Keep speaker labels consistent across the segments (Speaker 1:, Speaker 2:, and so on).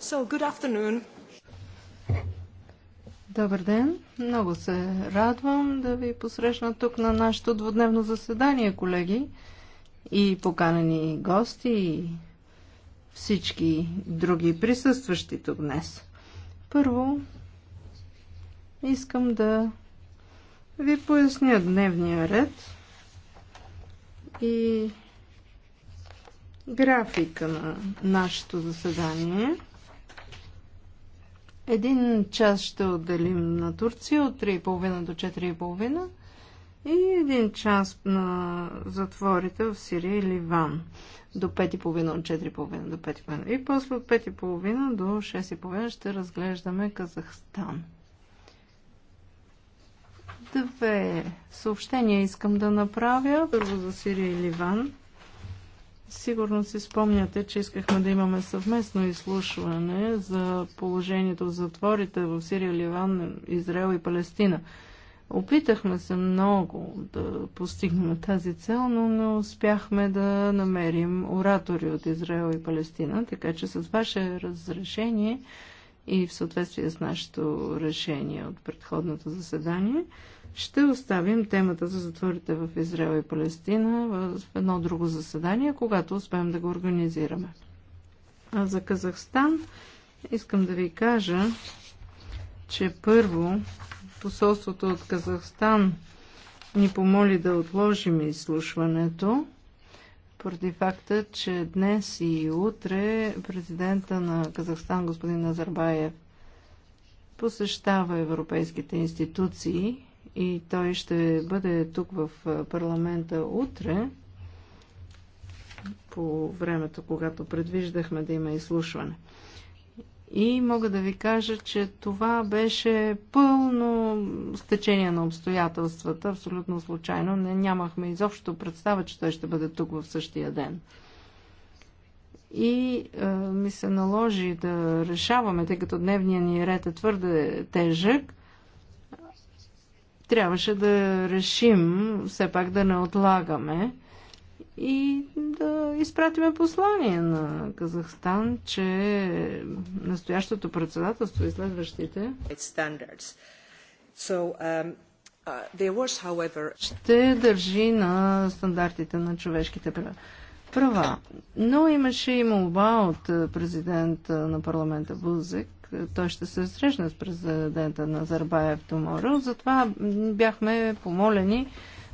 Speaker 1: So, good afternoon. Добър ден! Много се радвам да ви посрещна тук на нашето двудневно заседание, колеги, и поканени гости, и всички други присъстващи тук днес. Първо, искам да ви поясня дневния ред и графика на нашето заседание. Един час ще отделим на Турция от 3,5 до 4,5 и един час на затворите в Сирия и Ливан до 5,5 от 4,5 до 5,5. И после от 5,5 до 6,5 ще разглеждаме Казахстан. Две съобщения искам да направя. Първо за Сирия и Ливан. Сигурно си спомняте, че искахме да имаме съвместно изслушване за положението в затворите в Сирия, Ливан, Израел и Палестина. Опитахме се много да постигнем тази цел, но не успяхме да намерим оратори от Израел и Палестина, така че с ваше разрешение и в съответствие с нашето решение от предходното заседание, ще оставим темата за затворите в Израел и Палестина в едно друго заседание, когато успеем да го организираме. А за Казахстан искам да ви кажа, че първо посолството от Казахстан ни помоли да отложим изслушването поради факта, че днес и утре президента на Казахстан господин Назарбаев посещава европейските институции и той ще бъде тук в парламента утре, по времето, когато предвиждахме да има изслушване. И мога да ви кажа, че това беше пълно стечение на обстоятелствата, абсолютно случайно. Не, нямахме изобщо представа, че той ще бъде тук в същия ден. И е, ми се наложи да решаваме, тъй като дневния ни ред е твърде тежък, трябваше да решим все пак да не отлагаме и да изпратиме послание на Казахстан, че настоящото председателство и следващите
Speaker 2: um, uh,
Speaker 1: ще държи на стандартите на човешките права права. Но имаше и молба от президента на парламента Бузек той ще се срещне с президента на Зарбаев Томоро. Затова бяхме помолени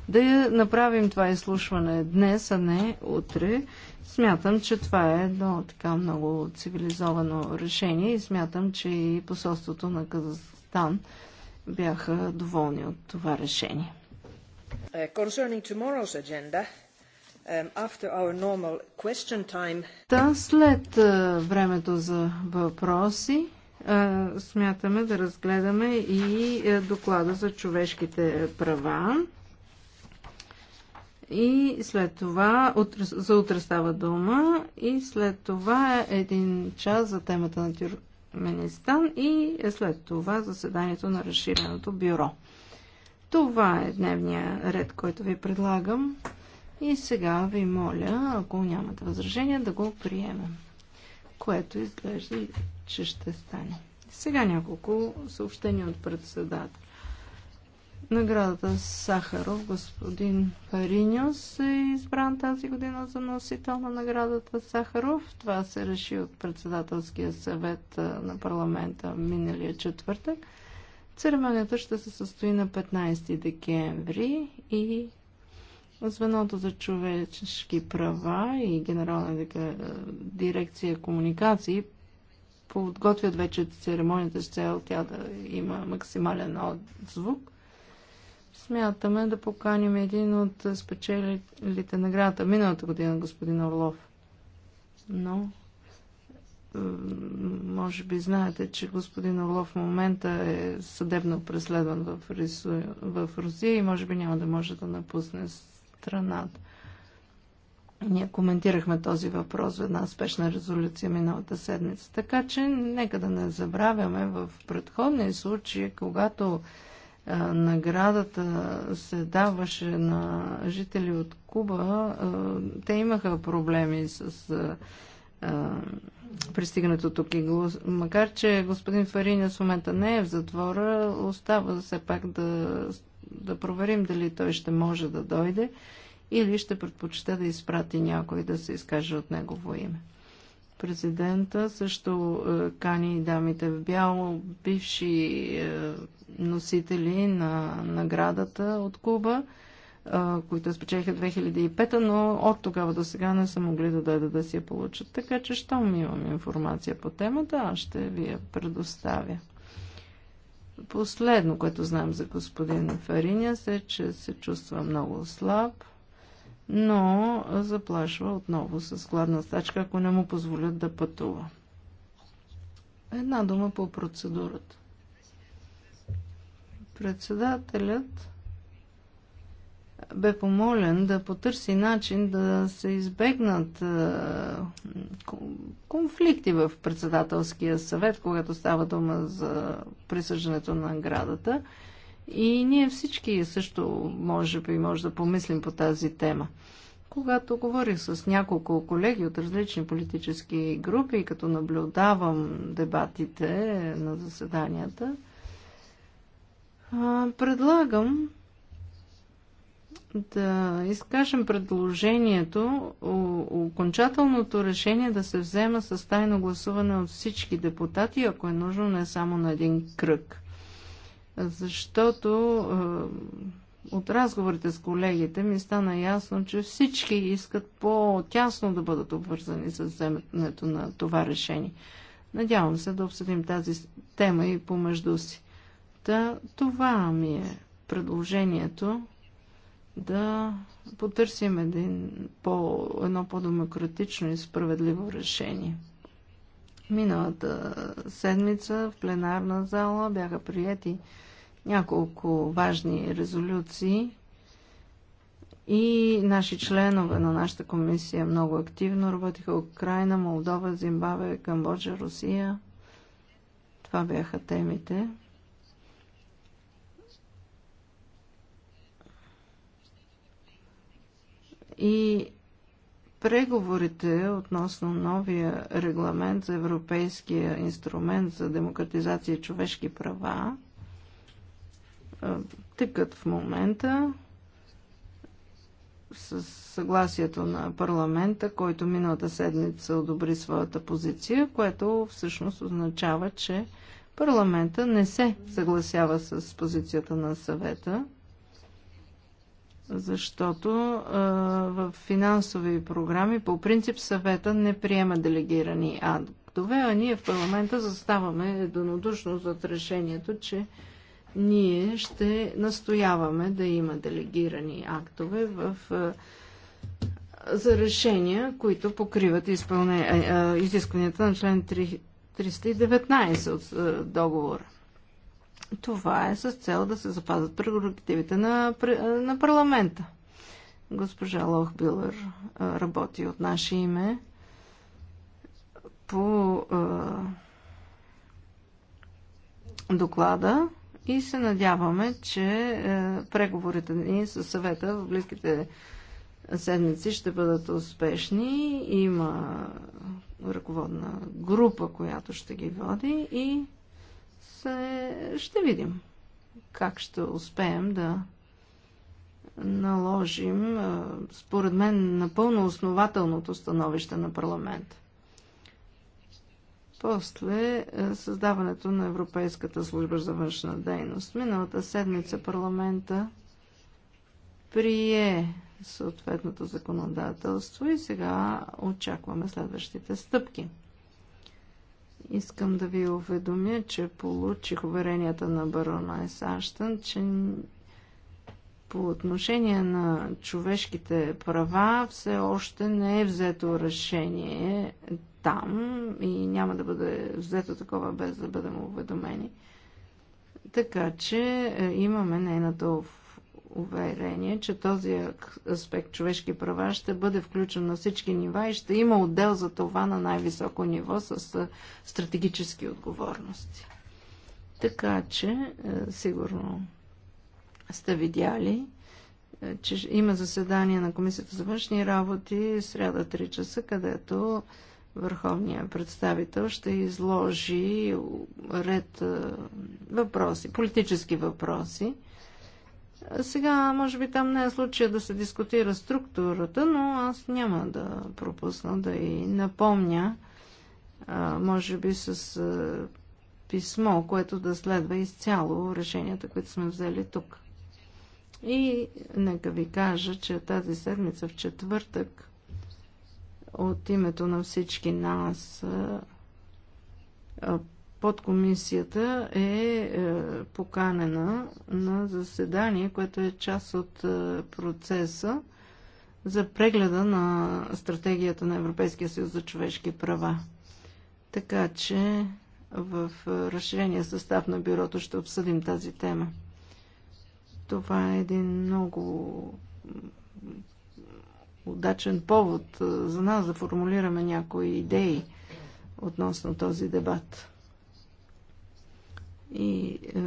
Speaker 1: да направим това изслушване днес, а не утре. Смятам, че това е едно така много цивилизовано решение и смятам, че и посолството на Казахстан бяха доволни от това решение.
Speaker 2: Uh, um,
Speaker 1: Та след uh, времето за въпроси, е, смятаме да разгледаме и е, доклада за човешките права. И след това, за утре става дума, и след това един час за темата на Тюрменистан и след това заседанието на разширеното бюро. Това е дневния ред, който ви предлагам. И сега ви моля, ако нямате възражения, да го приемем което изглежда, че ще стане. Сега няколко съобщения от председател. Наградата Сахаров, господин Париньос е избран тази година за носител на наградата Сахаров. Това се реши от председателския съвет на парламента миналия четвъртък. Церемонията ще се състои на 15 декември и звеното за човечески права и генерална дирекция комуникации подготвят вече церемонията с цел тя да има максимален отзвук. Смятаме да поканим един от спечелите наградата миналата година, господин Орлов. Но е, може би знаете, че господин Орлов в момента е съдебно преследван в, Русия и може би няма да може да напусне страната. Ние коментирахме този въпрос в една спешна резолюция миналата седмица. Така че нека да не забравяме в предходни случаи, когато наградата се даваше на жители от Куба, те имаха проблеми с пристигането тук. И макар, че господин Фариня в момента не е в затвора, остава все пак да да проверим дали той ще може да дойде или ще предпочита да изпрати някой да се изкаже от негово име. Президента също е, кани дамите в бяло, бивши е, носители на наградата от Куба, е, които спечелиха 2005, но от тогава до сега не са могли да дойдат да си я получат. Така че, щом имам информация по темата, аз ще ви я предоставя. Последно, което знам за господин Фариняс е, че се чувства много слаб, но заплашва отново с гладна стачка, ако не му позволят да пътува. Една дума по процедурата. Председателят бе помолен да потърси начин да се избегнат конфликти в председателския съвет, когато става дума за присъждането на наградата. И ние всички също, може би, може да помислим по тази тема. Когато говорих с няколко колеги от различни политически групи, като наблюдавам дебатите на заседанията, предлагам да изкажем предложението окончателното решение да се взема с тайно гласуване от всички депутати, ако е нужно не само на един кръг. Защото е, от разговорите с колегите ми стана ясно, че всички искат по-тясно да бъдат обвързани с вземането на това решение. Надявам се да обсъдим тази тема и помежду си. Та, това ми е предложението да потърсим един по, едно по-демократично и справедливо решение. Миналата седмица в пленарна зала бяха приети няколко важни резолюции и наши членове на нашата комисия много активно работиха Украина, Молдова, Зимбабве, Камбоджа, Русия. Това бяха темите. и преговорите относно новия регламент за Европейския инструмент за демократизация и човешки права тъкат в момента с съгласието на парламента, който миналата седмица одобри своята позиция, което всъщност означава, че парламента не се съгласява с позицията на съвета защото а, в финансови програми по принцип съвета не приема делегирани актове, а ние в парламента заставаме донодушно зад решението, че ние ще настояваме да има делегирани актове в, а, за решения, които покриват изпълне, а, изискванията на член 3, 319 от договора. Това е с цел да се запазят прерогативите на, на парламента. Госпожа Лохбилър работи от наше име по е, доклада и се надяваме, че е, преговорите ни с съвета в близките седмици ще бъдат успешни. Има ръководна група, която ще ги води и се Ще видим как ще успеем да наложим, според мен, напълно основателното становище на парламента. После е, създаването на Европейската служба за външна дейност. Миналата седмица парламента прие съответното законодателство и сега очакваме следващите стъпки. Искам да ви уведомя, че получих уверенията на барона Есаштън, че по отношение на човешките права все още не е взето решение там и няма да бъде взето такова без да бъдем уведомени. Така че е, имаме нейната уверение, че този аспект човешки права ще бъде включен на всички нива и ще има отдел за това на най-високо ниво с стратегически отговорности. Така че, е, сигурно сте видяли, е, че има заседание на Комисията за външни работи сряда 3 часа, където върховният представител ще изложи ред е, въпроси, политически въпроси, сега, може би там не е случая да се дискутира структурата, но аз няма да пропусна да и напомня, може би с писмо, което да следва изцяло решенията, които сме взели тук. И нека ви кажа, че тази седмица в четвъртък от името на всички нас подкомисията е, е поканена на заседание, което е част от е, процеса за прегледа на стратегията на Европейския съюз за човешки права. Така че в е, разширения състав на бюрото ще обсъдим тази тема. Това е един много удачен повод за нас да формулираме някои идеи относно този дебат и е,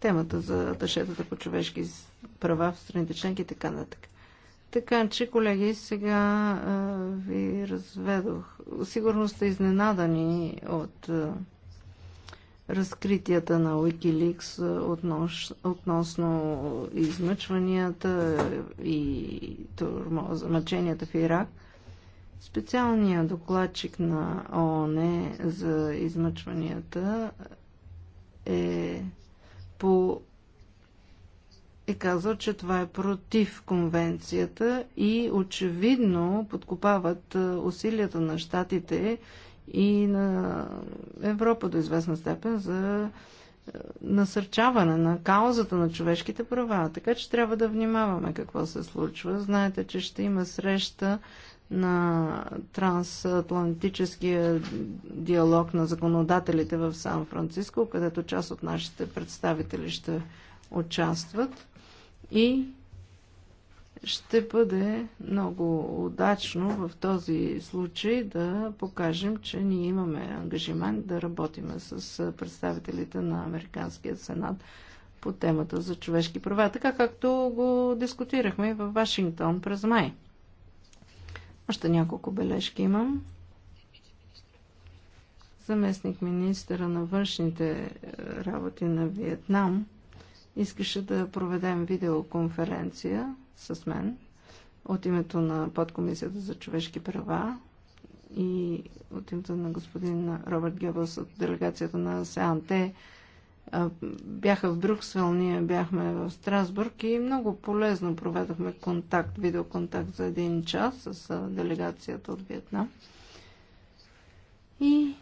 Speaker 1: темата за тъшетата по човешки права в страните членки и така нататък. Така че, колеги, сега е, ви разведох. Сигурно сте изненадани от е, разкритията на Wikileaks е, относ, относно измъчванията е, и замъченията мъченията в Ирак. Специалният докладчик на ООН е за измъчванията е по е казал, че това е против конвенцията и очевидно подкопават е, усилията на щатите и на Европа до известна степен за е, насърчаване на каузата на човешките права. Така че трябва да внимаваме какво се случва. Знаете, че ще има среща на трансатлантическия диалог на законодателите в Сан-Франциско, където част от нашите представители ще участват и ще бъде много удачно в този случай да покажем, че ние имаме ангажимент да работим с представителите на Американския сенат по темата за човешки права, така както го дискутирахме в Вашингтон през май. Още няколко бележки имам. Заместник министъра на външните е, работи на Виетнам искаше да проведем видеоконференция с мен от името на подкомисията за човешки права и от името на господин Робърт Гебълс от делегацията на Санте бяха в Брюксел, ние бяхме в Страсбург и много полезно проведохме контакт, видеоконтакт за един час с делегацията от Виетнам. И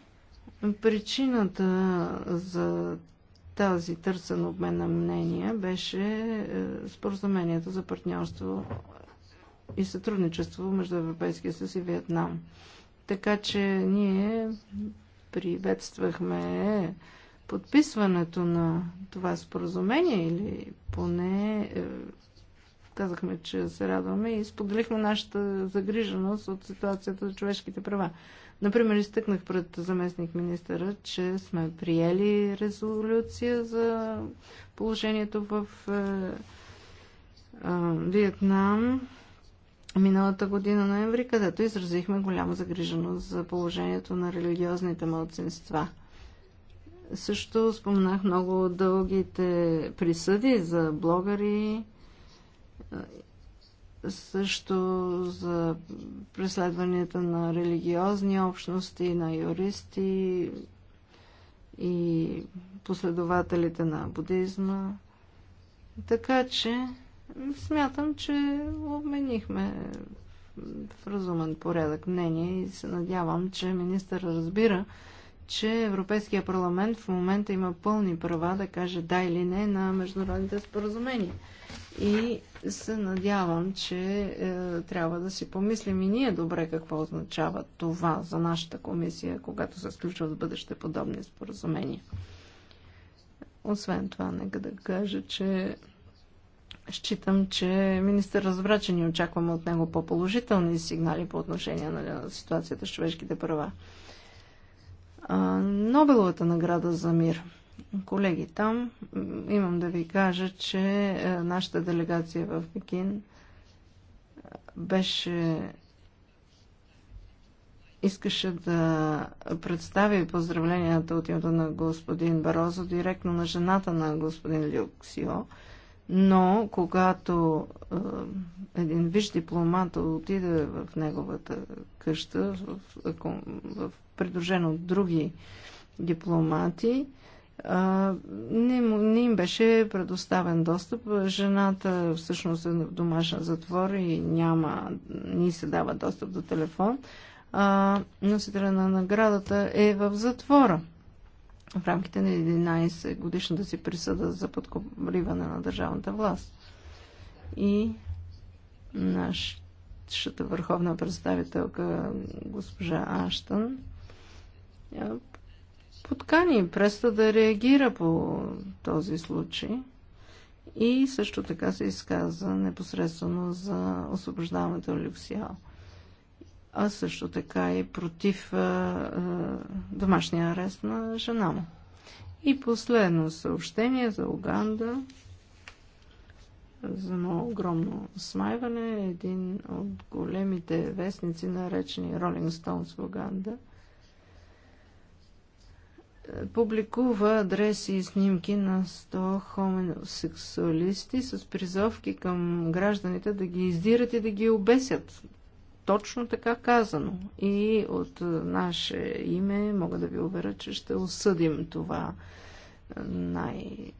Speaker 1: причината за тази търсен обмен на мнения беше е, споразумението за партньорство и сътрудничество между Европейския съюз и Виетнам. Така че ние приветствахме подписването на това споразумение или поне е, казахме, че се радваме и споделихме нашата загриженост от ситуацията за човешките права. Например, изтъкнах пред заместник министъра, че сме приели резолюция за положението в е, е Виетнам миналата година ноември, където изразихме голяма загриженост за положението на религиозните младсинства – също споменах много дългите присъди за блогъри, също за преследванията на религиозни общности, на юристи и последователите на будизма. Така че смятам, че обменихме в разумен порядък мнение и се надявам, че министър разбира, че Европейския парламент в момента има пълни права да каже да или не на международните споразумения. И се надявам, че е, трябва да си помислим и ние добре какво означава това за нашата комисия, когато се сключват в бъдеще подобни споразумения. Освен това, нека да кажа, че считам, че министър разбра, че ни очакваме от него по-положителни сигнали по отношение на ситуацията с човешките права. Нобеловата награда за мир. Колеги, там имам да ви кажа, че е, нашата делегация в Пекин е, беше искаше да представи поздравленията от името на господин Барозо директно на жената на господин Люксио, но когато е, един виж дипломат отиде в неговата къща, в, в, в придружен от други дипломати. Не, не им беше предоставен достъп. Жената всъщност е в домашен затвор и няма, ни се дава достъп до телефон. А, носителя на наградата е в затвора в рамките на 11 годишната си присъда за подкопливане на държавната власт. И нашата върховна представителка госпожа Аштън е, подкани преста да реагира по този случай и също така се изказа непосредствено за освобождаването на Люксиал, а също така и против а, е, а, е, домашния арест на жена му. И последно съобщение за Уганда, за едно огромно смайване, един от големите вестници, наречени Rolling Stones в Уганда – публикува адреси и снимки на 100 хомосексуалисти с призовки към гражданите да ги издират и да ги обесят. Точно така казано. И от наше име мога да ви уверя, че ще осъдим това най-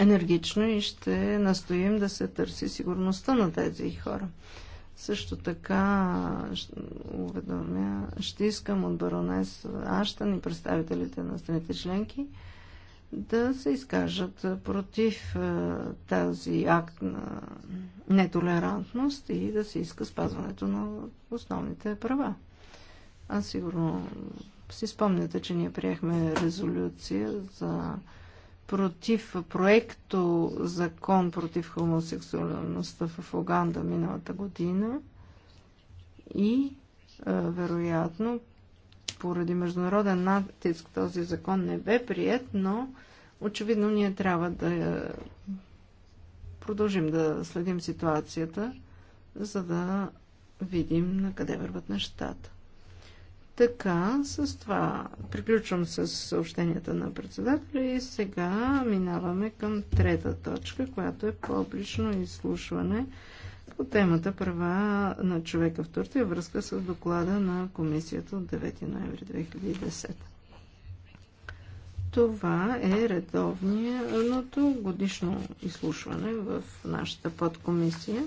Speaker 1: енергично и ще настоим да се търси сигурността на тези хора. Също така уведомя, ще искам от баронес Аштан и представителите на страните членки да се изкажат против е, тази акт на нетолерантност и да се иска спазването на основните права. Аз сигурно си спомняте, че ние приехме резолюция за против проекто закон против хомосексуалността в Уганда миналата година и е, вероятно поради международен натиск този закон не бе прият, но очевидно ние трябва да продължим да следим ситуацията, за да видим на къде върват нещата. Така, с това приключвам с съобщенията на председателя и сега минаваме към трета точка, която е публично изслушване по темата права на човека в Турция връзка с доклада на комисията от 9 ноември 2010. Това е редовното годишно изслушване в нашата подкомисия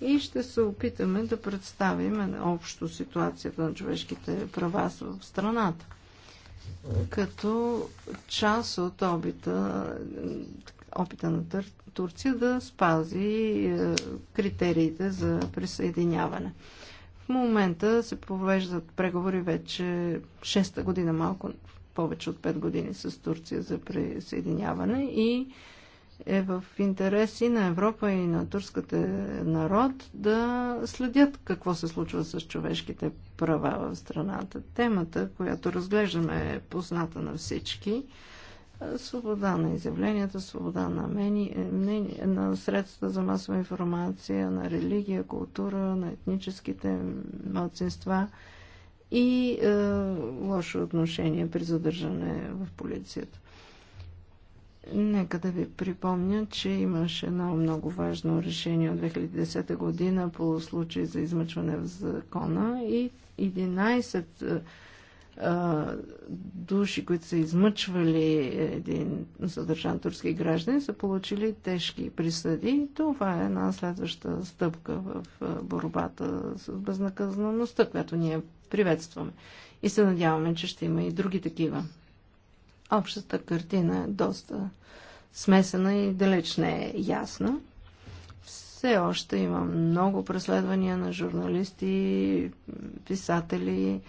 Speaker 1: и ще се опитаме да представим общо ситуацията на човешките права в страната. Като част от опита, опита на Турция да спази е, критериите за присъединяване. В момента се провеждат преговори вече 6-та година, малко повече от 5 години с Турция за присъединяване и е в интерес и на Европа и на турската народ да следят какво се случва с човешките права в страната. Темата, която разглеждаме е позната на всички. Свобода на изявленията, свобода на, мени, е, мнение, на средства за масова информация, на религия, култура, на етническите младсинства и е, лошо отношение при задържане в полицията. Нека да ви припомня, че имаше едно много важно решение от 2010 година по случай за измъчване в закона и 11 души, които са измъчвали един задържан турски граждан, са получили тежки присъди. Това е една следваща стъпка в борбата с безнаказаността, която ние приветстваме. И се надяваме, че ще има и други такива общата картина е доста смесена и далеч не е ясна. Все още има много преследвания на журналисти, писатели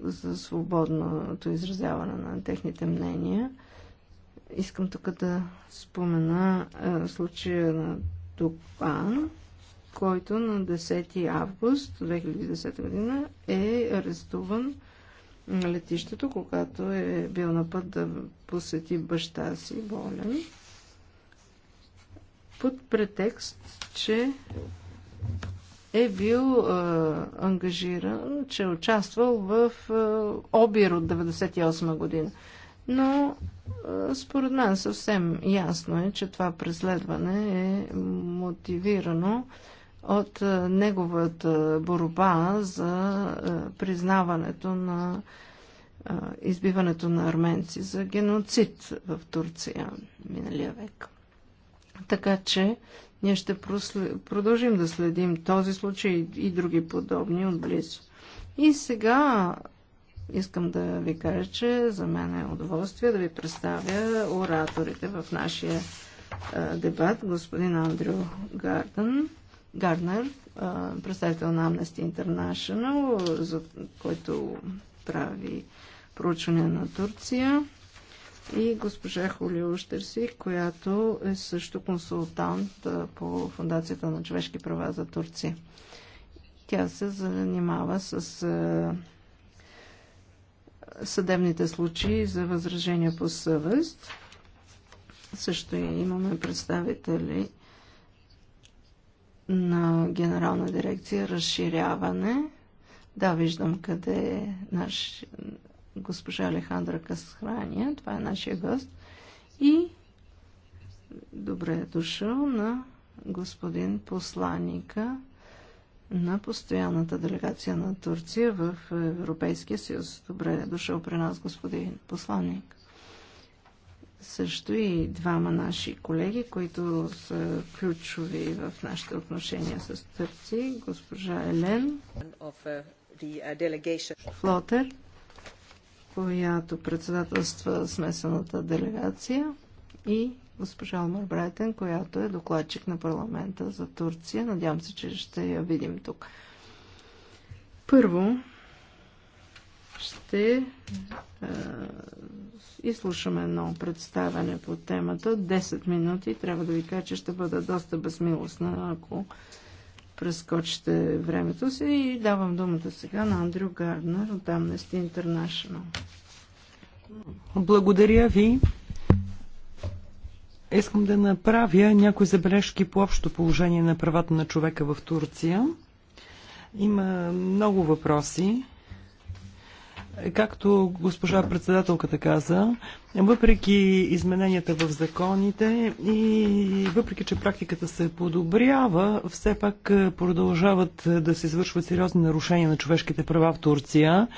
Speaker 1: за свободното изразяване на техните мнения. Искам тук да спомена случая на Дупан, който на 10 август 2010 година е арестуван на летището, когато е бил на път да посети баща си, болен, под претекст, че е бил е, ангажиран, че е участвал в е, обир от 1998 година. Но е, според мен съвсем ясно е, че това преследване е мотивирано е, от е, неговата борба за е, признаването на е, избиването на арменци за геноцид в Турция миналия век. Така че ние ще продължим да следим този случай и други подобни отблизо. И сега искам да ви кажа, че за мен е удоволствие да ви представя ораторите в нашия дебат, господин Андрю Гарден Гарнер, представител на Amnesty International, за който прави проучване на Турция и госпожа Холио Штерси, която е също консултант по Фундацията на човешки права за Турция. Тя се занимава с съдебните случаи за възражения по съвест. Също имаме представители на Генерална дирекция разширяване. Да, виждам къде е наш госпожа Алехандра Касхрания. Това е нашия гост. И добре е дошъл на господин посланника на постоянната делегация на Турция в Европейския съюз. Добре е дошъл при нас господин посланник също и двама наши колеги, които са ключови в нашите отношения с Търци, госпожа Елен Флотер, която председателства смесената делегация и госпожа Алмар Брайтен, която е докладчик на парламента за Турция. Надявам се, че ще я видим тук. Първо, ще е, изслушаме едно представяне по темата. 10 минути. Трябва да ви кажа, че ще бъда доста безмилостна, ако прескочите времето си. И давам думата сега на Андрю Гарднер от Amnesty International.
Speaker 3: Благодаря ви. Искам да направя някои забележки по общо положение на правата на човека в Турция. Има много въпроси. Както госпожа председателката каза, въпреки измененията в законите и въпреки, че практиката се подобрява, все пак е, продължават е, да се извършват сериозни нарушения на човешките права в Турция.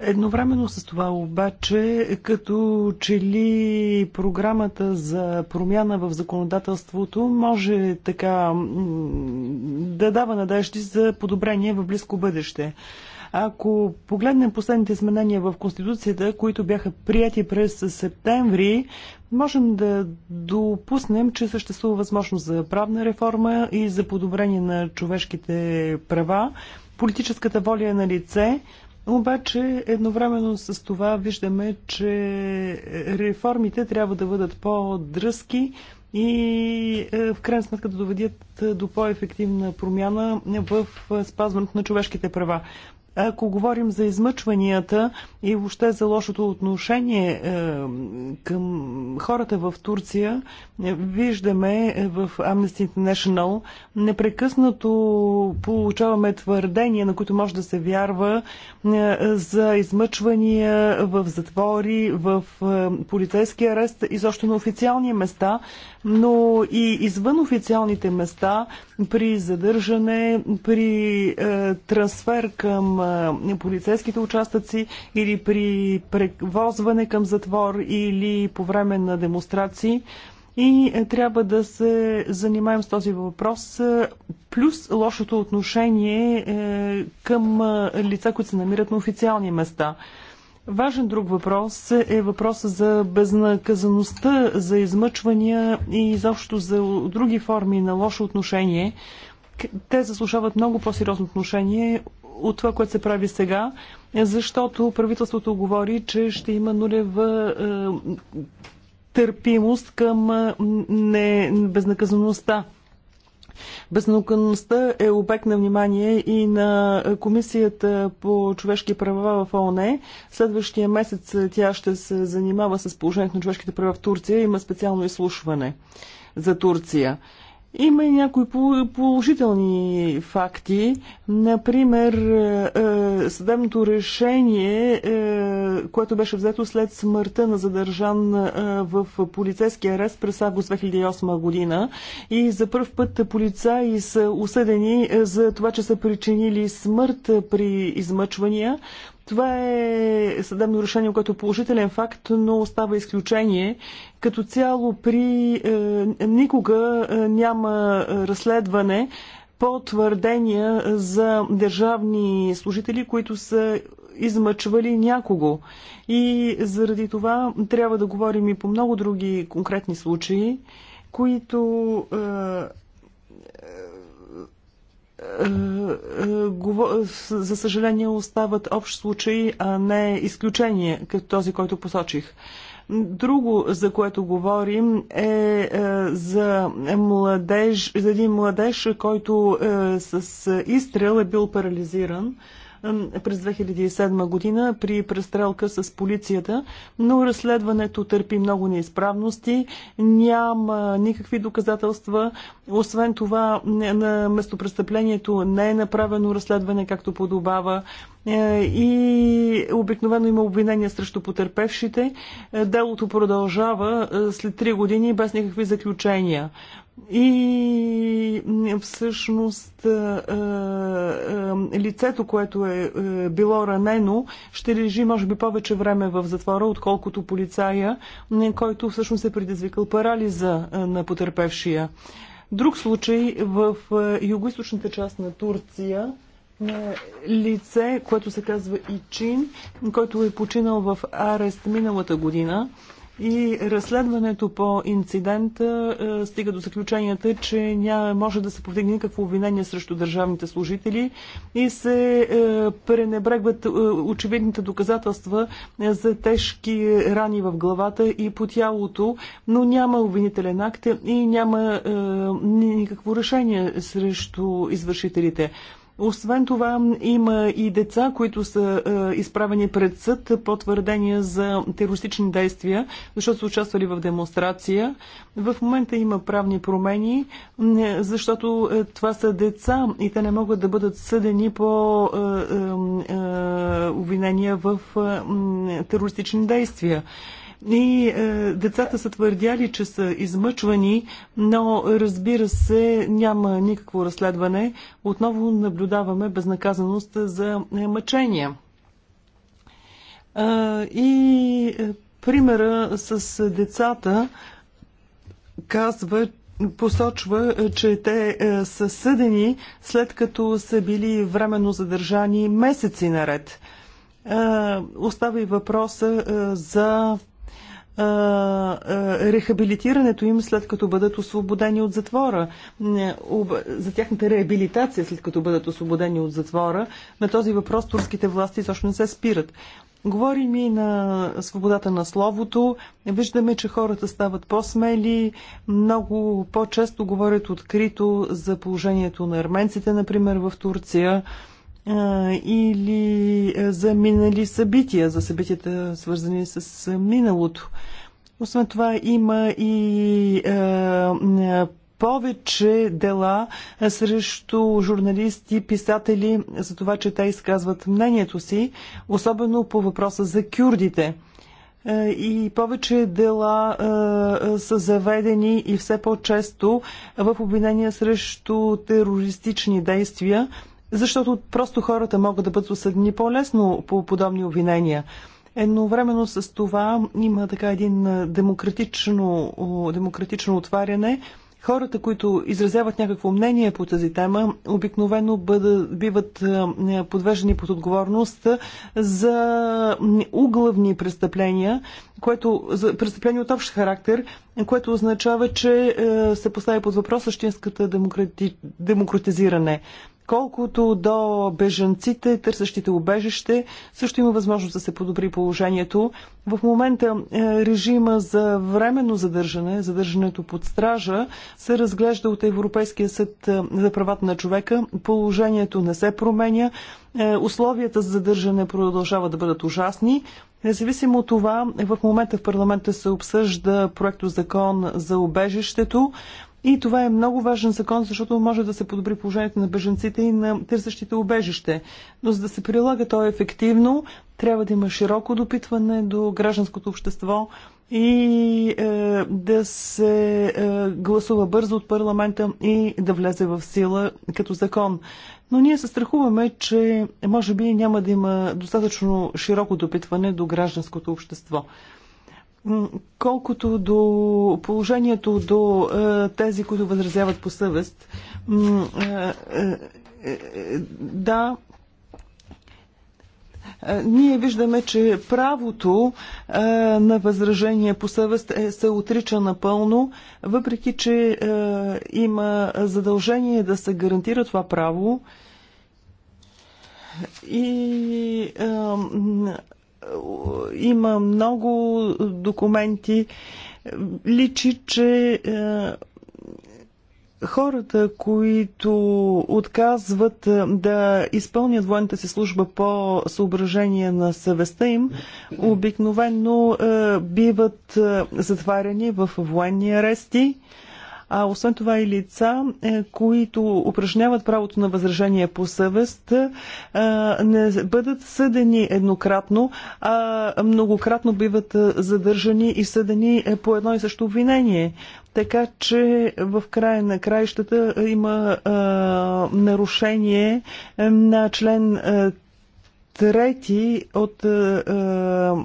Speaker 3: Едновременно с това обаче, като че ли програмата за промяна в законодателството може така да дава надежди за подобрение в близко бъдеще. Ако погледнем последните изменения в Конституцията, които бяха прияти през септември, можем да допуснем, че съществува възможност за правна реформа и за подобрение на човешките права. Политическата воля е на лице, обаче едновременно с това виждаме, че реформите трябва да бъдат по-дръзки и е, в крайна сметка да доведят до по-ефективна промяна в спазването на човешките права. Ако говорим за измъчванията и въобще за лошото отношение е, към хората в Турция, е, виждаме е, в Amnesty International непрекъснато получаваме твърдения, на които може да се вярва за измъчвания в затвори, в полицейски арест и защо на официални места, но и извън официалните места при задържане, при е, трансфер към е, полицейските участъци или при превозване към затвор или по време на демонстрации. И е, трябва да се занимаем с този въпрос, е, плюс лошото отношение е, към е, лица, които се намират на официални места. Важен друг въпрос е въпроса за безнаказаността, за измъчвания и изобщо за други форми на лошо отношение. Те заслужават много по-сериозно отношение от това, което се прави сега, защото правителството говори, че ще има нулева е, търпимост към е, не, безнаказаността. Безнаукаността е обект на внимание и на Комисията по човешки права в ООН. Следващия месец тя ще се занимава с положението на човешките права в Турция. Има специално изслушване за Турция. Има и някои положителни факти. Например, е, е, съдебното решение, е, което беше взето след смъртта на задържан в полицейски арест през август 2008 година. И за първ път полицаи са осъдени за това, че са причинили смърт при измъчвания. Това е съдебно решение, което е положителен факт, но остава изключение. Като цяло при е, никога е, няма разследване по твърдения за държавни служители, които са измъчвали някого. И заради това трябва да говорим и по много други конкретни случаи, които е, е, е, за съжаление остават общ случай, а не изключение, като този, който посочих. Друго, за което говорим, е, е за, младеж, за един младеж, който с изстрел е бил парализиран през 2007 година при престрелка с полицията, но разследването търпи много неизправности, няма никакви доказателства. Освен това, на местопрестъплението не е направено разследване както подобава е, и обикновено има обвинения срещу потерпевшите. Е, делото продължава е, след 3 години без никакви заключения. И всъщност лицето, което е, е било ранено, ще лежи може би повече време в затвора, отколкото полицая, който всъщност е предизвикал парализа на потерпевшия. Друг случай в югоизточната част на Турция лице, което се казва Ичин, който е починал в арест миналата година и разследването по инцидента е, стига до заключенията, че няма може да се повдигне никакво обвинение срещу държавните служители и се е, пренебрегват е, очевидните доказателства е, за тежки рани в главата и по тялото, но няма обвинителен акт и няма е, никакво решение срещу извършителите. Освен това има и деца, които са е, изправени пред съд по твърдения за терористични действия, защото са участвали в демонстрация. В момента има правни промени, защото е, това са деца и те не могат да бъдат съдени по е, е, е обвинения в е, терористични действия. И е, децата са твърдяли, че са измъчвани, но разбира се, няма никакво разследване. Отново наблюдаваме безнаказаност за е, мъчения. Е, и е, примера с децата казва, посочва, че те е, са съдени след като са били временно задържани месеци наред. Е, остава и въпроса за рехабилитирането им след като бъдат освободени от затвора, е, за тяхната реабилитация след като бъдат освободени от затвора, на този въпрос турските власти точно не се спират. Говорим и на свободата на словото. Виждаме, че хората стават по-смели, много по-често говорят открито за положението на арменците, например, в Турция или за минали събития, за събитията свързани с миналото. Освен това има и повече дела срещу журналисти, писатели, за това, че те изказват мнението си, особено по въпроса за кюрдите. И повече дела а, са заведени и все по-често в обвинения срещу терористични действия, защото просто хората могат да бъдат осъдени по-лесно по подобни обвинения. Едновременно с това има така един демократично, демократично отваряне. Хората, които изразяват някакво мнение по тази тема, обикновено бъдат, биват подвеждани под отговорност за углавни престъпления, което, за престъпления от общ характер, което означава, че е, се поставя под въпрос същинската демократи, демократизиране. Колкото до бежанците, търсещите убежище, също има възможност да се подобри положението. В момента е, режима за временно задържане, задържането под стража, се разглежда от Европейския съд е, за правата на човека. Положението не се променя. Е, условията за задържане продължават да бъдат ужасни. Независимо от това, в момента в парламента се обсъжда проекто закон за убежището. И това е много важен закон, защото може да се подобри положението на беженците и на търсещите убежище. Но за да се прилага то е ефективно, трябва да има широко допитване до гражданското общество и е, да се е, гласува бързо от парламента и да влезе в сила като закон. Но ние се страхуваме, че може би няма да има достатъчно широко допитване до гражданското общество. Колкото до положението до е, тези, които възразяват по съвест, е, е, да, ние виждаме, че правото на възражение по съвест се отрича напълно, въпреки че има задължение да се гарантира това право. И има много документи. Личи, че е, хората, които отказват е, да изпълнят военната си служба по съображение на съвестта им, обикновено е, биват затваряни в военни арести а освен това и лица, е, които упражняват правото на възражение по съвест, е, не бъдат съдени еднократно, а многократно биват е, задържани и съдени по едно и също обвинение. Така че в края на краищата има а, нарушение на член а, трети от а, а,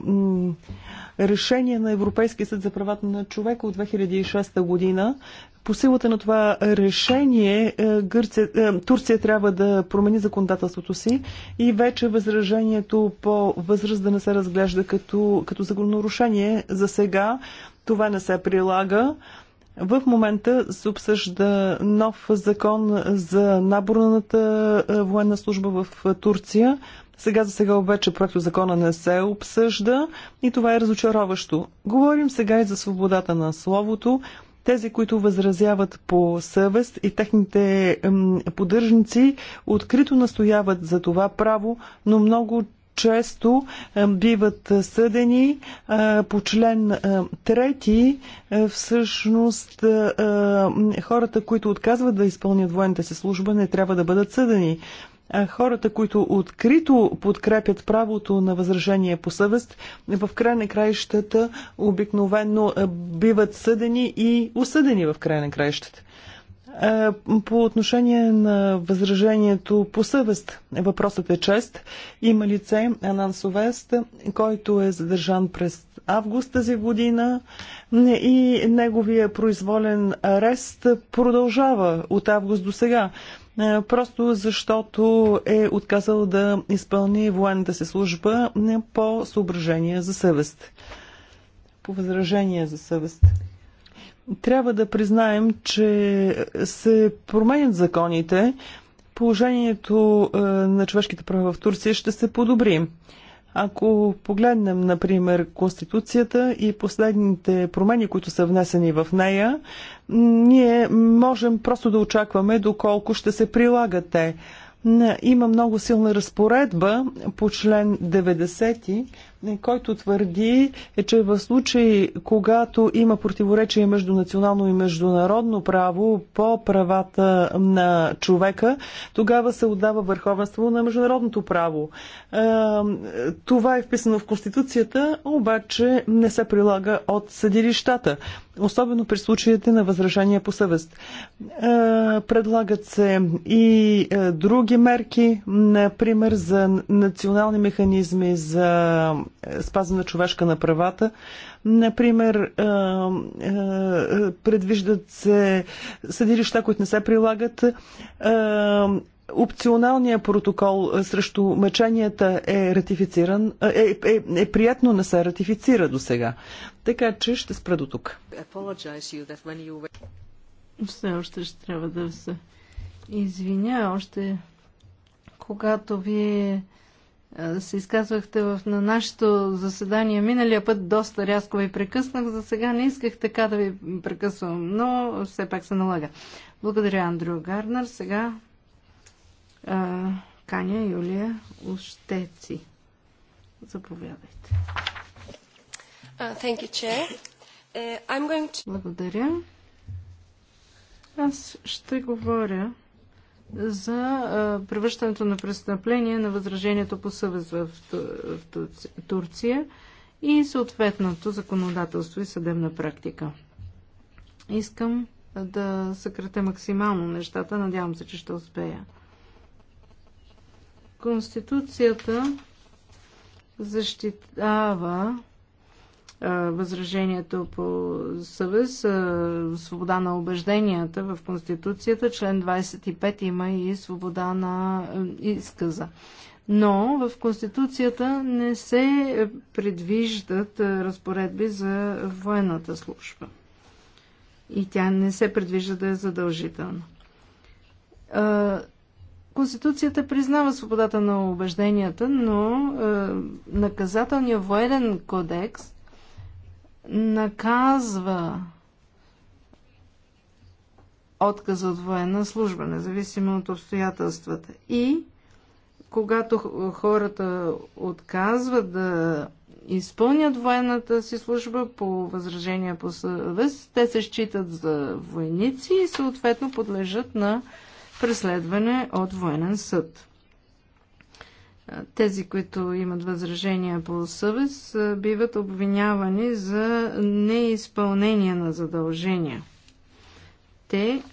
Speaker 3: решение на Европейския съд за правата на човека от 2006 година, по силата на това решение е, Гърция, е, Турция трябва да промени законодателството си и вече възражението по възраст да не се разглежда като, като закононарушение. За сега това не се прилага. В момента се обсъжда нов закон за наборната е, военна служба в Турция. Сега за сега обаче проекто закона не се обсъжда и това е разочароващо. Говорим сега и за свободата на словото. Тези, които възразяват по съвест и техните поддържници, открито настояват за това право, но много често биват съдени е, по член 3. Е, е, всъщност хората, които отказват да изпълнят военната си служба, не трябва да бъдат съдени хората, които открито подкрепят правото на възражение по съвест, в край на краищата обикновено биват съдени и осъдени в край на краищата. По отношение на възражението по съвест, въпросът е чест. Има лице Анан Совест, който е задържан през август тази година и неговия произволен арест продължава от август до сега. Е, просто защото е отказал да изпълни военната си служба е, по съображение за съвест. По възражение за съвест. Трябва да признаем, че се променят законите. Положението е, на човешките права в Турция ще се подобри. Ако погледнем, например, Конституцията и последните промени, които са внесени в нея, ние можем просто да очакваме доколко ще се прилагат те. Има много силна разпоредба по член 90 който твърди, е, че в случай, когато има противоречие между национално и международно право по правата на човека, тогава се отдава върховенство на международното право. Е, това е вписано в Конституцията, обаче не се прилага от съдилищата, особено при случаите на възражения по съвест. Е, предлагат се и е, други мерки, например за национални механизми за е, спазване на човешка на правата. Например, е, е, предвиждат се съдилища, които не се прилагат. Опционалният протокол срещу мъченията е ратифициран, е, е, е приятно не се ратифицира до сега. Така че ще спра до тук.
Speaker 1: Все още ще трябва да се извиня, още когато вие е, се изказвахте в, на нашето заседание миналия път, доста рязко ви прекъснах. За сега не исках така да ви прекъсвам, но все пак се налага. Благодаря, Андрю Гарнер. Сега а, е, Каня Юлия Ощеци. Заповядайте. Uh, thank you, Chair. Uh, I'm going to... Благодаря. Аз ще говоря за превръщането на престъпление на възражението по съвест в Турция и съответното законодателство и съдебна практика. Искам да съкратя максимално нещата. Надявам се, че ще успея. Конституцията защитава възражението по съвест, свобода на убежденията в Конституцията, член 25 има и свобода на изказа. Но в Конституцията не се предвиждат разпоредби за военната служба. И тя не се предвижда да е задължителна. Конституцията признава свободата на убежденията, но наказателният военен кодекс наказва отказ от военна служба, независимо от обстоятелствата. И когато хората отказват да изпълнят военната си служба по възражения по съвест, те се считат за войници и съответно подлежат на преследване от военен съд. Тези, които имат възражения по съвест, биват обвинявани за неизпълнение на задължения. Те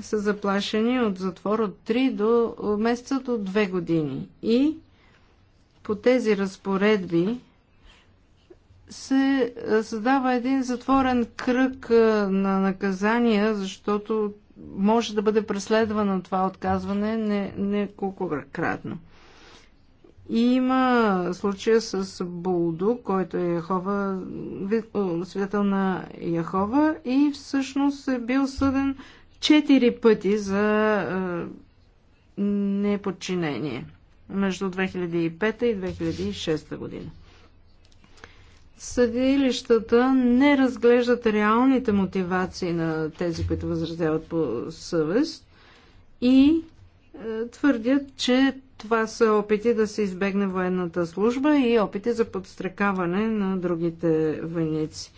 Speaker 1: са заплашени от затвор от 3 до месеца до 2 години. И по тези разпоредби се създава един затворен кръг на наказания, защото може да бъде преследвано това отказване неколкократно. Не и има случая с Булду, който е Яхова, свидетел на Яхова и всъщност е бил съден четири пъти за е, неподчинение между 2005 и 2006 година. Съдилищата не разглеждат реалните мотивации на тези, които възразяват по съвест и е, твърдят, че това са опити да се избегне военната служба и опити за подстрекаване на другите войници.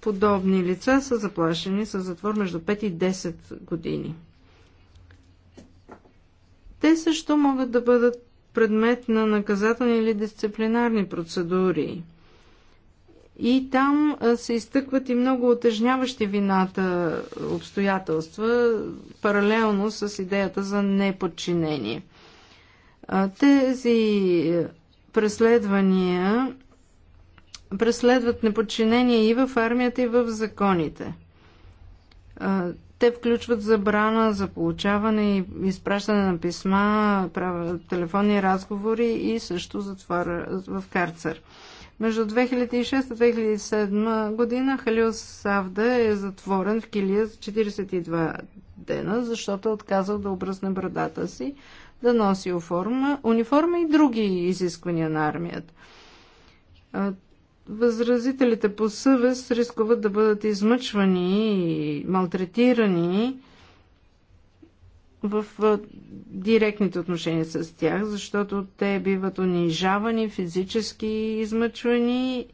Speaker 1: Подобни лица са заплашени с затвор между 5 и 10 години. Те също могат да бъдат предмет на наказателни или дисциплинарни процедури. И там се изтъкват и много отежняващи вината обстоятелства, паралелно с идеята за неподчинение – тези преследвания преследват неподчинение и в армията, и в законите. Те включват забрана за получаване и изпращане на писма, телефонни разговори и също затвора в карцер. Между 2006-2007 година Халил Савда е затворен в килия за 42 дена, защото е отказал да обръсне брадата си, да носи униформа, униформа и други изисквания на армията. Възразителите по съвест рискуват да бъдат измъчвани и малтретирани в директните отношения с тях, защото те биват унижавани, физически измъчвани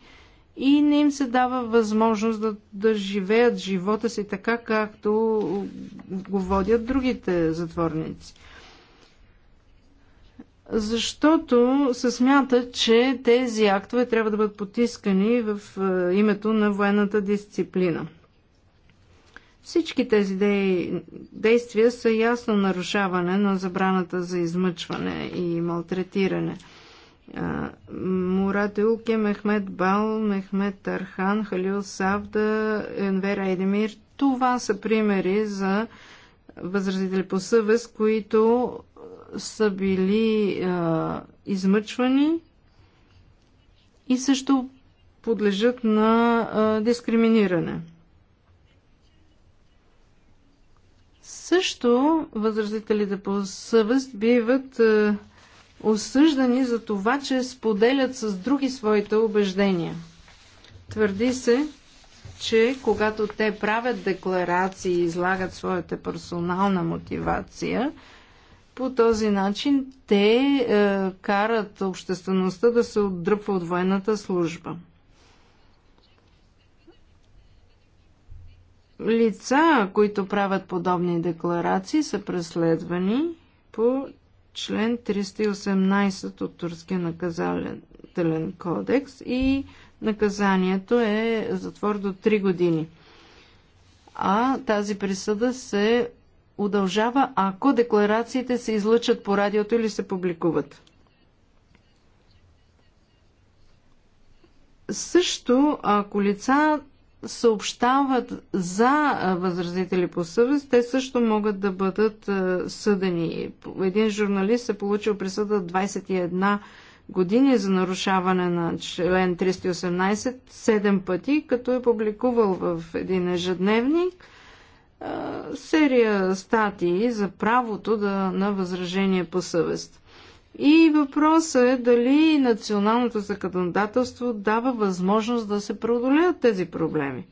Speaker 1: и не им се дава възможност да, да живеят живота си така, както го водят другите затворници защото се смята, че тези актове трябва да бъдат потискани в е, името на военната дисциплина. Всички тези действия са ясно нарушаване на забраната за измъчване и малтретиране. Е, Мурат Юлке, Мехмед Бал, Мехмед Тархан, Халил Савда, Енвер Айдемир – Това са примери за възразители по съвест, които са били а, измъчвани и също подлежат на а, дискриминиране. Също възразителите по съвест биват а, осъждани за това, че споделят с други своите убеждения. Твърди се, че когато те правят декларации и излагат своята персонална мотивация, по този начин те е, карат обществеността да се отдръпва от военната служба. Лица, които правят подобни декларации, са преследвани по член 318 от Турския наказателен кодекс и наказанието е затвор до 3 години. А тази присъда се удължава, ако декларациите се излъчат по радиото или се публикуват. Също, ако лица съобщават за възразители по съвест, те също могат да бъдат съдени. Един журналист е получил присъда 21 години за нарушаване на член 318 7 пъти, като е публикувал в един ежедневник – серия статии за правото да, на възражение по съвест. И въпросът е дали националното законодателство дава възможност да се преодолеят тези проблеми.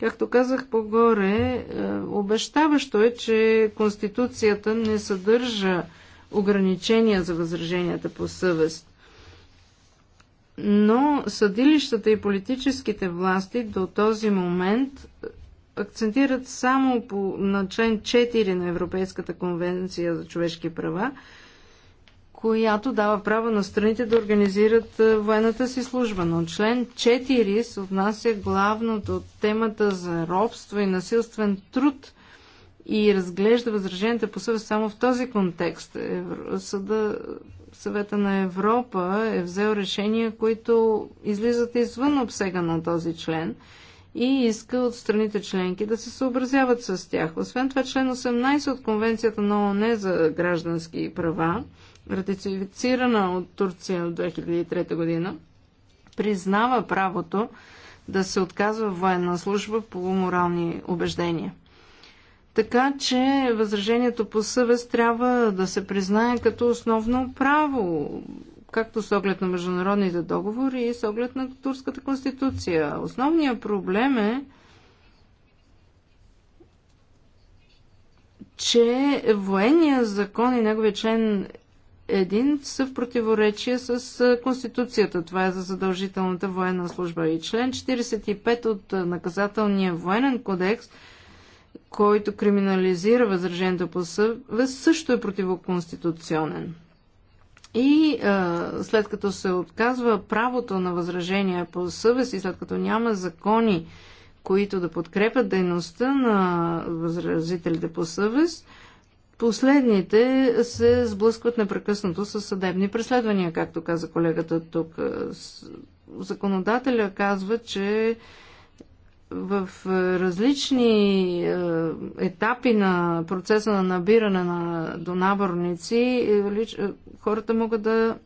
Speaker 1: Както казах по-горе, е, обещаващо е, че Конституцията не съдържа ограничения за възраженията по съвест. Но съдилищата и политическите власти до този момент акцентират само по, на член 4 на Европейската конвенция за човешки права, която дава право на страните да организират е, военната си служба. Но член 4 се отнася главно до темата за робство и насилствен труд и разглежда възраженията по съвест само в този контекст. Съда... Съвета на Европа е взел решения, които излизат извън обсега на този член – и иска от страните членки да се съобразяват с тях. Освен това, член 18 от Конвенцията на ООН за граждански права, ратифицирана от Турция от 2003 година, признава правото да се отказва военна служба по морални убеждения. Така че възражението по съвест трябва да се признае като основно право както с оглед на международните договори и с оглед на турската конституция. Основният проблем е, че военния закон и неговия член един са в противоречие с Конституцията. Това е за задължителната военна служба. И член 45 от наказателния военен кодекс, който криминализира възражението по съвест, също е противоконституционен. И а, след като се отказва правото на възражение по съвест и след като няма закони, които да подкрепят дейността на възразителите по съвест, последните се сблъскват непрекъснато с съдебни преследвания, както каза колегата тук. Законодателя казва, че в е, различни е, етапи на процеса на набиране на донаборници е, хората могат да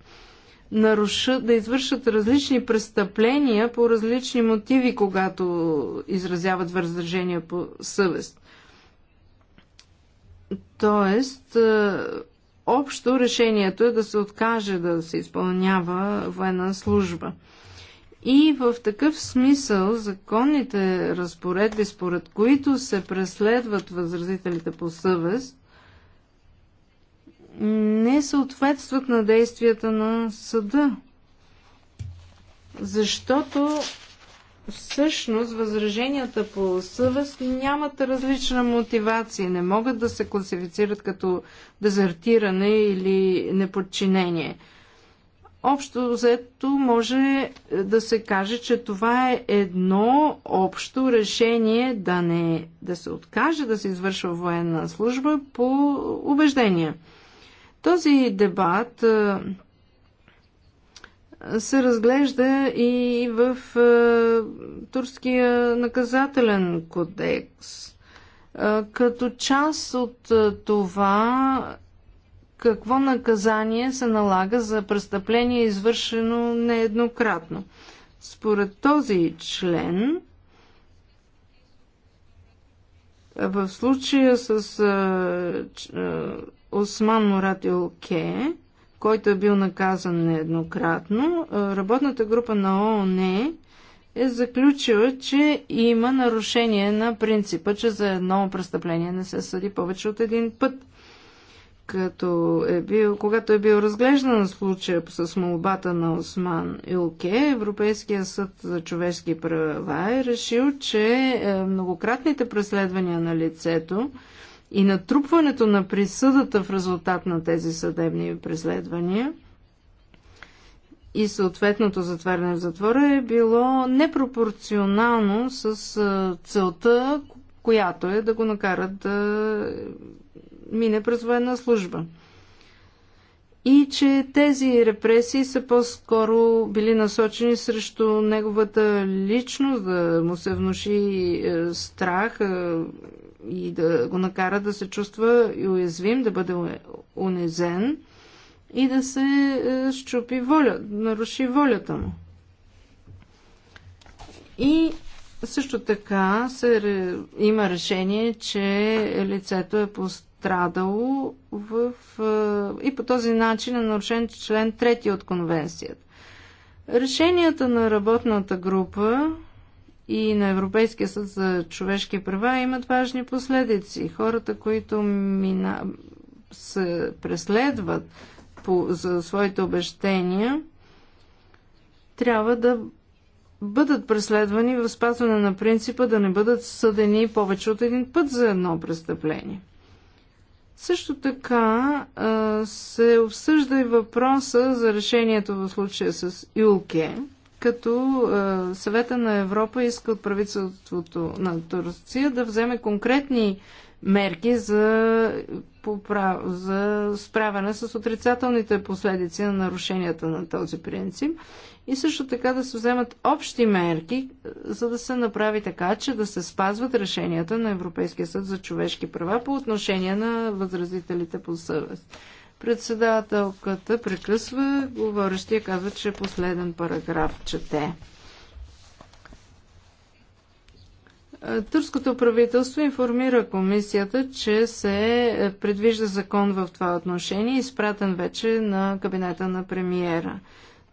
Speaker 1: нарушат, да извършат различни престъпления по различни мотиви, когато изразяват въздържение по съвест. Тоест, общо решението е да се откаже да се изпълнява военна служба – и в такъв смисъл законните разпоредби, според които се преследват възразителите по съвест, не съответстват на действията на съда. Защото всъщност възраженията по съвест нямат различна мотивация, не могат да се класифицират като дезертиране или неподчинение – Общо взето може да се каже, че това е едно общо решение да не да се откаже да се извършва военна служба по убеждения. Този дебат се разглежда и в турския наказателен кодекс. Като част от това какво наказание се налага за престъпление, извършено нееднократно. Според този член, в случая с Осман Моратил Ке, който е бил наказан нееднократно, работната група на ООН е заключила, че има нарушение на принципа, че за едно престъпление не се съди повече от един път – като е бил, когато е бил разглеждан случая с молбата на Осман Илке, Европейския съд за човешки права е решил, че е, многократните преследвания на лицето и натрупването на присъдата в резултат на тези съдебни преследвания и съответното затваряне в затвора е било непропорционално с е, целта, която е да го накарат да мине през военна служба. И че тези репресии са по-скоро били насочени срещу неговата личност, да му се внуши е, страх е, и да го накара да се чувства уязвим, да бъде унизен и да се щупи е, воля, наруши волята му. И също така се, има решение, че лицето е пострадало в, е, и по този начин е нарушен член 3 от конвенцията. Решенията на работната група и на Европейския съд за човешки права имат важни последици. Хората, които мина, се преследват по, за своите обещения, трябва да бъдат преследвани в спазване на принципа да не бъдат съдени повече от един път за едно престъпление. Също така се обсъжда и въпроса за решението в случая с Юлке, като съвета на Европа иска от правителството на Турция да вземе конкретни мерки за, поправ... за справяне с отрицателните последици на нарушенията на този принцип и също така да се вземат общи мерки, е, за да се направи така, че да се спазват решенията на Европейския съд за човешки права по отношение на възразителите по съвест. Председателката прекъсва, говорещия казва, че е последен параграф чете. Е, Турското правителство информира комисията, че се предвижда закон в това отношение, изпратен вече на кабинета на премиера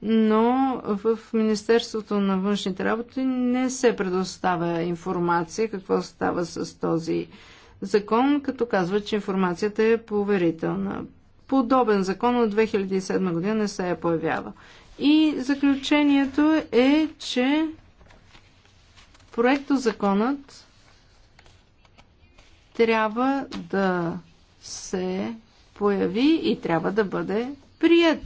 Speaker 1: но в Министерството на външните работи не се предоставя информация какво става с този закон, като казва, че информацията е поверителна. Подобен закон от 2007 година не се е появява. И заключението е, че проектозаконът трябва да се появи и трябва да бъде прият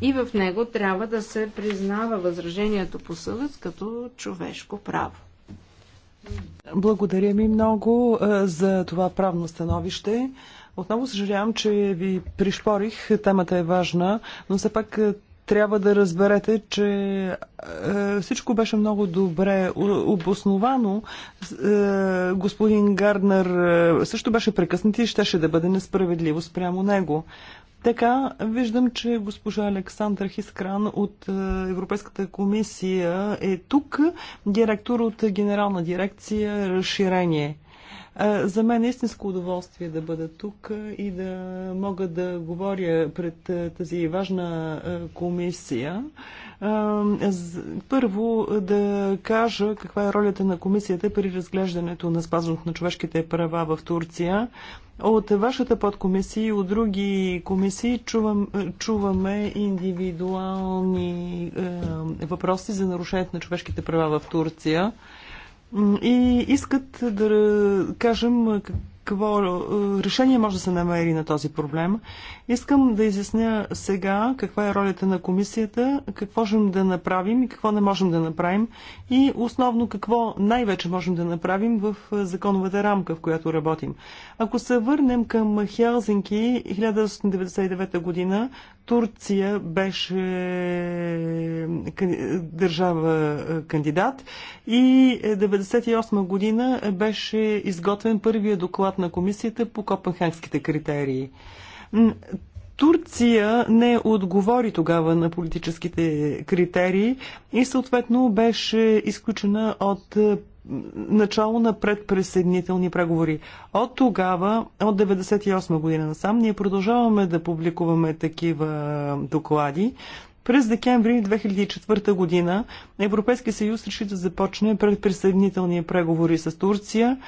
Speaker 1: и в него трябва да се признава възражението по съвест като човешко право.
Speaker 3: Благодаря ми много е, за това правно становище. Отново съжалявам, че ви пришпорих. Темата е важна, но все пак е, трябва да разберете, че е, всичко беше много добре обосновано. господин Гарднер също беше прекъснат и щеше да бъде несправедливо спрямо него. Така, виждам, че госпожа Александър Хискран от е, Европейската комисия е тук, директор от Генерална дирекция Разширение. Е, за мен е истинско удоволствие да бъда тук и да мога да говоря пред е, тази важна комисия. Първо е, да кажа каква е ролята на комисията при разглеждането на спазването на човешките права в Турция. От вашата подкомисия и от други комисии чувам, е, чуваме индивидуални е, въпроси за нарушението на човешките права в Турция и искат да кажем е, какво е, решение може да се намери на този проблем. Искам да изясня сега каква е ролята на комисията, какво можем да направим и какво не можем да направим и основно какво най-вече можем да направим в е, законовата рамка, в която работим. Ако се върнем към Хелзинки 1999 година, Турция беше държава е, кандидат и 1998 е, година беше изготвен първия доклад на комисията по копенхагските критерии. Турция не отговори тогава на политическите критерии и съответно беше изключена от е, начало на предпресъединителни преговори. От тогава, от 1998 година насам, ние продължаваме да публикуваме такива доклади. През декември 2004 година Европейския съюз реши да започне предприсъединителни преговори с Турция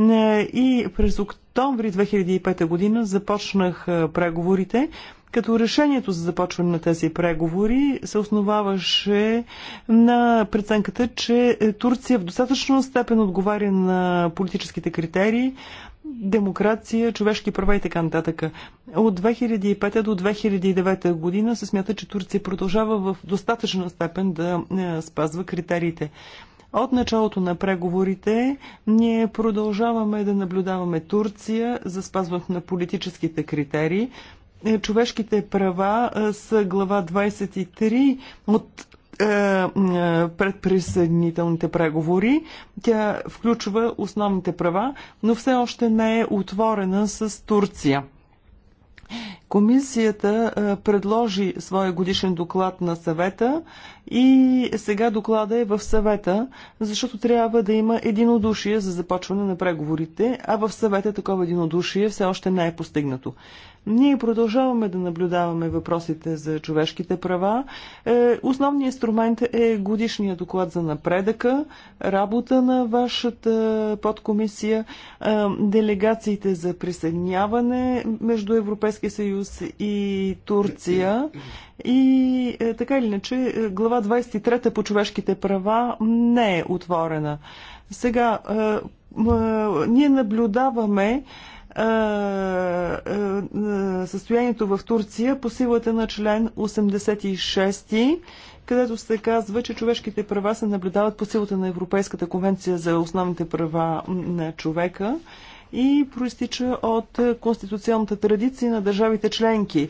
Speaker 3: е, и през октомври 2005 година започнах е, преговорите като решението за започване на тези преговори се основаваше на преценката, че Турция в достатъчно степен отговаря на политическите критерии, демокрация, човешки права и така нататък. От 2005 до 2009 година се смята, че Турция продължава в достатъчна степен да е, спазва критериите. От началото на преговорите ние продължаваме да наблюдаваме Турция за спазването на политическите критерии. Е, човешките права е, са глава 23 от е, предприсъединителните преговори. Тя включва основните права, но все още не е отворена с Турция. Комисията предложи своя годишен доклад на съвета. И сега доклада е в съвета, защото трябва да има единодушие за започване на преговорите, а в съвета такова единодушие все още не е постигнато. Ние продължаваме да наблюдаваме въпросите за човешките права. Е, основният инструмент е годишният доклад за напредъка, работа на вашата подкомисия, е, делегациите за присъединяване между Европейския съюз и Турция и е, така или иначе, е, глава 23 по човешките права не е отворена. Сега, е, ние наблюдаваме състоянието в Турция по силата на член 86 където се казва, че човешките права се наблюдават по силата на Европейската конвенция за основните права на човека и проистича от конституционната традиция на държавите членки.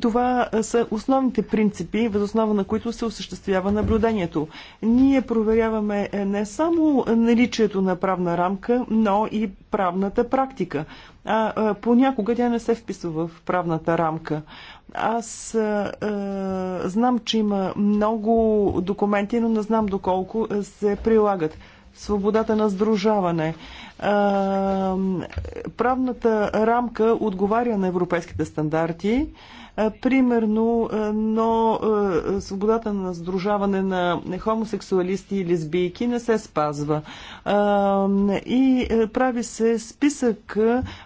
Speaker 3: Това са основните принципи, възоснова на които се осъществява наблюдението. Ние проверяваме не само наличието на правна рамка, но и правната практика. А, а понякога тя не се вписва в правната рамка. Аз а, а, знам, че има много документи, но не знам доколко се прилагат свободата на сдружаване. Правната рамка отговаря на европейските стандарти. Примерно, но свободата на сдружаване на хомосексуалисти и лесбийки не се спазва. И прави се списък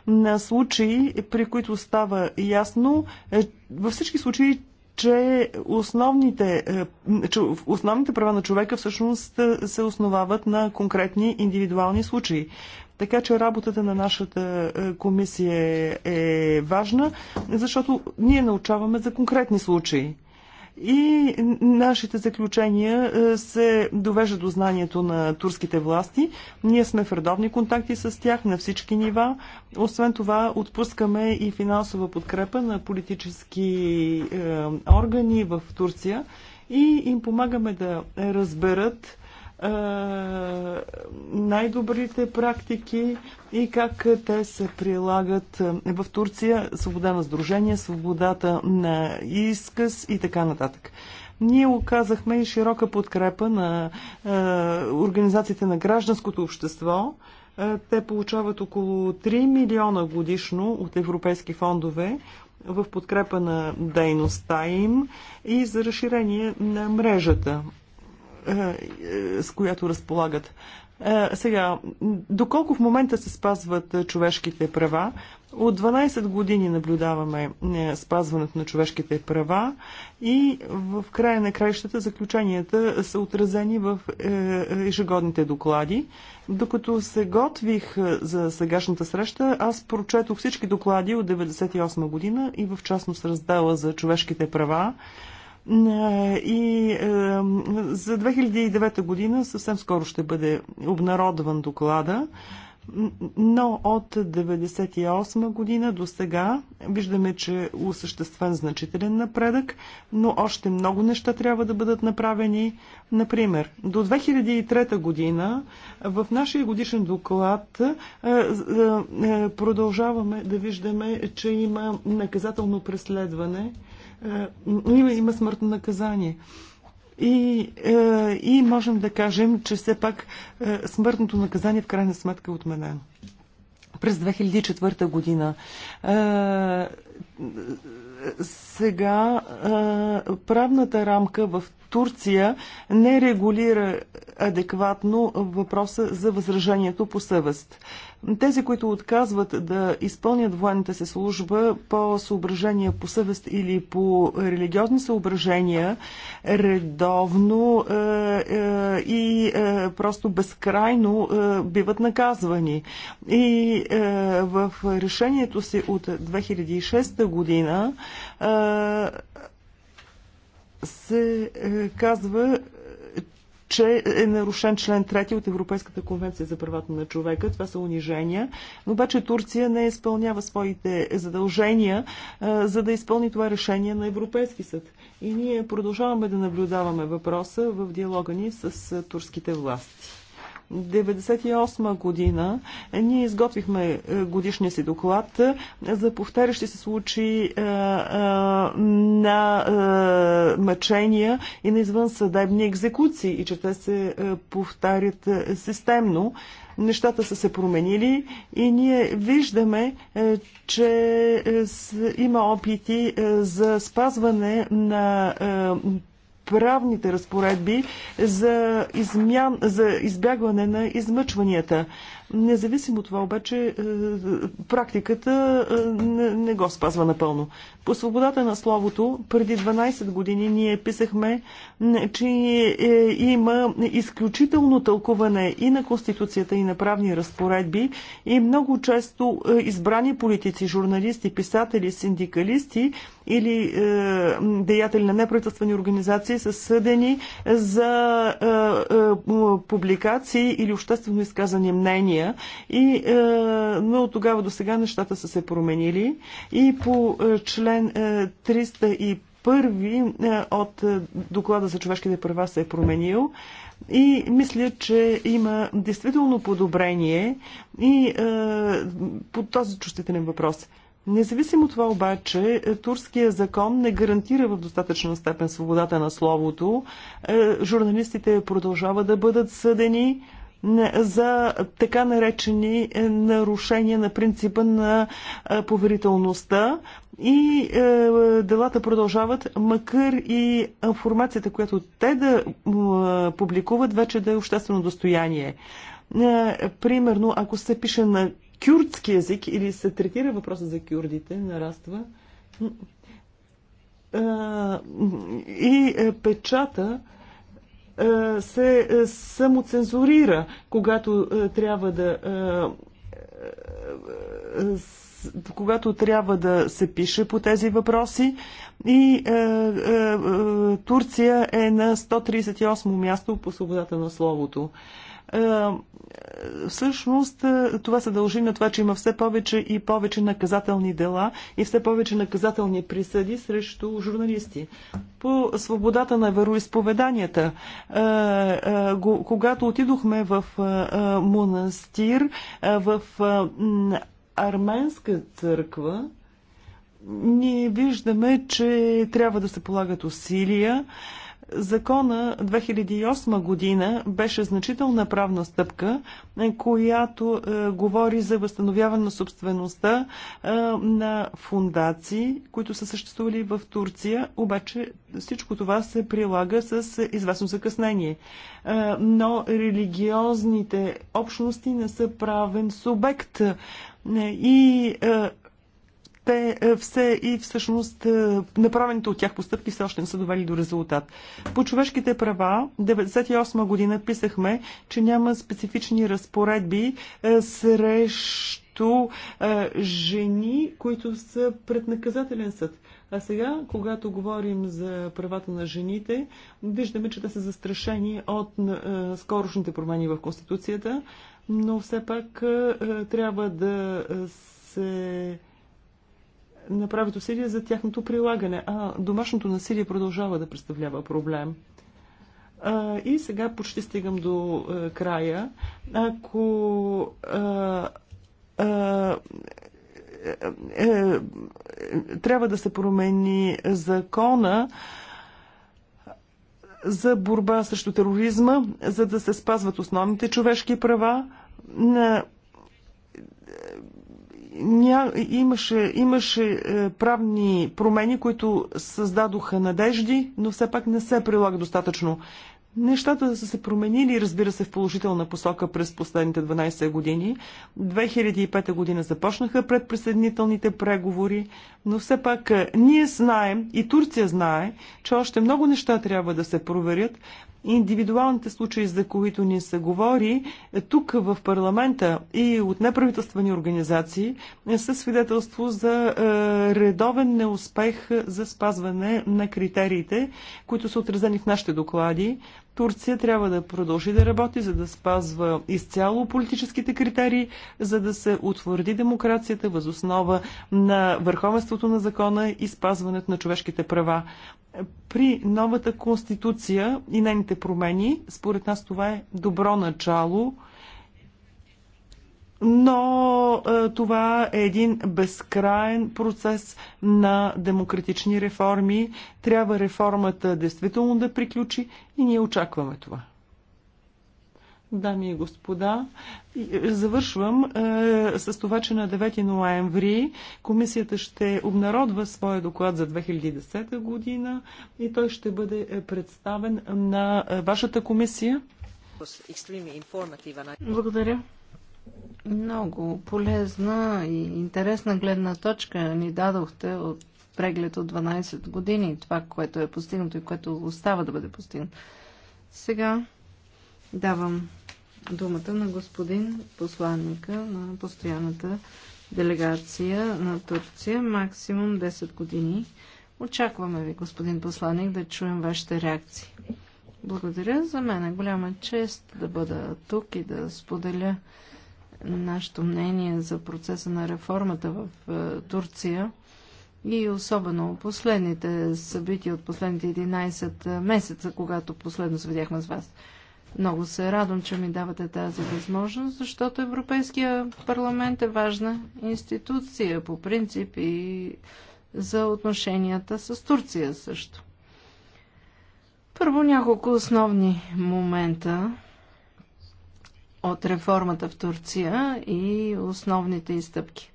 Speaker 3: на случаи, при които става ясно, във всички случаи, че основните, е, че основните права на човека всъщност е, се основават на конкретни индивидуални случаи. Така че работата на нашата е, комисия е важна, защото ние научаваме за конкретни случаи и нашите заключения е, се довежда до знанието на турските власти. Ние сме в редовни контакти с тях на всички нива. Освен това, отпускаме и финансова подкрепа на политически е, органи в Турция и им помагаме да разберат е, най-добрите практики и как те се прилагат е, в Турция, свобода на сдружение, свободата на изказ и така нататък. Ние оказахме и широка подкрепа на е, организациите на гражданското общество. Е, те получават около 3 милиона годишно от европейски фондове в подкрепа на дейността им и за разширение на мрежата е, е, с която разполагат. Е, сега, доколко в момента се спазват човешките права, от 12 години наблюдаваме спазването на човешките права и в края на краищата заключенията са отразени в ежегодните доклади. Докато се готвих за сегашната среща, аз прочетох всички доклади от 1998 година и в частност раздела за човешките права. И е, за 2009 година съвсем скоро ще бъде обнародван доклада, но от 1998 година до сега виждаме, че е осъществен значителен напредък, но още много неща трябва да бъдат направени. Например, до 2003 година в нашия годишен доклад е, е, продължаваме да виждаме, че има наказателно преследване е, има смъртно наказание. И, е, и можем да кажем, че все пак е, смъртното наказание в крайна сметка е отменено през 2004 година. Сега правната рамка в Турция не регулира адекватно въпроса за възражението по съвест. Тези, които отказват да изпълнят военната си служба по съображения по съвест или по религиозни съображения, редовно е, е, и е, просто безкрайно е, биват наказвани. И е, в решението си от 2006 година е, се е, казва, че е нарушен член 3 от Европейската конвенция за правата на човека. Това са унижения. Но обаче Турция не изпълнява своите задължения, за да изпълни това решение на Европейски съд. И ние продължаваме да наблюдаваме въпроса в диалога ни с турските власти. 1998 година е, ние изготвихме е, годишния си доклад е, за повтарящи се случаи на мъчения и на извънсъдебни екзекуции и че те се повтарят системно нещата са се променили и ние виждаме, че има опити за спазване на правните разпоредби за, за избягване на измъчванията. Независимо от това обаче, е, практиката е, не го спазва напълно. По свободата на словото, преди 12 години ние писахме, е, че има изключително тълкуване и на Конституцията, и на правни разпоредби и много често избрани политици, журналисти, писатели, синдикалисти или е, деятели на неправителствени организации са съдени за е, е, публикации или обществено изказани мнения нея. и, е, но от тогава до сега нещата са се променили и по е, член 305 е, първи от доклада за човешките права се е променил и мисля, че има действително подобрение и е, по този чувствителен въпрос. Независимо от това обаче, турския закон не гарантира в достатъчна степен свободата на словото. журналистите продължават да бъдат съдени за така наречени е, нарушения на принципа на е, поверителността и е, делата продължават, макар и информацията, която те да публикуват, вече да е обществено достояние. Примерно, ако се пише на кюрдски язик или се третира въпроса за кюрдите, нараства и печата е, се е, самоцензурира, когато е, трябва да когато трябва да се пише по тези въпроси. И е, е, Турция е на 138 място по свободата на словото. Е, е, всъщност е, това се дължи на това, че има все повече и повече наказателни дела и все повече наказателни присъди срещу журналисти. По свободата на вероисповеданията, е, когато отидохме в монастир, в арменска църква, ние виждаме, че трябва да се полагат усилия. Закона 2008 година беше значителна правна стъпка, е, която е, говори за възстановяване на собствеността е, на фундации, които са съществували в Турция, обаче всичко това се прилага с известно закъснение. Е, но религиозните общности не са правен субект е, и е, те е, все и всъщност е, направените от тях постъпки все още не са довели до резултат. По човешките права, 1998 година писахме, че няма специфични разпоредби е, срещу жени, които са пред наказателен съд. А сега, когато говорим за правата на жените, виждаме, че те са застрашени от скорошните промени в Конституцията, но все пак трябва да се направят усилия за тяхното прилагане, а домашното насилие продължава да представлява проблем. И сега почти стигам до края. Ако е, трябва да се промени закона за борба срещу тероризма, за да се спазват основните човешки права на ня... имаше, имаше е, правни промени, които създадоха надежди, но все пак не се прилага достатъчно. Нещата са се променили, разбира се, в положителна посока през последните 12 години. 2005 година започнаха предприсъединителните преговори, но все пак е, ние знаем и Турция знае, че още много неща трябва да се проверят, индивидуалните случаи, за които ни се говори, тук в парламента и от неправителствени организации са свидетелство за е, редовен неуспех за спазване на критериите, които са отразени в нашите доклади. Турция трябва да продължи да работи, за да спазва изцяло политическите критерии, за да се утвърди демокрацията възоснова на върховенството на закона и спазването на човешките права. При новата конституция и нейните промени, според нас това е добро начало – но е, това е един безкраен процес на демократични реформи. Трябва реформата действително да приключи и ние очакваме това. Дами и господа, е, завършвам е, с това, че на 9 ноември комисията ще обнародва своя доклад за 2010 година и той ще бъде е, представен на
Speaker 1: вашата комисия. Благодаря. Много полезна и интересна гледна точка ни дадохте от преглед от 12 години, това, което е постигнато и което остава да бъде постигнато. Сега давам думата на господин посланника на постоянната делегация на Турция, максимум 10 години. Очакваме ви, господин посланник, да чуем вашите реакции. Благодаря. За мен е голяма чест да бъда тук и да споделя нашето мнение за процеса на реформата в е, Турция и особено последните събития от последните 11 е, месеца, когато последно се видяхме с вас. Много се радвам, че ми давате тази възможност, защото Европейския парламент е важна институция по принцип и за отношенията с Турция също. Първо няколко основни момента от реформата в Турция и основните изтъпки.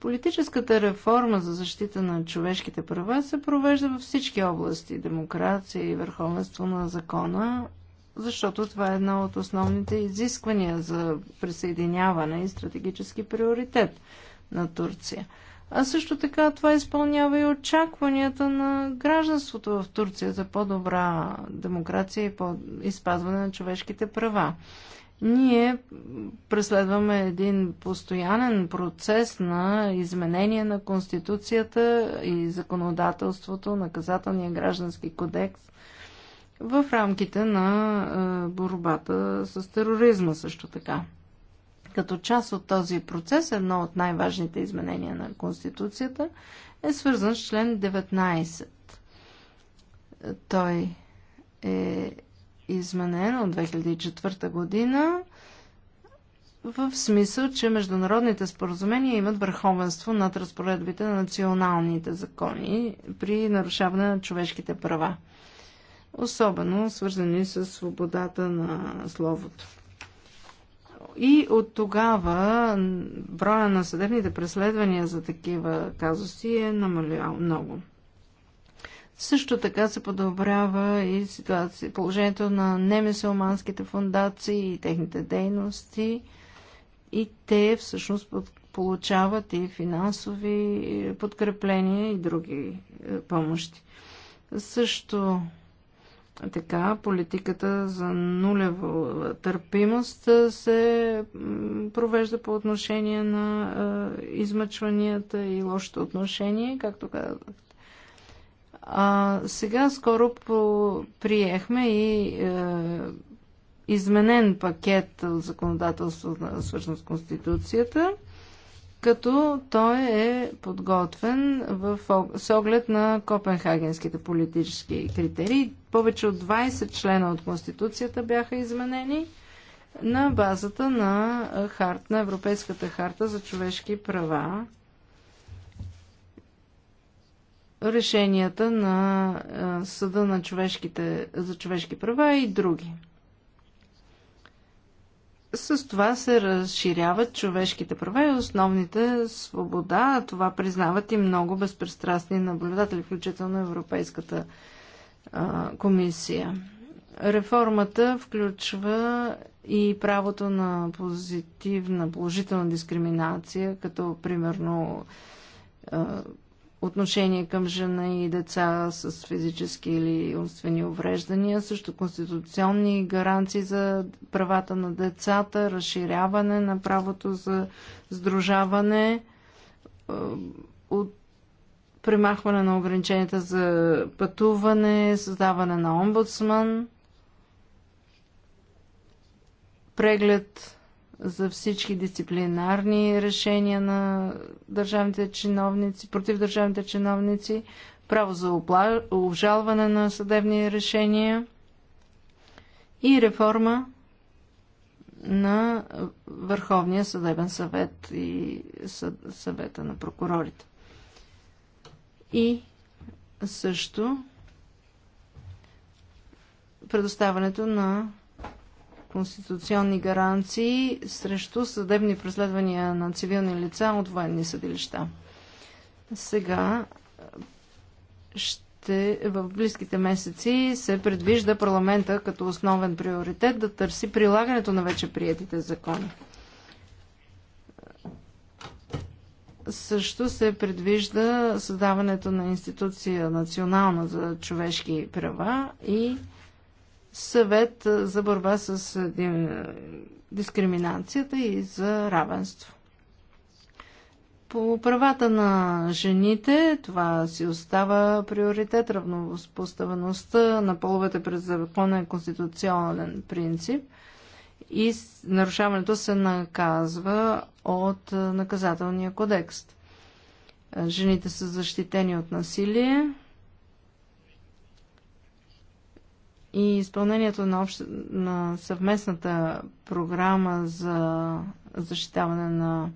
Speaker 1: Политическата реформа за защита на човешките права се провежда във всички области демокрация и върховенство на закона, защото това е една от основните изисквания за присъединяване и стратегически приоритет на Турция. А също така това изпълнява и очакванията на гражданството в Турция за по-добра демокрация и по изпазване на човешките права. Ние преследваме един постоянен процес на изменение на Конституцията и законодателството, наказателния граждански кодекс в рамките на е, борбата с тероризма също така. Като част от този процес, едно от най-важните изменения на Конституцията е свързан с член 19. Той е изменен от 2004 година в смисъл, че международните споразумения имат върховенство над разпоредбите на националните закони при нарушаване на човешките права, особено свързани с свободата на словото. И от тогава броя на съдебните преследвания за такива казуси е намалял много. Също така се подобрява и ситуация, положението на немесулманските фундации и техните дейности. И те всъщност получават и финансови подкрепления и други е, помощи. Също така политиката за нулева търпимост е, се провежда по отношение на е, измъчванията и лошото отношение, както казахте а, сега скоро по, приехме и е, изменен пакет от законодателство на свършност Конституцията, като той е подготвен в, с оглед на копенхагенските политически критерии. Повече от 20 члена от Конституцията бяха изменени на базата на, е, харт, на Европейската харта за човешки права решенията на Съда на човешките, за човешки права и други. С това се разширяват човешките права и основните свобода. това признават и много безпристрастни наблюдатели, включително Европейската комисия. Реформата включва и правото на позитивна, положителна дискриминация, като примерно отношение към жена и деца с физически или умствени увреждания, също конституционни гаранции за правата на децата, разширяване на правото за сдружаване, от премахване на ограниченията за пътуване, създаване на омбудсман, преглед за всички дисциплинарни решения на държавните чиновници, против държавните чиновници, право за обжалване на съдебни решения и реформа на Върховния съдебен съвет и съвета на прокурорите. И също предоставянето на конституционни гаранции срещу съдебни преследвания на цивилни лица от военни съдилища. Сега ще, в близките месеци се предвижда парламента като основен приоритет да търси прилагането на вече приятите закони. Също се предвижда създаването на институция национална за човешки права и съвет за борба с дискриминацията и за равенство. По правата на жените, това си остава приоритет, равнопоставеността на половете през законен конституционен принцип и нарушаването се наказва от наказателния кодекс. Жените са защитени от насилие, и изпълнението на, общ... на съвместната програма за защитаване на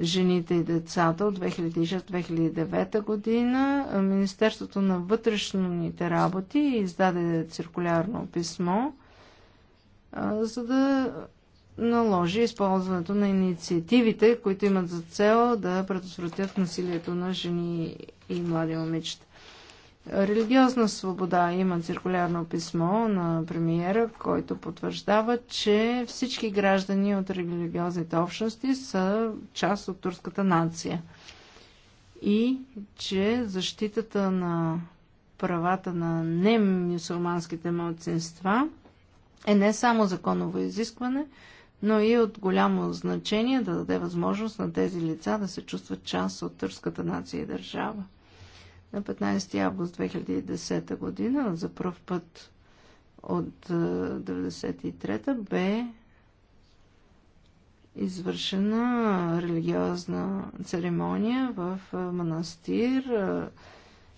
Speaker 1: жените и децата от 2006-2009 година Министерството на вътрешните работи издаде циркулярно писмо, за да наложи използването на инициативите, които имат за цел да предотвратят насилието на жени и млади момичета. Религиозна свобода има циркулярно писмо на премиера, който потвърждава, че всички граждани от религиозните общности са част от турската нация и че защитата на правата на немюсулманските младсинства е не само законово изискване, но и от голямо значение да даде възможност на тези лица да се чувстват част от турската нация и държава на 15 август 2010 година за първ път от 1993 е, бе извършена религиозна церемония в е, манастир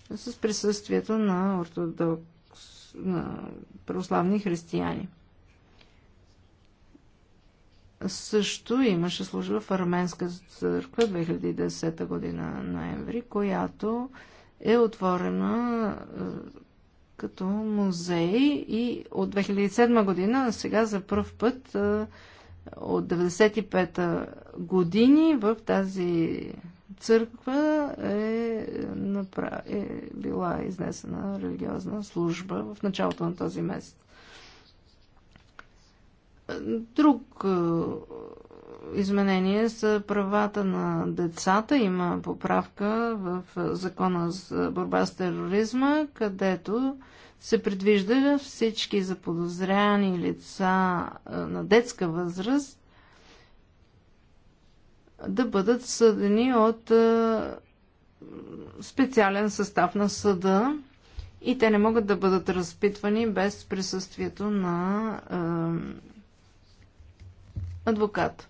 Speaker 1: е, с присъствието на ортодокс, на православни християни. Също имаше служба в Арменска църква 2010 година ноември, която е отворена е, като музей и от 2007 година, сега за първ път е, от 95-та години в тази църква е, направ... е била изнесена религиозна служба в началото на този месец. Друг е, изменение са правата на децата. Има поправка в Закона за борба с тероризма, където се предвижда всички заподозряни лица на детска възраст да бъдат съдени от специален състав на съда и те не могат да бъдат разпитвани без присъствието на адвокат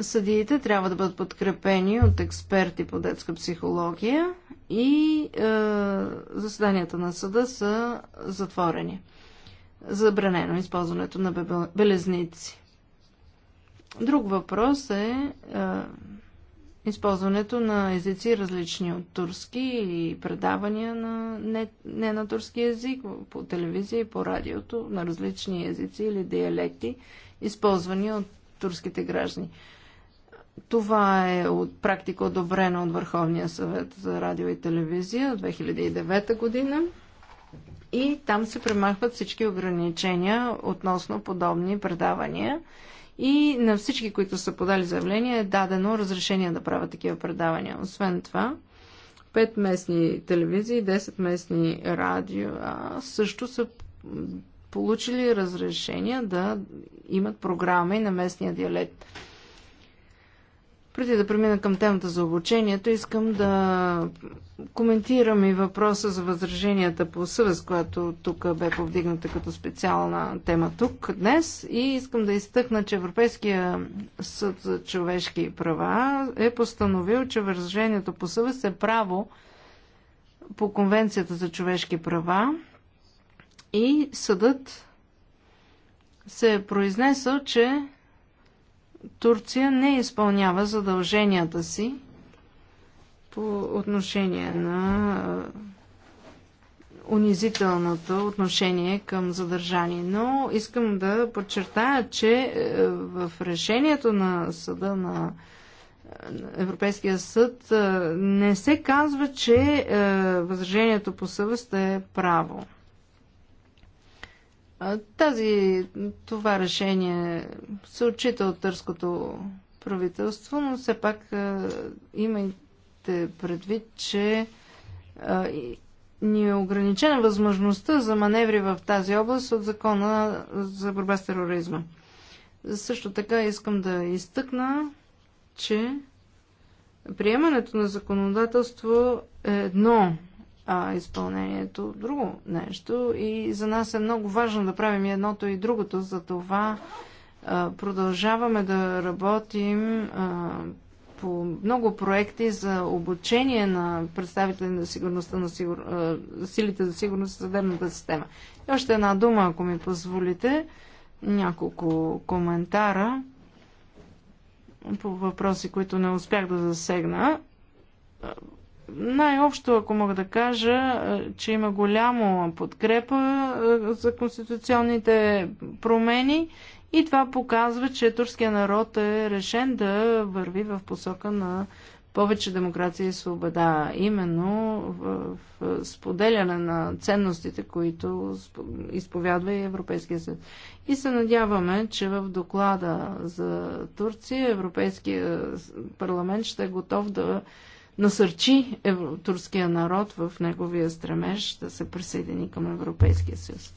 Speaker 1: съдиите трябва да бъдат подкрепени от експерти по детска психология и е, заседанията на съда са затворени. Забранено е използването на белезници. Друг въпрос е, е използването на езици различни от турски или предавания на не, не на турски език по телевизия и по радиото на различни езици или диалекти, използвани от турските граждани. Това е от практика одобрена от Върховния съвет за радио и телевизия от 2009 година. И там се премахват всички ограничения относно подобни предавания. И на всички, които са подали заявление, е дадено разрешение да правят такива предавания. Освен това, 5 местни телевизии, 10 местни радио също са получили разрешение да имат програми на местния диалект. Преди да премина към темата за обучението, искам да коментирам и въпроса за възраженията по съвест, която тук бе повдигната като специална тема тук днес. И искам да изтъкна, че Европейския съд за човешки права е постановил, че възражението по съвест е право по Конвенцията за човешки права и съдът се е произнесъл, че Турция не изпълнява задълженията си по отношение на е, унизителното отношение към задържани. Но искам да подчертая, че е, в решението на съда на е, Европейския съд не се казва, че възражението по съвест е право. Тази, това решение се отчита от търското правителство, но все пак имайте предвид, че ни е ограничена възможността за маневри в тази област от закона за борба с тероризма. Също така искам да изтъкна, че приемането на законодателство е едно, а изпълнението друго нещо. И за нас е много важно да правим едното и другото, за това продължаваме да работим по много проекти за обучение на представители на, сигурността, на сигур... силите за сигурност в съдебната система. И още една дума, ако ми позволите, няколко коментара по въпроси, които не успях да засегна най-общо, ако мога да кажа, е, че има голямо подкрепа е, за конституционните промени и това показва, че турския народ е решен да върви в посока на повече демокрация и свобода, именно в, в споделяне на ценностите, които изповядва и Европейския съюз. И се надяваме, че в доклада за Турция Европейския парламент ще е готов да насърчи турския народ в неговия стремеж да се присъедини към Европейския съюз.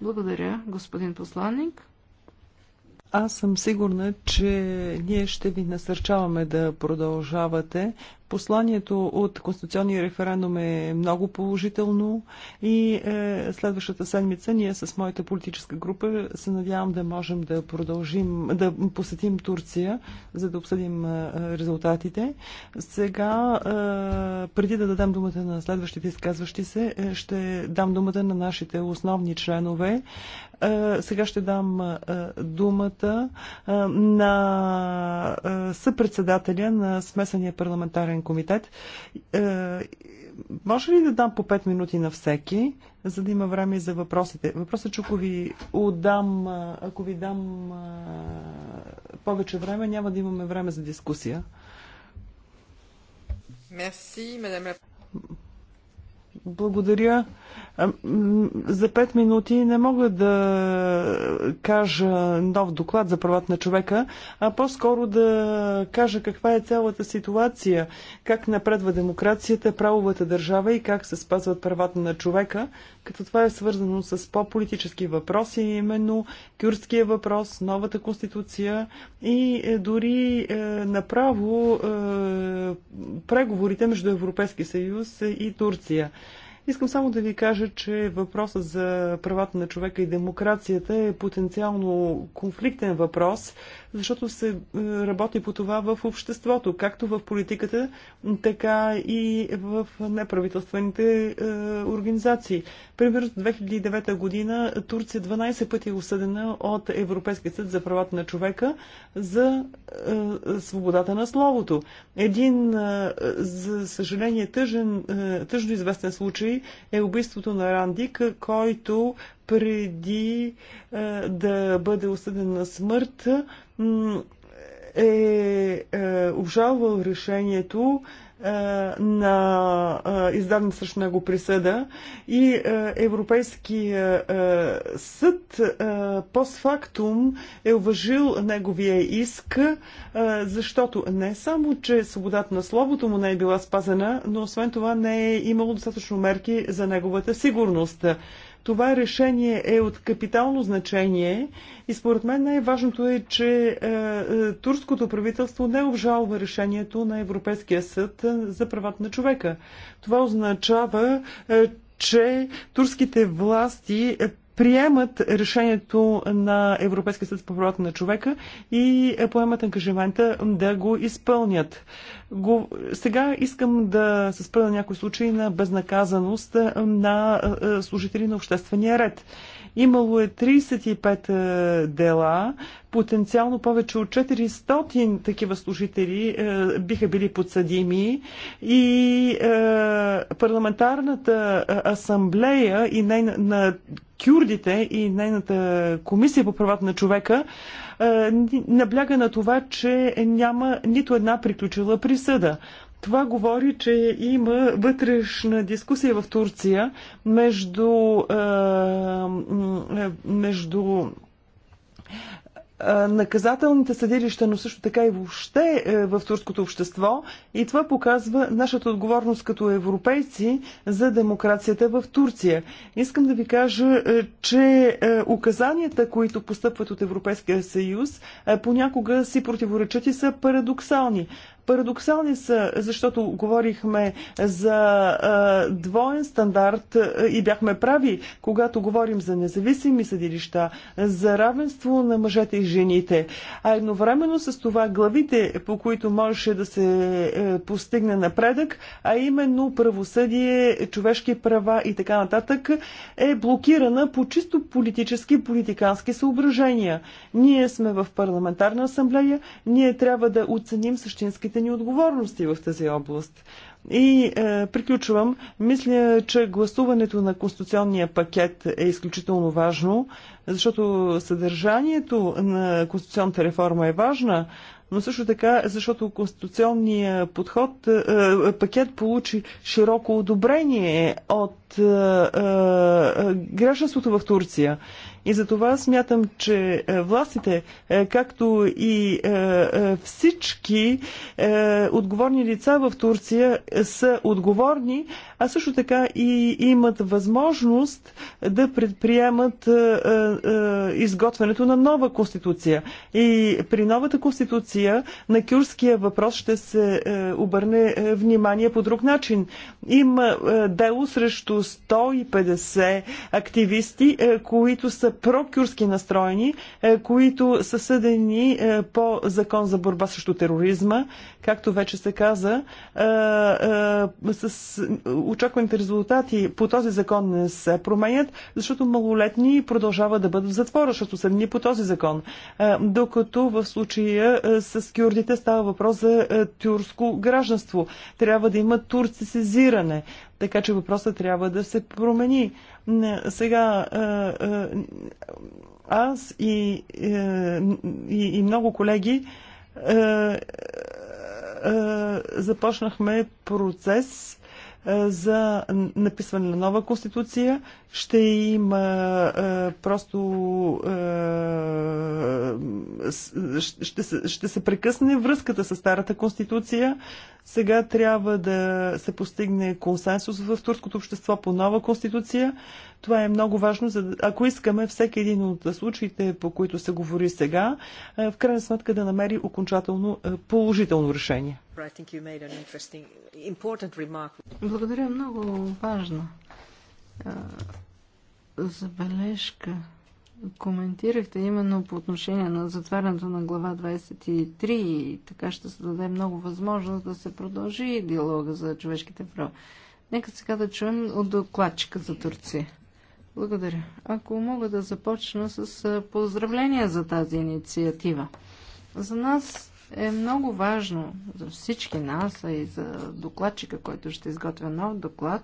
Speaker 1: Благодаря, господин посланник. Аз
Speaker 3: съм сигурна, че ние ще ви насърчаваме да продължавате. Посланието от Конституционния референдум е много положително и е, следващата седмица ние с моята политическа група се надявам да можем да продължим, да посетим Турция, за да обсъдим е, резултатите. Сега, е, преди да дадам думата на следващите изказващи се, е, ще дам думата на нашите основни членове. Е, сега ще дам е, думата е, на е, съпредседателя на смесения парламентарен парламентарен комитет. Е, може ли да дам по 5 минути на всеки, за да има време за въпросите? Въпросът е, че ако ви, отдам, е, ако ви дам повече време, няма да имаме време за дискусия.
Speaker 1: Мерси, мадам.
Speaker 3: Благодаря. Е, за пет минути не мога да кажа нов доклад за правата на човека, а по-скоро да кажа каква е цялата ситуация, как напредва демокрацията, правовата държава и как се спазват правата на човека, като това е свързано с по-политически въпроси, именно кюрския въпрос, новата конституция и е, дори е, направо преговорите между Европейски съюз и Турция. Искам само да ви кажа, че въпросът за правата на човека и демокрацията е потенциално конфликтен въпрос, защото се е, работи по това в обществото, както в политиката, така и в неправителствените е, организации. Примерно 2009 година Турция 12 пъти е осъдена от Европейския съд за правата на човека за е, свободата на словото. Един, за съжаление, тъжен, тъжно известен случай е убийството на Рандик, който преди да бъде осъден на смърт, е, е обжалвал решението е, на е, срещу него присъда и е, Европейския е, съд е, постфактум е уважил неговия иск, е, защото не само, че свободата на словото му не е била спазена, но освен това не е имало достатъчно мерки за неговата сигурност. Това решение е от капитално значение и според мен най-важното е, че е, е, турското правителство не обжалва решението на Европейския съд е, за правата на човека. Това означава, е, че турските власти е, приемат решението на Европейския съд по правата на човека и поемат ангажимента да го изпълнят. Го... Сега искам да се спра на някои случаи на безнаказаност на служители на обществения ред. Имало е 35 е, дела, потенциално повече от 400 такива служители е, биха били подсъдими и е, парламентарната е, асамблея и най- на кюрдите и нейната комисия по правата на човека е, набляга на това, че няма нито една приключила присъда. Това говори, че има вътрешна дискусия в Турция между, между наказателните съдилища, но също така и въобще е, в турското общество. И това показва нашата отговорност като европейци за демокрацията в Турция. Искам да ви кажа, е, че е, указанията, които постъпват от Европейския съюз, понякога си противоречат и са парадоксални. Парадоксални са, защото говорихме за двоен стандарт и бяхме прави, когато говорим за независими съдилища, за равенство на мъжете и жените. А едновременно с това главите, по които можеше да се е, постигне напредък, а именно правосъдие, човешки права и така нататък, е блокирана по чисто политически и политикански съображения. Ние сме в парламентарна асамблея, ние трябва да оценим същинските своите ни отговорности в тази област. И е, приключвам. Мисля, че гласуването на конституционния пакет е изключително важно, защото съдържанието на конституционната реформа е важна, но също така, защото конституционният подход, е, е, пакет получи широко одобрение от е, е, гражданството в Турция. И за това смятам, че е, властите, е, както и е, всички отговорни лица в Турция са отговорни, а също така и имат възможност да предприемат е, е, изготвянето на нова конституция. И при новата конституция на кюрския въпрос ще се е, обърне внимание по друг начин. Има дело срещу 150 активисти, които са прокюрски настроени, които са съдени по закон за борба срещу тероризма, както вече се каза, с очакваните резултати по този закон не се променят, защото малолетни продължават да бъдат в затвора, защото са дни по този закон. Е, докато в случая е, с кюрдите става въпрос за е, тюрско гражданство. Трябва да има турци сезиране. Така че въпросът трябва да се промени. Сега аз и, и, и много колеги започнахме процес е, за написване на нова конституция. Ще има е, просто е, ще, се, ще се прекъсне връзката с старата конституция. Сега трябва да се постигне консенсус в турското общество по нова конституция. Това е много важно, за да, ако искаме всеки един от случаите, по които се говори сега, в крайна сметка да намери окончателно положително решение.
Speaker 1: Благодаря, много важна забележка. Коментирахте именно по отношение на затварянето на глава 23 и така ще се даде много възможност да се продължи диалога за човешките права. Нека сега да чуем от докладчика за Турция. Благодаря. Ако мога да започна с поздравления за тази инициатива. За нас е много важно за всички нас, а и за докладчика, който ще изготвя нов доклад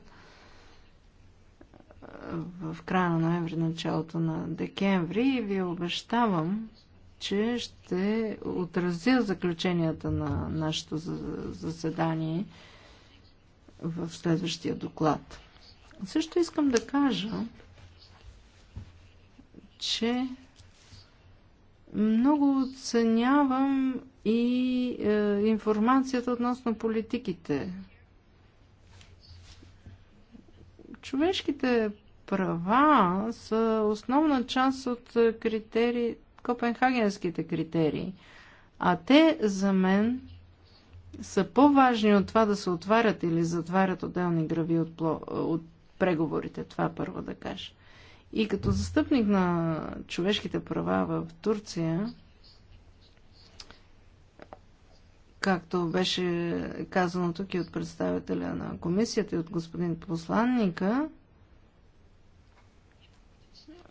Speaker 1: в края на ноември, началото на декември и ви обещавам, че ще отразя заключенията на нашето заседание в следващия доклад. Също искам да кажа, че много оценявам и е, информацията относно политиките. Човешките права са основна част от критерии, копенхагенските критерии, а те за мен са по-важни от това да се отварят или затварят отделни грави от, от преговорите. Това първо да кажа. И като застъпник на човешките права в Турция, както беше казано тук и от представителя на комисията и от господин посланника,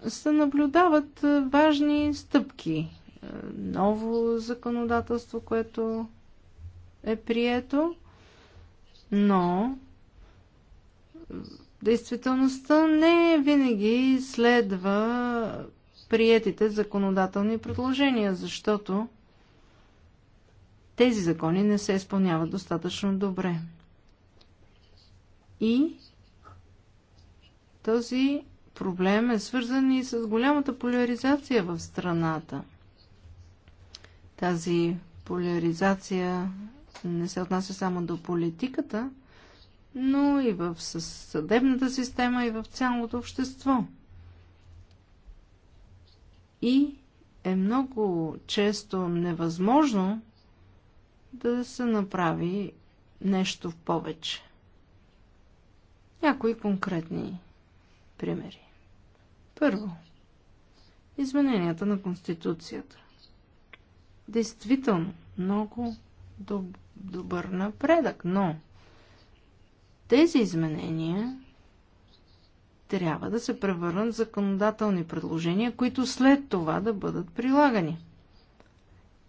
Speaker 1: се наблюдават е, важни стъпки. Е, ново законодателство, което е прието, но е, действителността не винаги следва приетите законодателни предложения, защото тези закони не се изпълняват достатъчно добре. И този проблем е свързан и с голямата поляризация в страната. Тази поляризация не се отнася само до политиката, но и в съдебната система, и в цялото общество. И е много често невъзможно да се направи нещо в повече. Някои конкретни примери. Първо, измененията на Конституцията. Действително, много доб- добър напредък, но тези изменения трябва да се превърнат в законодателни предложения, които след това да бъдат прилагани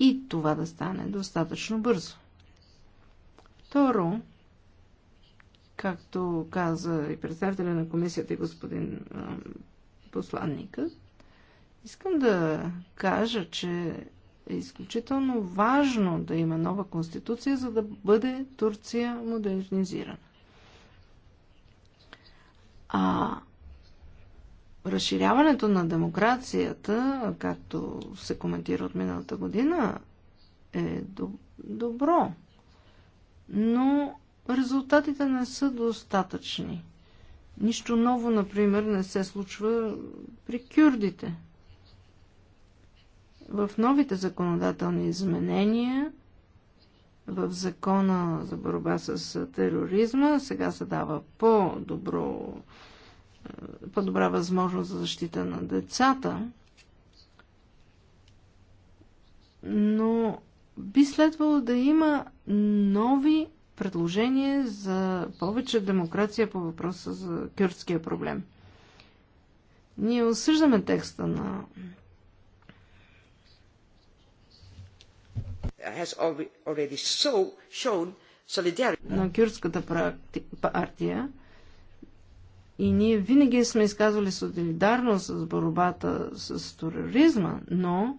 Speaker 1: и това да стане достатъчно бързо. Второ, както каза и представителя на комисията и господин посланника, искам да кажа, че е изключително важно да има нова конституция, за да бъде Турция модернизирана. А разширяването на демокрацията, както се коментира от миналата година, е добро. Но резултатите не са достатъчни. Нищо ново, например, не се случва при кюрдите. В новите законодателни изменения в закона за борба с тероризма сега се дава по-добро по-добра възможност за защита на децата, но би следвало да има нови предложения за повече демокрация по въпроса за кюртския проблем. Ние осъждаме текста на на кюртската партия, и ние винаги сме изказвали солидарност с борбата с тероризма, но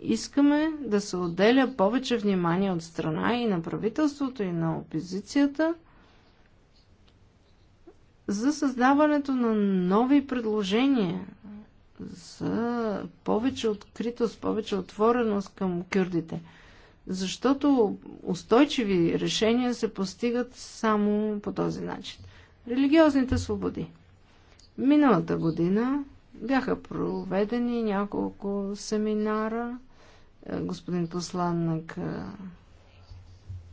Speaker 1: искаме да се отделя повече внимание от страна и на правителството, и на опозицията за създаването на нови предложения за повече откритост, повече отвореност към кюрдите. Защото устойчиви решения се постигат само по този начин. Религиозните свободи. Миналата година бяха проведени няколко семинара. Е, господин посланник е,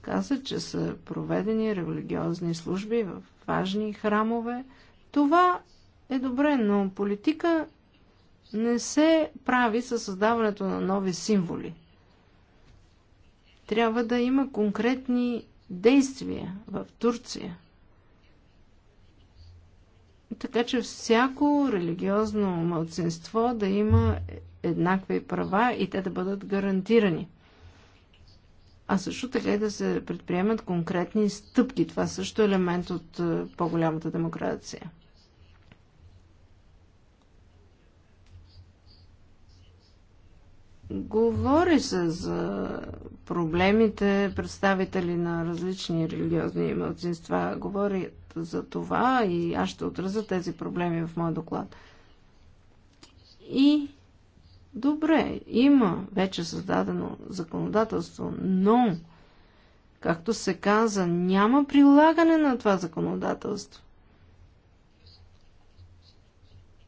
Speaker 1: каза, че са проведени религиозни служби в важни храмове. Това е добре, но политика не се прави със създаването на нови символи. Трябва да има конкретни действия в Турция – така че всяко религиозно мълцинство да има еднакви права и те да бъдат гарантирани. А също така и да се предприемат конкретни стъпки. Това също е елемент от е, по-голямата демокрация. говори се за проблемите, представители на различни религиозни младсинства говорят за това и аз ще отразя тези проблеми в моя доклад. И добре, има вече създадено законодателство, но, както се каза, няма прилагане на това законодателство.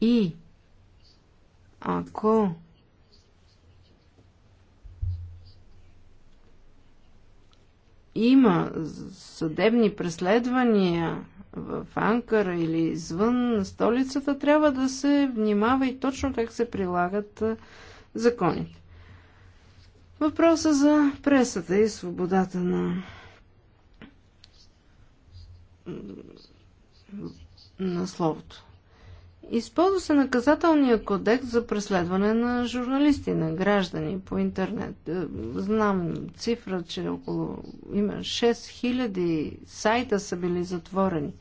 Speaker 1: И ако има съдебни преследвания в Анкара или извън столицата, трябва да се внимава и точно как се прилагат законите. Въпроса за пресата и свободата на на словото. Използва се наказателния кодекс за преследване на журналисти, на граждани по интернет. Е, знам цифра, че около има 6000 сайта са били затворени.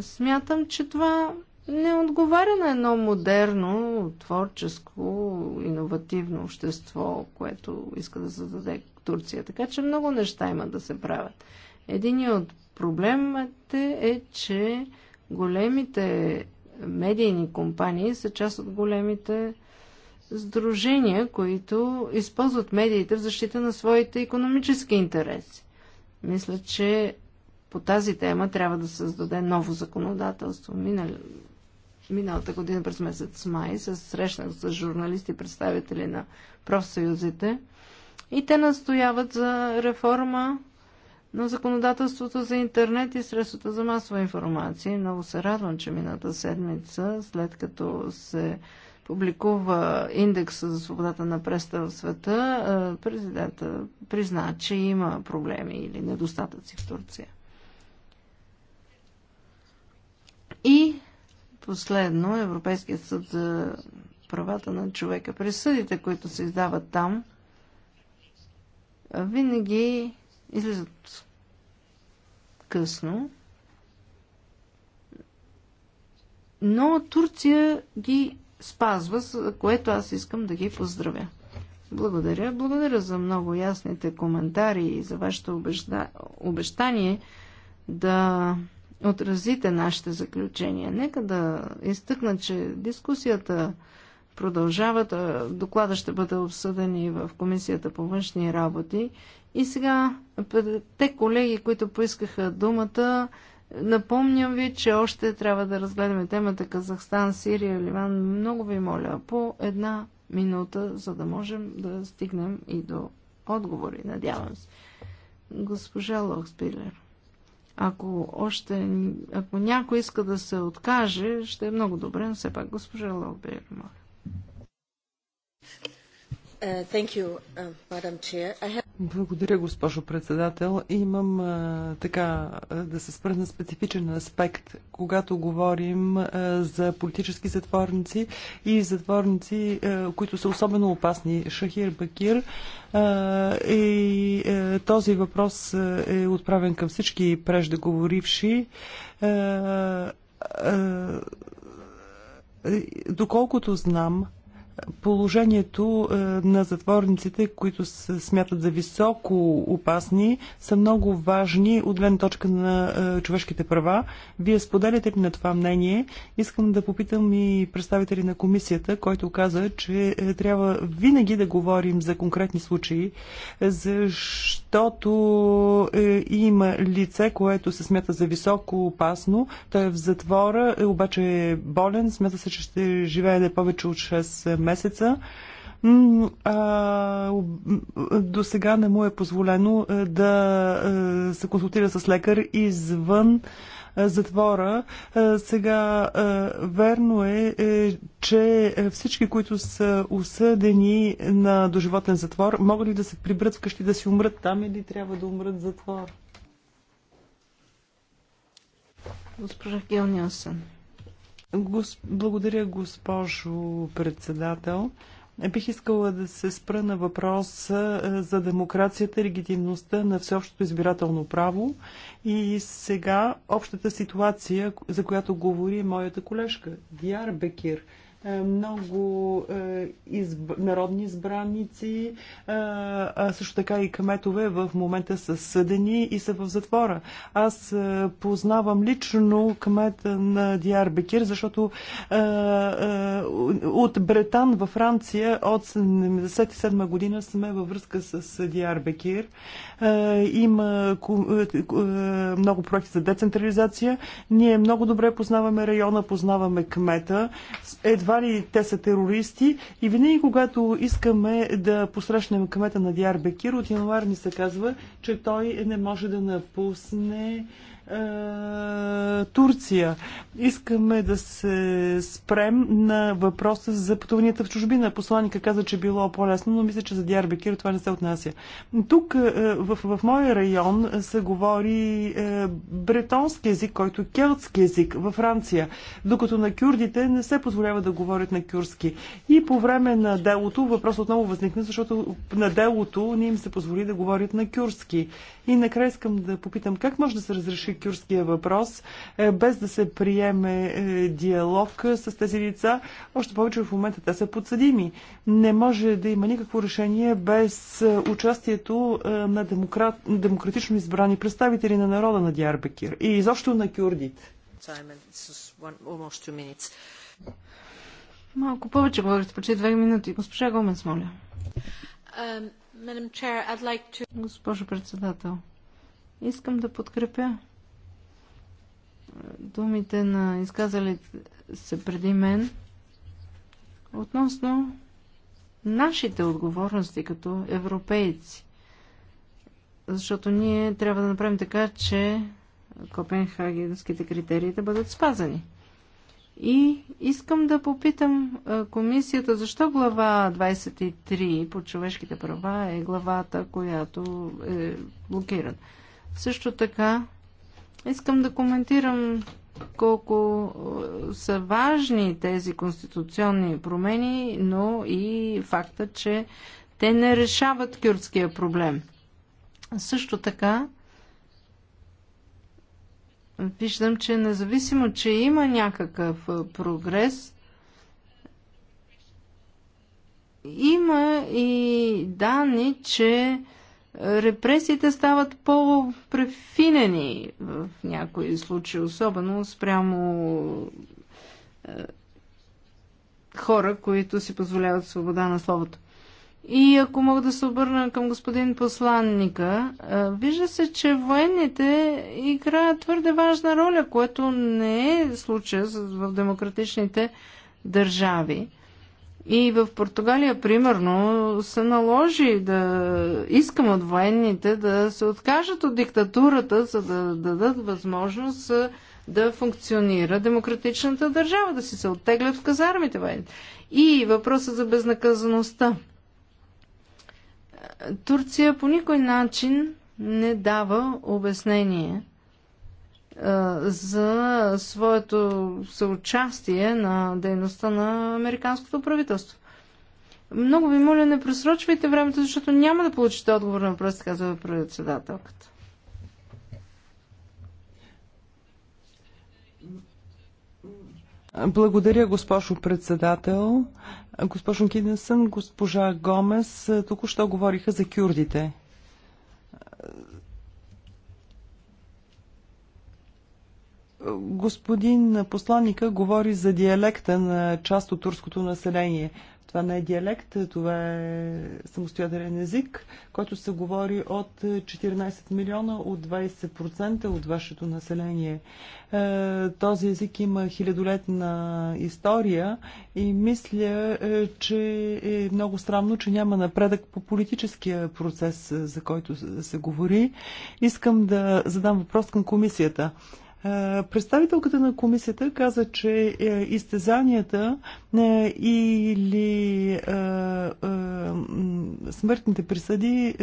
Speaker 1: Смятам, че това не отговаря на едно модерно, творческо, иновативно общество, което иска да създаде Турция. Така че много неща има да се правят. Един от проблемите е, че големите медийни компании са част от големите сдружения, които използват медиите в защита на своите економически интереси. Мисля, че по тази тема трябва да създаде ново законодателство. Минал... Миналата година през месец май се срещнах с журналисти, представители на профсъюзите и те настояват за реформа на законодателството за интернет и средствата за масова информация. Много се радвам, че мината седмица, след като се публикува индекс за свободата на преста в света, е, президента призна, че има проблеми или недостатъци в Турция. И последно, Европейският съд за правата на човека. Присъдите, които се издават там, винаги излизат късно, но Турция ги спазва, за което аз искам да ги поздравя. Благодаря. Благодаря за много ясните коментари и за вашето обеща... обещание да отразите нашите заключения. Нека да изтъкна, че дискусията продължават. Доклада ще бъде обсъден и в Комисията по външни работи. И сега те колеги, които поискаха думата, напомням ви, че още трябва да разгледаме темата Казахстан, Сирия, Ливан. Много ви моля, по една минута, за да можем да стигнем и до отговори, надявам се. Госпожа Лохспилер, ако още, ако някой иска да се откаже, ще е много добре, но все пак госпожа Лохспилер, моля.
Speaker 2: Uh, uh,
Speaker 3: Благодаря, госпожо председател. Имам така да се спра на специфичен аспект, когато говорим за политически затворници и затворници, които са особено опасни. Шахир Бакир. И е, този въпрос е отправен към всички преждеговоривши доколкото знам, положението е, на затворниците, които се смятат за високо опасни, са много важни от гледна точка на е, човешките права. Вие споделяте ли на това мнение? Искам да попитам и представители на комисията, който каза, че е, трябва винаги да говорим за конкретни случаи, защото има лице, което се смята за високо опасно. Той е в затвора, обаче е болен, смята се, че ще живее повече от 6 месеца месеца. До сега не му е позволено е, да е, се консултира с лекар извън е, затвора. Сега верно е, че всички, които са осъдени на доживотен затвор, могат ли да се прибрат вкъщи да си умрат там или трябва да умрат в затвор? Госпожа Гелниасен. Гос... Благодаря, госпожо председател. Бих искала да се спра на въпроса е, за демокрацията, легитимността на всеобщото избирателно право и сега общата ситуация, за която говори моята колежка Диар Бекир – е, много е, изб... народни избранници, е, а също така и кметове в момента са съдени и са в затвора. Аз познавам лично кмета на Диар Бекир, защото от Бретан във Франция от 1977 година сме във връзка с Диар Бекир. Има много проекти за децентрализация. Ние много добре познаваме района, познаваме кмета. Едва ли те са терористи и винаги когато искаме да посрещнем кмета на Бекир от януар ни се казва, че той не може да напусне е, Турция. Искаме да се спрем на въпроса за пътуванията в чужбина. Посланника каза, че било по-лесно, но мисля, че за Диарбекир това не се отнася. Тук е, в, в моя район се говори е, бретонски език, който е келтски език във Франция, докато на кюрдите не се позволява да говорят на кюрски. И по време на делото въпрос отново възникна, защото на делото не им се позволи да говорят на кюрски. И накрая искам да попитам как може да се разреши кюрския въпрос, е, без да се приеме е, диалог е, с тези лица, още повече в момента те са подсъдими. Не може да има никакво решение без участието на демократ... демократично избрани представители на народа на Диарбекир и изобщо на кюрдите.
Speaker 1: Малко повече говорите, почти две минути. Госпожа Гомес, моля. Um, Госпожо председател, искам да подкрепя е, думите на изказали се преди мен относно нашите отговорности като европейци. Защото ние трябва да направим така, че копенхагенските критерии да бъдат спазани. И искам да попитам комисията, защо глава 23 по човешките права е главата, която е блокирана. Също така, искам да коментирам колко са важни тези конституционни промени, но и факта, че те не решават кюртския проблем. Също така, виждам, че независимо, че има някакъв прогрес, има и данни, че репресиите стават по-префинени в някои случаи, особено спрямо хора, които си позволяват свобода на словото. И ако мога да се обърна към господин посланника, вижда се, че военните играят твърде важна роля, което не е случая в демократичните държави. И в Португалия, примерно, се наложи да искам от военните да се откажат от диктатурата, за да дадат възможност да функционира демократичната държава, да си се оттеглят в казармите военните. И въпросът за безнаказаността. Турция по никой начин не дава обяснение за своето съучастие на дейността на американското правителство. Много ви моля, не просрочвайте времето, защото няма да получите отговор на въпроса, казва председателката. Благодаря,
Speaker 3: госпожо председател. Госпожо Кинесън, госпожа Гомес току-що говориха за кюрдите. Господин посланника говори за диалекта на част от турското население. Това не е диалект, това е самостоятелен език, който се говори от 14 милиона, от 20% от вашето население. Е, този език има хилядолетна история и мисля, е, че е много странно, че няма напредък по политическия процес, за който се говори. Искам да задам въпрос към комисията. Е, представителката на комисията каза, че е, изтезанията е, или смъртните присъди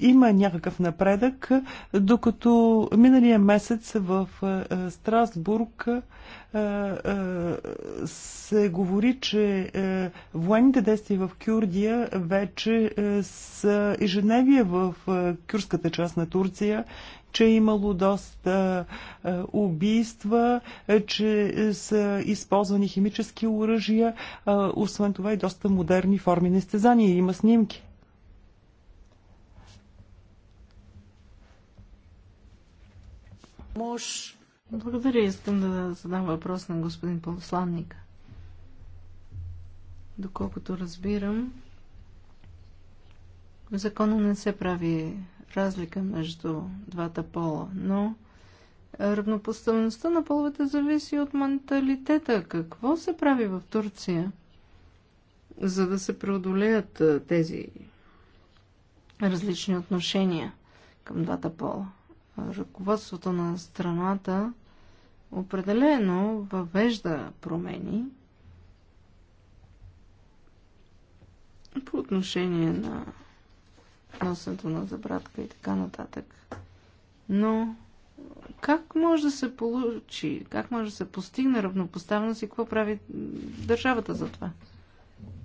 Speaker 3: има някакъв напредък, докато миналия месец в е, е, Страсбург е, се говори, че военните действия в Кюрдия вече са ежедневие в кюрската част на Турция, че е имало доста убийства, че са използвани химически оръжия, освен това и доста модерни форми на изтезания. Има снимки.
Speaker 1: Мож... Благодаря. Искам да задам въпрос на господин посланник. Доколкото разбирам, в закона не се прави разлика между двата пола, но равнопоставеността на половете зависи от менталитета. Какво се прави в Турция, за да се преодолеят тези различни отношения към двата пола? ръководството на страната определено въвежда промени по отношение на носенето на забратка и така нататък. Но как може да се получи, как може да се постигне равнопоставеност и какво прави държавата за това?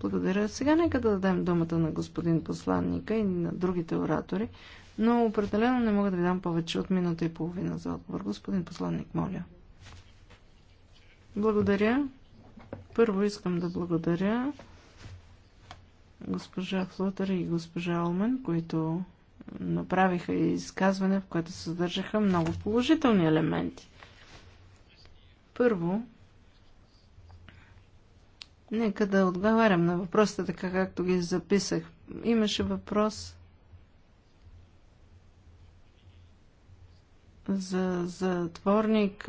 Speaker 1: Благодаря. Сега нека да дадем думата на господин посланника и на другите оратори, но определено не мога да ви дам повече от минута и половина за отговор. Господин посланник, моля. Благодаря. Първо искам да благодаря госпожа Флутър и госпожа Олмен, които направиха изказване, в което се съдържаха много положителни елементи. Първо, нека да отговарям на въпросите така, както ги записах. Имаше въпрос за затворник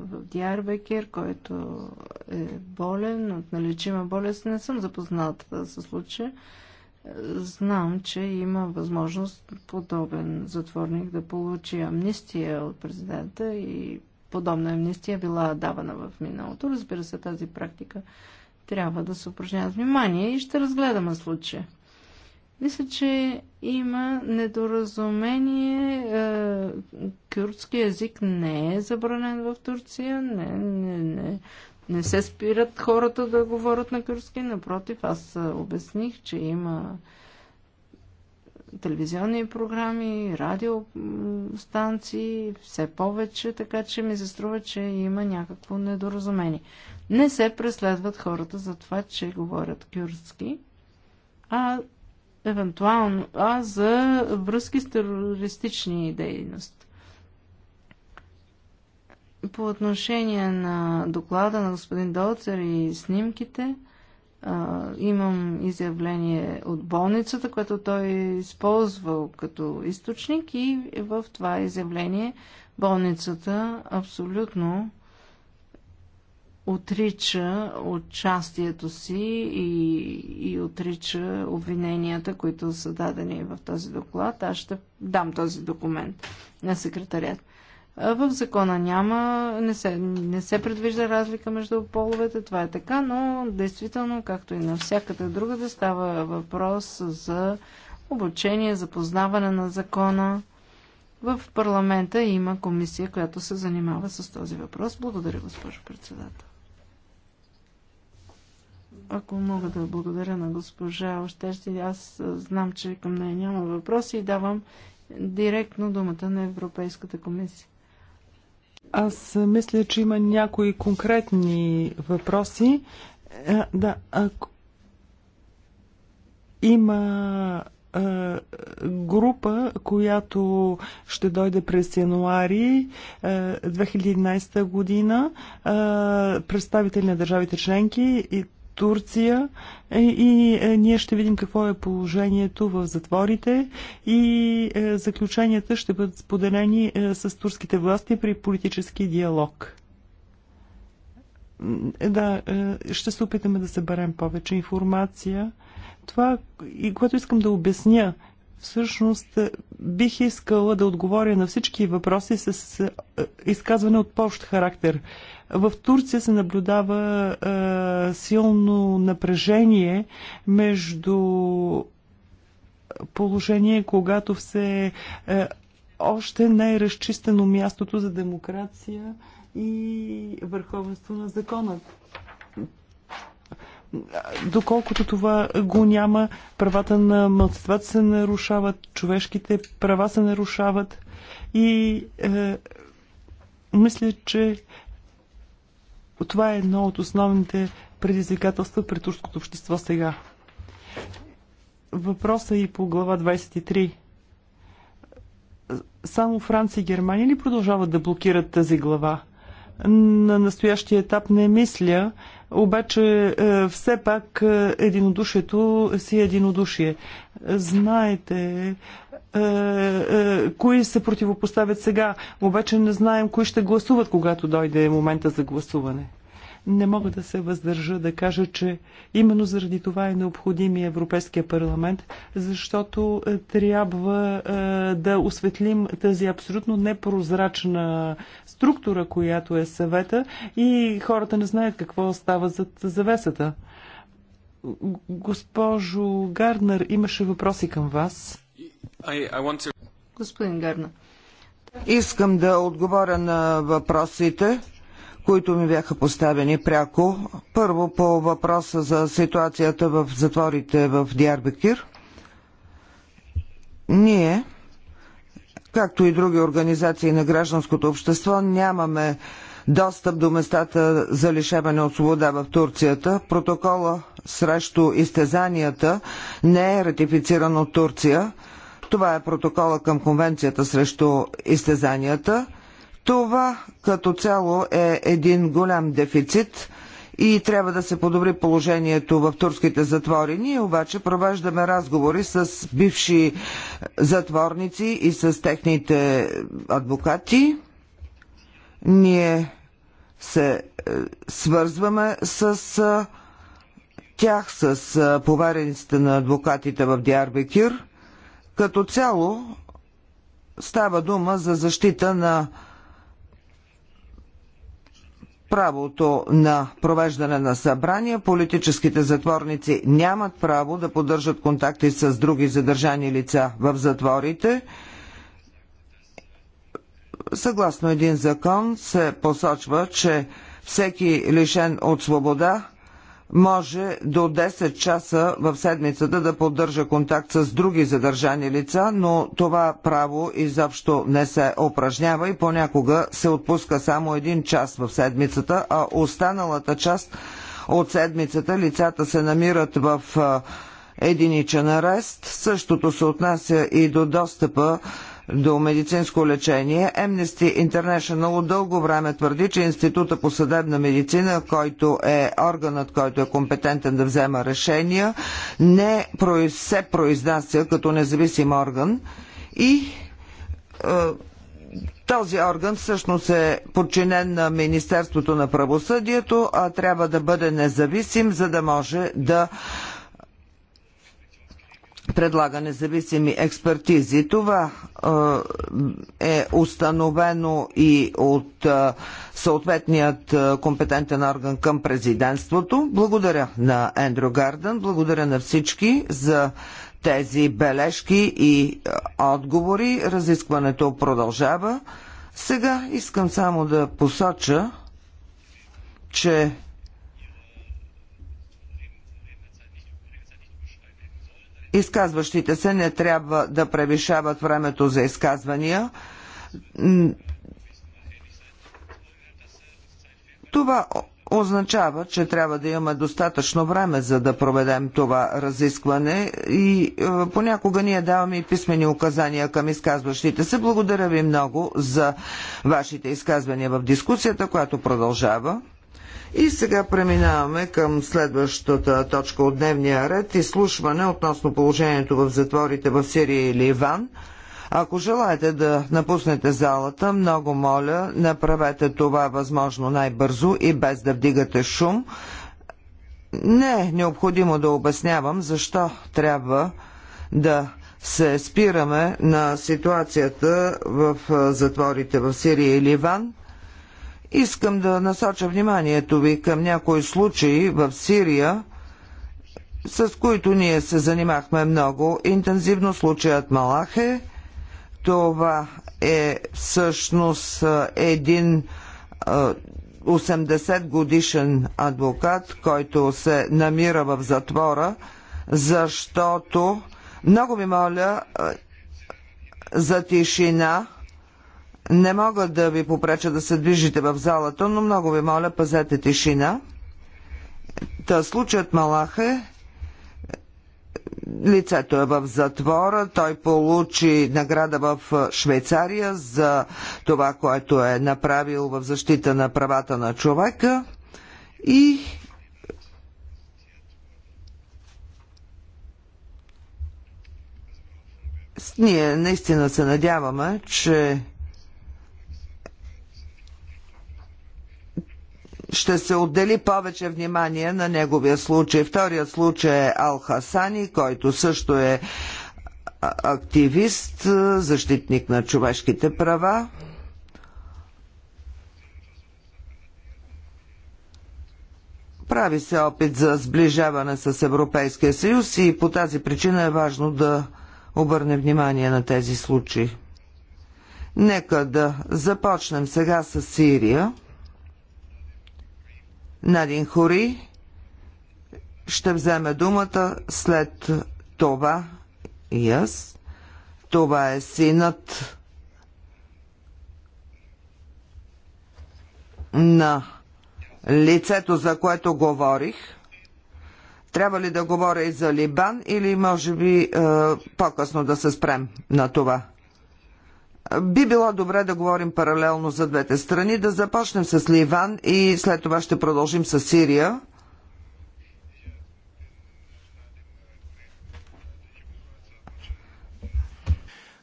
Speaker 1: в Диарбекер, който е болен от налечима болест. Не съм запозната със случая. Е, знам, че има възможност подобен затворник да получи амнистия от президента и подобна амнистия е била давана в миналото. Разбира се, тази практика трябва да се упражнява внимание и ще разгледаме случая. Мисля, че има недоразумение. Е, кюрдски език не е забранен в Турция. Не, не, не. Не се спират хората да говорят на кюрдски. Напротив, аз е, обясних, че има телевизионни програми, радиостанции, все повече, така че ми се струва, че има някакво недоразумение. Не се преследват хората за това, че говорят кюрдски, а евентуално, а за връзки с терористични дейности. По отношение на доклада на господин Долцер и снимките, а, имам изявление от болницата, което той е използвал като източник и в това изявление болницата абсолютно отрича участието си и, и отрича обвиненията, които са дадени в този доклад. Аз ще дам този документ на секретарят. В закона няма, не се, не се предвижда разлика между половете, това е така, но действително, както и навсякъде друга, да става въпрос за обучение, запознаване на закона. В парламента има комисия, която се занимава с този въпрос. Благодаря, госпожо председател ако мога да благодаря на госпожа Ощерци, аз знам, че към нея няма въпроси и давам директно думата на Европейската комисия.
Speaker 3: Аз мисля, че има някои конкретни въпроси. А, е, да, ако има група, която ще дойде през януари 2011 година, представители на държавите членки и Турция е, и е, ние ще видим какво е положението в затворите и е, заключенията ще бъдат споделени с турските власти при политически диалог. Да, ще се опитаме да съберем повече информация. Това, и което искам да обясня, всъщност бих искала да отговоря на всички въпроси с изказване от общ характер. В Турция се наблюдава а, е, силно напрежение между положение, когато все е, още не е разчистено мястото за демокрация и върховенство на закона. Доколкото това го няма, правата на младсtvата се нарушават, човешките права се нарушават и е, мисля, че това е едно от основните предизвикателства при турското общество сега. Въпроса е и по глава 23. Само Франция и Германия ли продължават да блокират тази глава? На настоящия етап не мисля, обаче е, все пак е, единодушието си е единодушие. Знаете, е, е, кои се противопоставят сега. Обаче не знаем кои ще гласуват, когато дойде момента за гласуване. Не мога да се въздържа да кажа, че именно заради това е необходим и Европейския парламент, защото е, трябва да осветлим тази абсолютно непрозрачна структура, която е съвета и хората не знаят какво става зад завесата. Госпожо
Speaker 4: Гарднер, имаше въпроси към вас. Господин Гарна. Искам да отговоря на въпросите които ми бяха поставени пряко. Първо по въпроса за ситуацията в затворите в Диарбекир. Ние, както и други организации на гражданското общество, нямаме достъп до местата за лишаване от свобода в Турцията. Протокола срещу изтезанията не е ратифициран от Турция. Това е протокола към Конвенцията срещу изтезанията. Това като цяло е един голям дефицит и трябва да се подобри положението в турските затвори. Ние обаче провеждаме разговори с бивши затворници и с техните адвокати. Ние се е, свързваме с е, тях, с е, повереницата на адвокатите в Диарбекир. Като цяло става дума за защита на правото на провеждане на събрания. Политическите затворници нямат право да поддържат контакти с други задържани лица в затворите. Съгласно един закон се посочва, че всеки лишен от свобода може до 10 часа в седмицата да поддържа контакт с други задържани лица, но това право изобщо не се упражнява и понякога се отпуска само един час в седмицата, а останалата част от седмицата лицата се намират в единичен арест. Същото се отнася и до достъпа до медицинско лечение, Amnesty International от дълго време твърди, че Института по съдебна медицина, който е органът, който е компетентен да взема решения, не се произнася като независим орган и е, този орган всъщност е подчинен на Министерството на правосъдието, а трябва да бъде независим, за да може да предлага независими експертизи. Това е, е установено и от е, съответният е, компетентен орган към президентството. Благодаря на Ендрю Гарден, благодаря на всички за тези бележки и отговори. Разискването продължава. Сега искам само да посоча, че Изказващите се не трябва да превишават времето за изказвания. Това означава, че трябва да имаме достатъчно време, за да проведем това разискване и е, понякога ние даваме и писмени указания към изказващите се. Благодаря ви много за вашите изказвания в дискусията, която продължава. И сега преминаваме към следващата точка от дневния ред – изслушване относно положението в затворите в Сирия и Ливан. Ако желаете да напуснете залата, много моля, направете това възможно най-бързо и без да вдигате шум. Не е необходимо да обяснявам защо трябва да се спираме на ситуацията в затворите в Сирия и Ливан – Искам да насоча вниманието ви към някои случаи в Сирия, с които ние се занимахме много интензивно. Случаят Малахе. Това е всъщност един 80 годишен адвокат, който се намира в затвора, защото много ви моля за тишина не мога да ви попреча да се движите в залата, но много ви моля, пазете тишина. Та случаят Малахе, лицето е в затвора, той получи награда в Швейцария за това, което е направил в защита на правата на човека и ние наистина се надяваме, че ще се отдели повече внимание на неговия случай. Вторият случай е Ал Хасани, който също е активист, защитник на човешките права. Прави се опит за сближаване с Европейския съюз и по тази причина е важно да обърне внимание на тези случаи. Нека да започнем сега с Сирия. Надин Хури ще вземе думата след това и аз. Това е синът на лицето, за което говорих. Трябва ли да говоря и за Либан или може би е, по-късно да се спрем на това? Би било добре да говорим паралелно за двете страни, да започнем с Ливан и след това ще продължим с Сирия.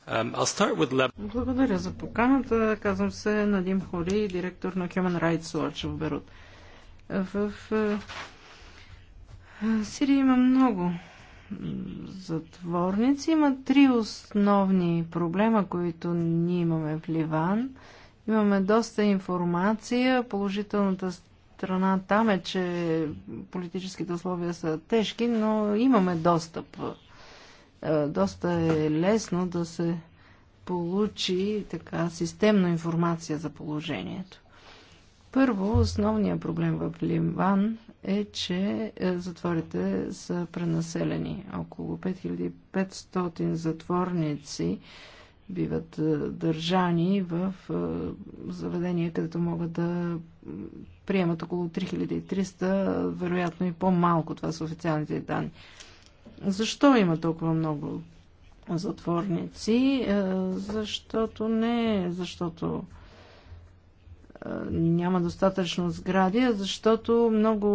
Speaker 1: Um, Благодаря за поканата. Казвам се Надим Хори, директор на Human Rights Watch в Берут. В е, Сирия има много затворници. Има три основни проблема, които ние имаме в Ливан. Имаме доста информация. Положителната страна там е, че политическите условия са тежки, но имаме достъп. Е, доста е лесно да се получи така системна информация за положението. Първо, основният проблем в Ливан е, че е, затворите са пренаселени. Около 5500 затворници биват е, държани в е, заведения, където могат да приемат около 3300, вероятно и по-малко. Това са официалните данни. Защо има толкова много затворници? Защото не, защото няма достатъчно сгради, а защото много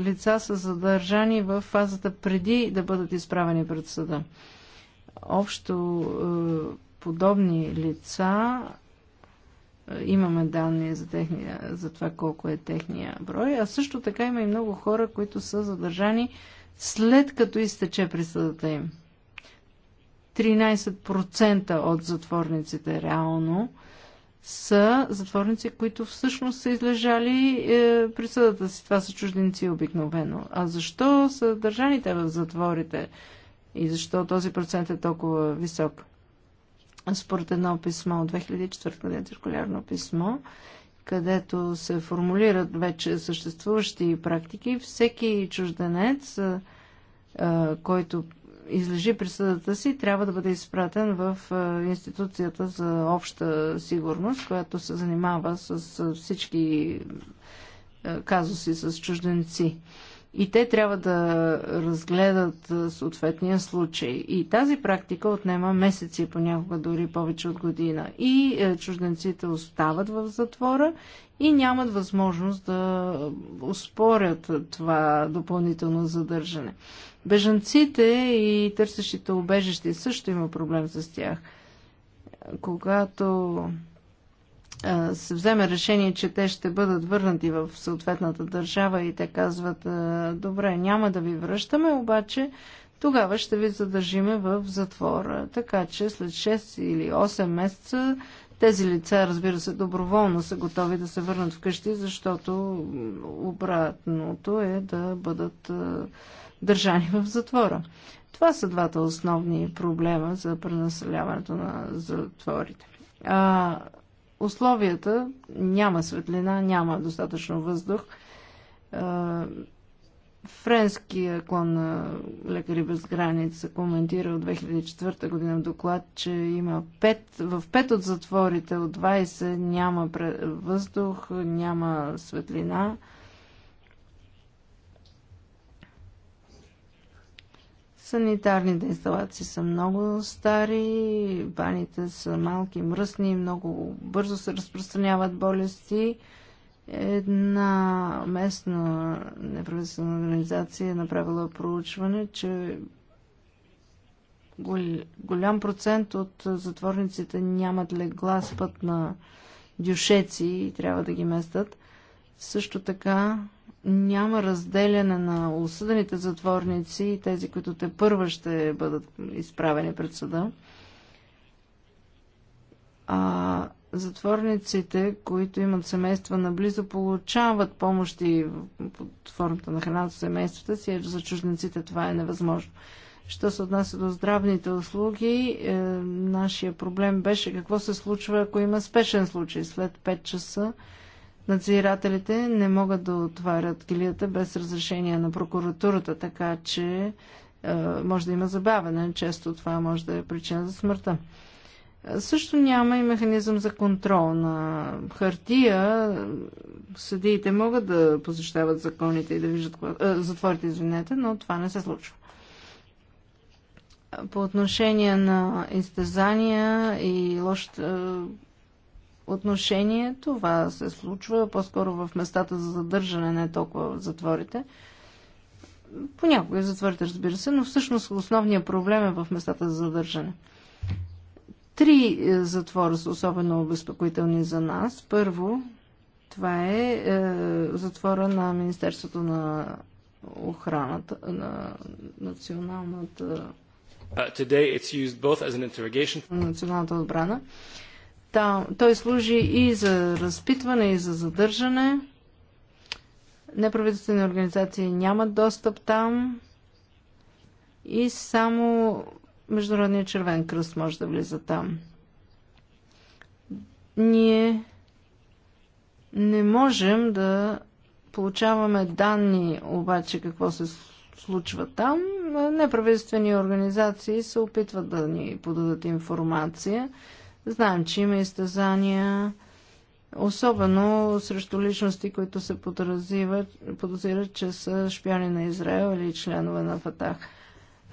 Speaker 1: лица са задържани в фазата преди да бъдат изправени пред съда. Общо подобни лица имаме данни за, техния, за това колко е техния брой, а също така има и много хора, които са задържани след като изтече присъдата им. 13% от затворниците реално са затворници, които всъщност са излежали е, присъдата си. Това са чужденци обикновено. А защо са държаните в затворите и защо този процент е толкова висок? Според едно писмо от 2004 година, циркулярно писмо, където се формулират вече съществуващи практики, всеки чужденец, е, е който излежи присъдата си, трябва да бъде изпратен в институцията за обща сигурност, която се занимава с всички казуси с чужденци и те трябва да разгледат съответния случай. И тази практика отнема месеци, понякога дори повече от година. И е, чужденците остават в затвора и нямат възможност да успорят това допълнително задържане. Бежанците и търсещите убежище също има проблем с тях. Когато се вземе решение, че те ще бъдат върнати в съответната държава и те казват, добре, няма да ви връщаме, обаче тогава ще ви задържиме в затвора. Така че след 6 или 8 месеца тези лица, разбира се, доброволно са готови да се върнат вкъщи, защото обратното е да бъдат държани в затвора. Това са двата основни проблема за пренаселяването на затворите. А, условията няма светлина, няма достатъчно въздух. Френския клон на Лекари без граница коментира от 2004 година в доклад, че има пет, в пет от затворите от 20 няма въздух, няма светлина. Санитарните инсталации са много стари, баните са малки, мръсни, много бързо се разпространяват болести. Една местна неправителствена организация е направила проучване, че голям процент от затворниците нямат легла с път на дюшеци и трябва да ги местат. Също така няма разделяне на осъдените затворници и тези, които те първа ще бъдат изправени пред съда. А затворниците, които имат семейства наблизо, получават помощи под формата на храна за семействата си, за чужденците това е невъзможно. Що се отнася до здравните услуги, е, нашия проблем беше какво се случва, ако има спешен случай след 5 часа надзирателите не могат да отварят килията без разрешение на прокуратурата, така че е, може да има забавене. Често това може да е причина за смъртта. Е, също няма и механизъм за контрол на хартия. Съдиите могат да посещават законите и да виждат е, затворите, извинете, но това не се случва. По отношение на изтезания и лошата е, отношение. Това се случва по-скоро в местата за задържане, не толкова в затворите. Понякога и затворите, разбира се, но всъщност основният проблем е в местата за задържане. Три е, затвора са особено обезпокоителни за нас. Първо, това е, е затвора на Министерството на охраната на националната uh, Националната отбрана. Там, той служи и за разпитване, и за задържане. Неправителствени организации нямат достъп там и само Международният червен кръст може да влиза там. Ние не можем да получаваме данни обаче какво се случва там. Неправителствени организации се опитват да ни подадат информация. Знаем, че има изтезания, особено срещу личности, които се подозират, че са шпиони на Израел или членове на Фатах.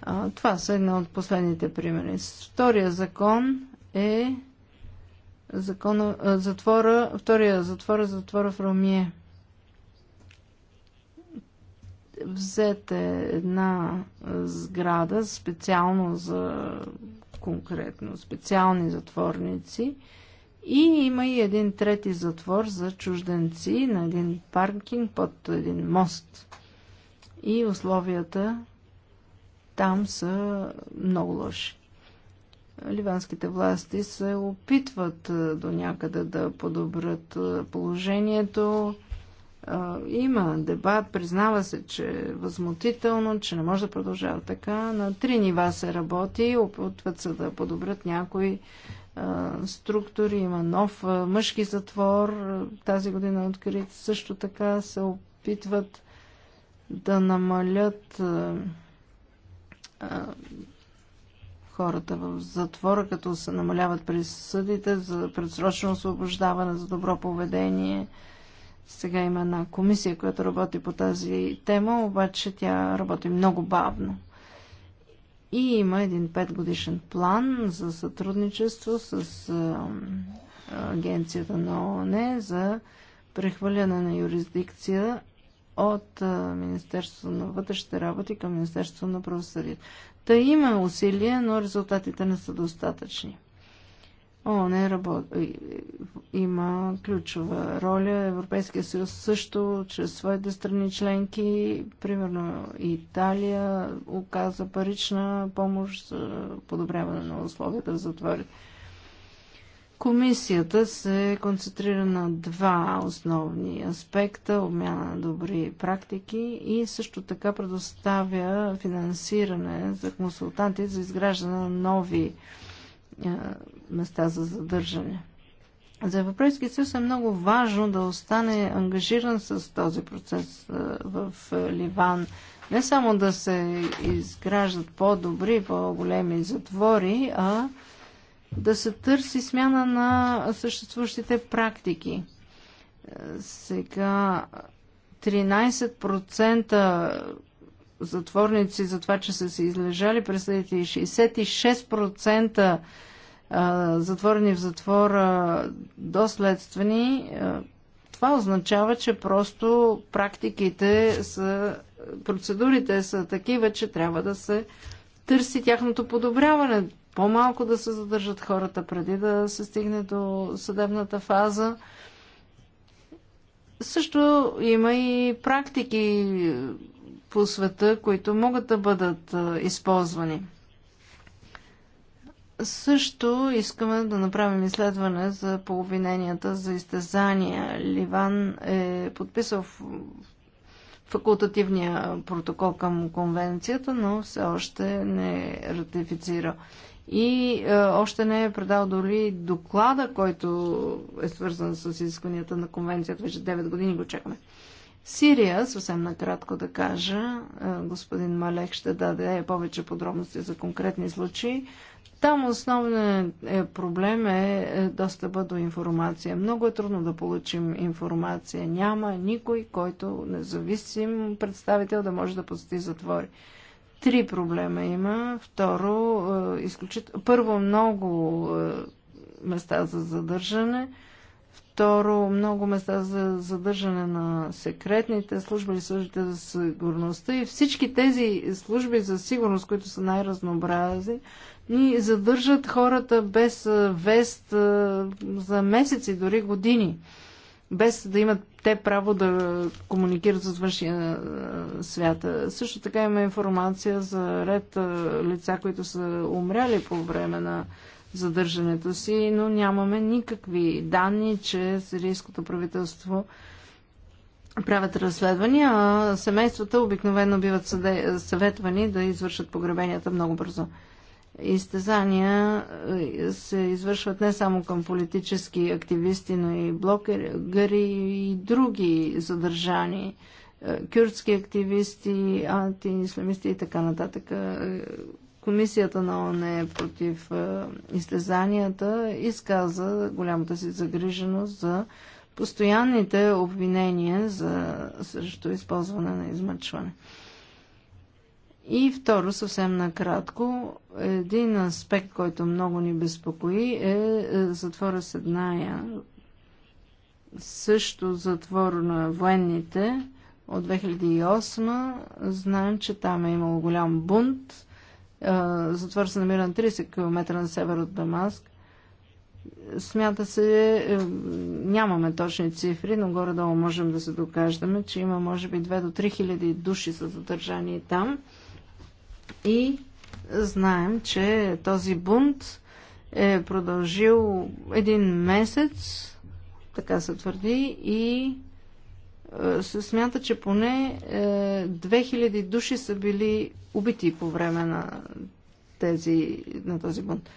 Speaker 1: А, това са една от последните примери. Втория закон е закона, а, затвора, втория затвор е затвора в Ромие. Взете една сграда специално за конкретно специални затворници. И има и един трети затвор за чужденци на един паркинг под един мост. И условията там са много лоши. Ливанските власти се опитват до някъде да подобрят положението има дебат, признава се, че е възмутително, че не може да продължава така. На три нива се работи, опитват се да подобрят някои структури, има нов мъжки затвор, тази година открит. Също така се опитват да намалят хората в затвора, като се намаляват присъдите за предсрочно освобождаване, за добро поведение – сега има една комисия, която работи по тази тема, обаче тя работи много бавно. И има един петгодишен план за сътрудничество с агенцията на ООН за прехвърляне на юрисдикция от Министерството на вътрешните работи към Министерството на правосъдието. Та има усилия, но резултатите не са достатъчни. ООН работ... има ключова роля. Европейския съюз също, чрез своите страни членки, примерно Италия, оказа парична помощ за подобряване на условията в затворите. Комисията се концентрира на два основни аспекта обмяна на добри практики и също така предоставя финансиране за консултанти за изграждане на нови е, места за задържане. За Европейския съюз е много важно да остане ангажиран с този процес в Ливан. Не само да се изграждат по-добри, по-големи затвори, а да се търси смяна на съществуващите практики. Сега 13% затворници за това, че са се излежали през 66% затворени в затвора доследствени, това означава, че просто практиките са, процедурите са такива, че трябва да се търси тяхното подобряване. По-малко да се задържат хората преди да се стигне до съдебната фаза. Също има и практики по света, които могат да бъдат използвани. Също искаме да направим изследване за половиненията за изтезания. Ливан е подписал факултативния протокол към конвенцията, но все още не е ратифицирал. И е, още не е предал дори доклада, който е свързан с изискванията на конвенцията. Вече 9 години го чакаме. Сирия, съвсем накратко да кажа, е, господин Малек ще даде повече подробности за конкретни случаи, там основният е, е проблем е, е достъпа до информация. Много е трудно да получим информация. Няма никой, който независим представител да може да посети затвори. Три проблема има. Второ, изключит... първо много места за задържане. Второ, много места за задържане на секретните служби и службите за сигурността. И всички тези служби за сигурност, които са най-разнообразни, и задържат хората без вест за месеци, дори години, без да имат те право да комуникират с външния свят. Също така има информация за ред лица, които са умряли по време на задържането си, но нямаме никакви данни, че сирийското правителство правят разследвания, а семействата обикновено биват съветвани да извършат погребенията много бързо изтезания е, се извършват не само към политически активисти, но и блогъри и други задържани, е, кюрдски активисти, антиисламисти и така нататък. Е, комисията на ООН е против изтезанията изказа голямата си загриженост за постоянните обвинения за, срещу използване на измъчване. И второ, съвсем накратко, един аспект, който много ни безпокои е, е затвора Седная, също затвор на военните от 2008. Знаем, че там е имало голям бунт. Е, затвор се намира на 30 км на север от Дамаск. Смята се, е, нямаме точни цифри, но горе-долу можем да се докаждаме, че има може би 2 до 3 хиляди души са задържани там. И знаем, че този бунт е продължил един месец, така се твърди, и е, се смята, че поне 2000 е, души са били убити по време на, тези, на този бунт.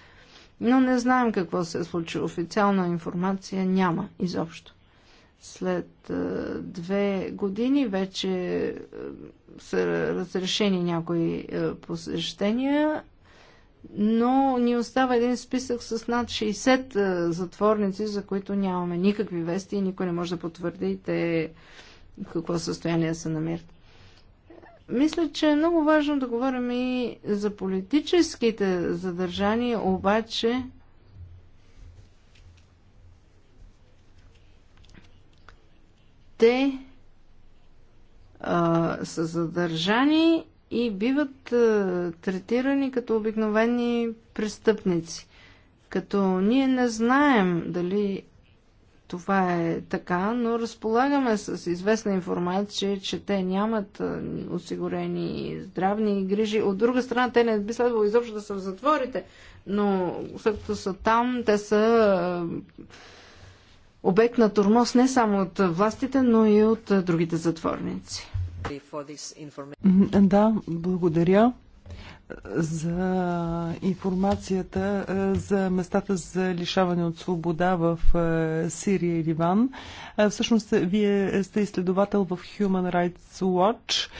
Speaker 1: Но не знаем какво се е случило. Официална информация няма изобщо. След две години вече са разрешени някои посещения, но ни остава един списък с над 60 затворници, за които нямаме никакви вести и никой не може да потвърди те какво състояние се намират. Мисля, че е много важно да говорим и за политическите задържания, обаче те а, са задържани и биват а, третирани като обикновени престъпници. Като ние не знаем дали това е така, но разполагаме с известна информация, че те нямат осигурени здравни грижи. От друга страна, те не би следвало изобщо да са в затворите, но след като са там, те са обект на тормоз не само от властите, но и от другите затворници. Да, благодаря
Speaker 3: за информацията за местата за лишаване от свобода в Сирия и Ливан. Всъщност, вие сте изследовател в Human Rights Watch.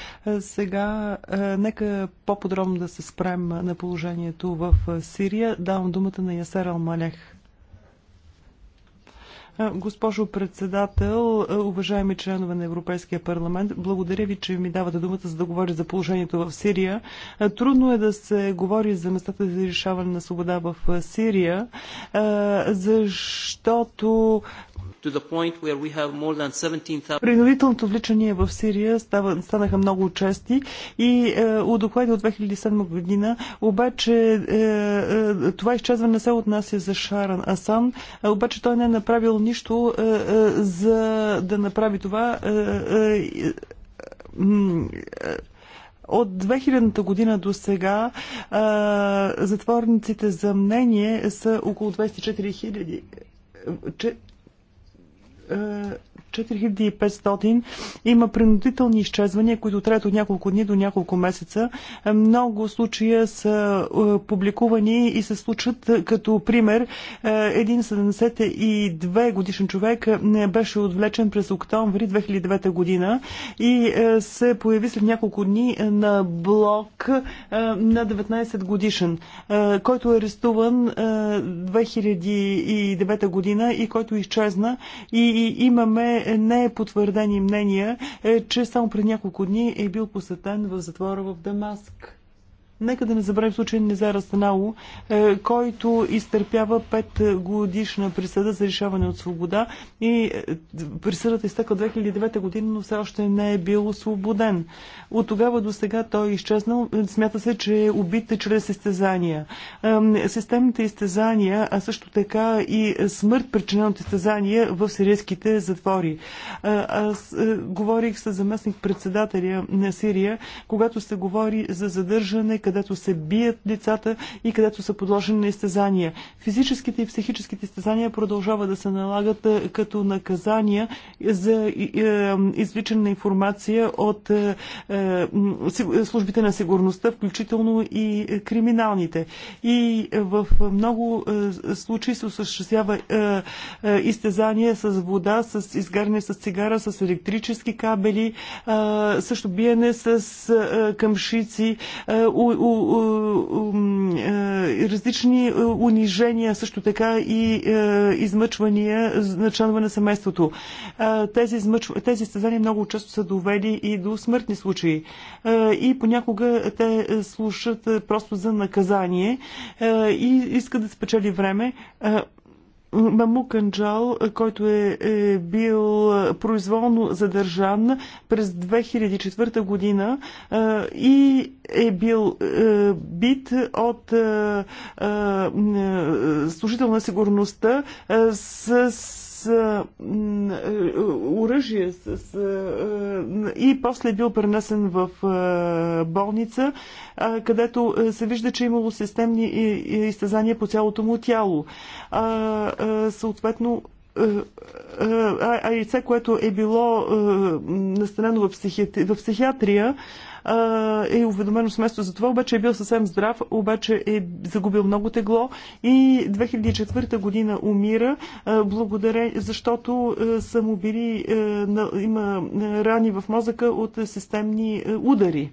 Speaker 3: Сега, нека по-подробно да се спрем на положението в Сирия. Давам думата на Ясер Алмалех. Госпожо председател, уважаеми членове на Европейския парламент, благодаря ви, че ми давате думата за да говоря за положението в Сирия. Трудно е да се говори за местата за решаване на свобода в Сирия, защото Принудителното вличание в Сирия става, станаха много чести и е, от доклади от 2007 година, обаче е, е, това изчезване не се отнася за Шаран Асан, обаче той не е направил нищо е, е, за да направи това. Е, е, е, е от 2000 година до сега е, затворниците за мнение са около 24 000. Uh, 4500 има принудителни изчезвания, които траят от няколко дни до няколко месеца. Много случая са е, публикувани и се случат е, като пример. Е, един 72 годишен човек не беше отвлечен през октомври 2009 година и се появи след няколко дни на блок на 19 годишен, който е арестуван 2009 година и който изчезна и имаме не е потвърдени мнения, е, че само пред няколко дни е бил посетен в затвора в Дамаск. Нека да не забравим случай Низара Санало, е, който изтърпява 5 годишна присъда за решаване от свобода и е, присъдата е изтъква 2009 година, но все още не е бил освободен. От тогава до сега той е изчезнал. Смята се, че е убит чрез изтезания. Системните изтезания, а също така и смърт причинена от изтезания в сирийските затвори. Аз говорих с заместник председателя на Сирия, когато се говори за задържане, където се бият децата и където са подложени на изтезания. Физическите и психическите изтезания продължават да се налагат е, като наказания за е, извличане на информация от е, службите на сигурността, включително и криминалните. И в много случаи се осъществява изтезания с вода, с изгаряне с цигара, с електрически кабели, също биене с къмшици, е, различни е, унижения, също така и е, измъчвания на членове на семейството. Тези, измъчв... тези състезания много често са довели и до смъртни случаи. И понякога те слушат просто за наказание и искат да спечели време. Маму Канджал, който е, е бил е, произволно задържан през 2004 година е, и е бил е, бит от е, е, е служител на сигурността е, с с е, оръжие с, е, и после е бил пренесен в болница, където е, се вижда, че е имало системни изтезания по цялото му тяло. Съответно, а лице, което е било настанено в, в психиатрия, е уведомено с место за това, обаче е бил съвсем здрав, обаче е загубил много тегло и 2004 година умира, благодаря, защото са му били, има рани в мозъка от системни удари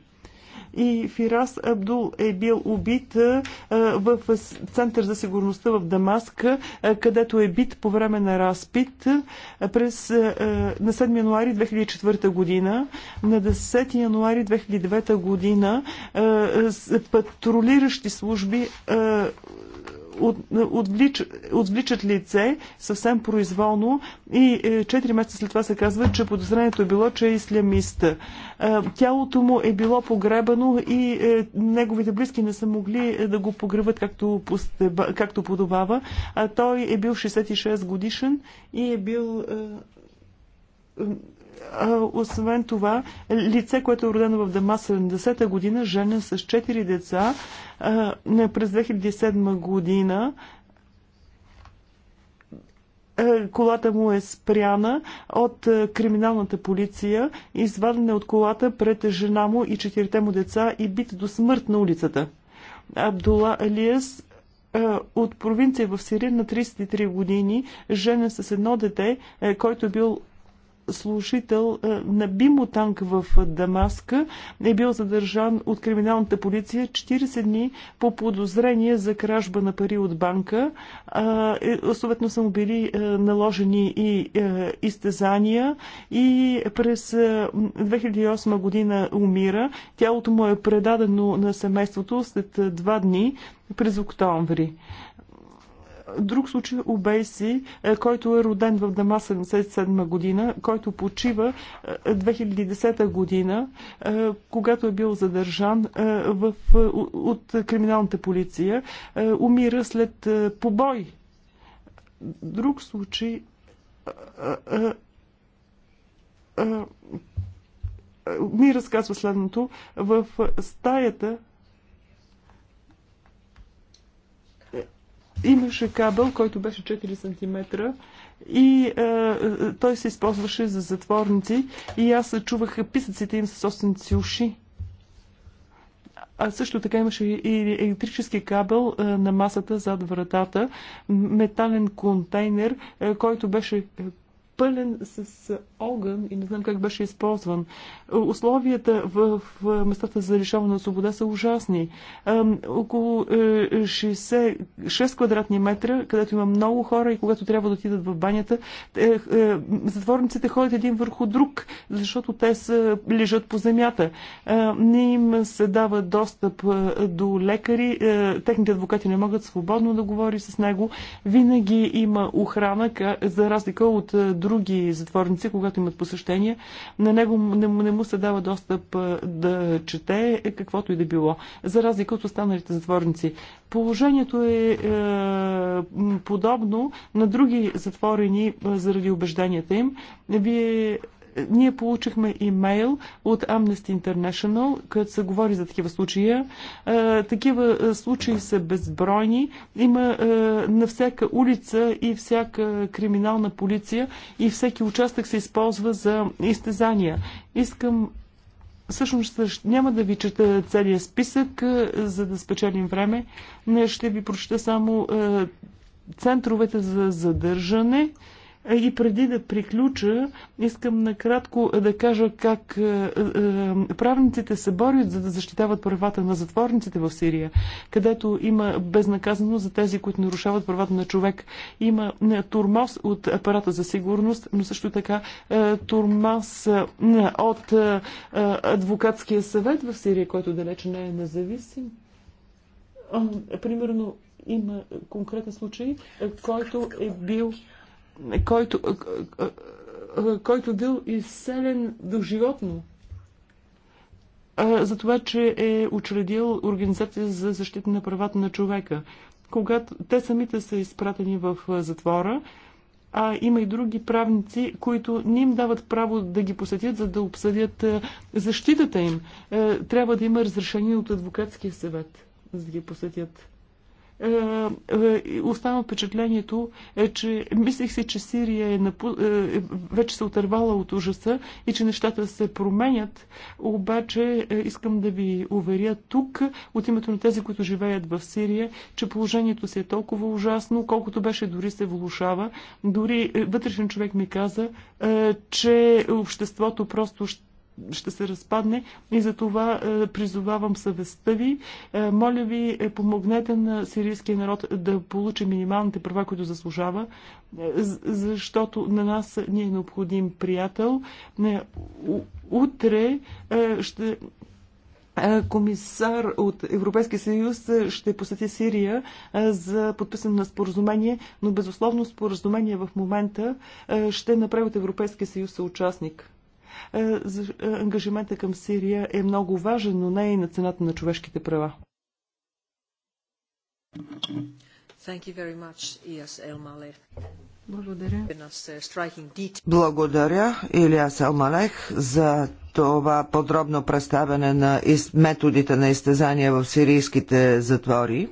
Speaker 3: и Фирас Абдул е бил убит в Център за сигурността в Дамаск, където е бит по време на разпит през, на 7 януари 2004 година. На 10 януари 2009 година патрулиращи служби от, отвлич, отвличат лице съвсем произволно и 4 е, месеца след това се казва, че подозрението е било, че е ислямист. Е, тялото му е било погребано и е, неговите близки не са могли да го погребат както, както подобава. той е бил 66 годишен и е бил освен това, лице, което е родено в Дама 70-та година, женен с 4 деца, през 2007 година колата му е спряна от криминалната полиция, извадена от колата пред жена му и четирите му деца и бит до смърт на улицата. Абдула Алиес от провинция в Сирия на 33 години, женен с едно дете, който е бил служител е, на бимотанк в Дамаска е бил задържан от криминалната полиция 40 дни по подозрение за кражба на пари от банка. Е, съответно са му били е, наложени и изтезания и през 2008 година умира. Тялото му е предадено на семейството след два дни през октомври. Друг случай Обейси, е, който е роден в Дама 77 година, който почива 2010 е, година, е, когато е бил задържан в, от криминалната полиция. Умира след побой. Друг случай ми разказва следното. В стаята имаше кабел, който беше 4 см и е, е, той се използваше за затворници и аз чувах писъците им със собствените си уши. А също така имаше и електрически кабел е, на масата зад вратата, метален контейнер, е, който беше пълен с огън и не знам как беше използван. Условията в местата за решаване на свобода са ужасни. Около 6 е, квадратни метра, където има много хора и когато трябва да отидат в банята, е, е, затворниците ходят един върху друг, защото те са, лежат по земята. Не им се дава достъп до лекари, техните адвокати не могат свободно да говори с него. Винаги има охрана, за разлика от други затворници, когато имат посещения, на него не, не му се дава достъп да чете каквото и да било, за разлика от останалите затворници. Положението е, е подобно на други затворени заради убежденията им. Вие ние получихме имейл от Amnesty International, където се говори за такива случаи. Е, такива е, случаи са безбройни. Има е, на всяка улица и всяка криминална полиция и всеки участък се използва за изтезания. Искам Всъщност няма да ви чета целият списък, за да спечелим време. Не ще ви прочета само центровете за задържане, и преди да приключа, искам накратко да кажа как е, е, правниците се борят за да защитават правата на затворниците в Сирия, където има безнаказаност за тези, които нарушават правата на човек. Има е, турмоз от апарата за сигурност, но също така турмоз от адвокатския съвет в Сирия, който далеч не е независим. Примерно има конкретен случай, който е бил който, който бил изселен до животно за това, че е учредил Организация за защита на правата на човека. Когато те самите са изпратени в затвора, а има и други правници, които не им дават право да ги посетят, за да обсъдят защитата им. Е, трябва да има разрешение от адвокатския съвет, за да ги посетят. Е, е, остана впечатлението, е, че мислех си, че Сирия е напу... Е, вече се отървала от ужаса и че нещата се променят, обаче искам да ви уверя тук, от името на тези, които живеят в Сирия, че положението си е толкова ужасно, колкото беше дори се влушава. Дори вътрешен човек ми каза, че обществото просто ще ще се разпадне и за това е, призовавам съвестта ви. Е, моля ви, е, помогнете на сирийския народ да получи минималните права, които заслужава, защото на нас ни е необходим приятел. Утре ще комисар от Европейския съюз ще посети Сирия за подписане на споразумение, но безусловно споразумение в момента ще направи от Европейския съюз съучастник. Е, е, ангажимента към Сирия е много важен, но не и на цената на човешките права.
Speaker 2: Благодаря. Uh,
Speaker 4: Благодаря, Илияс за това подробно представяне на методите на изтезания в сирийските затвори.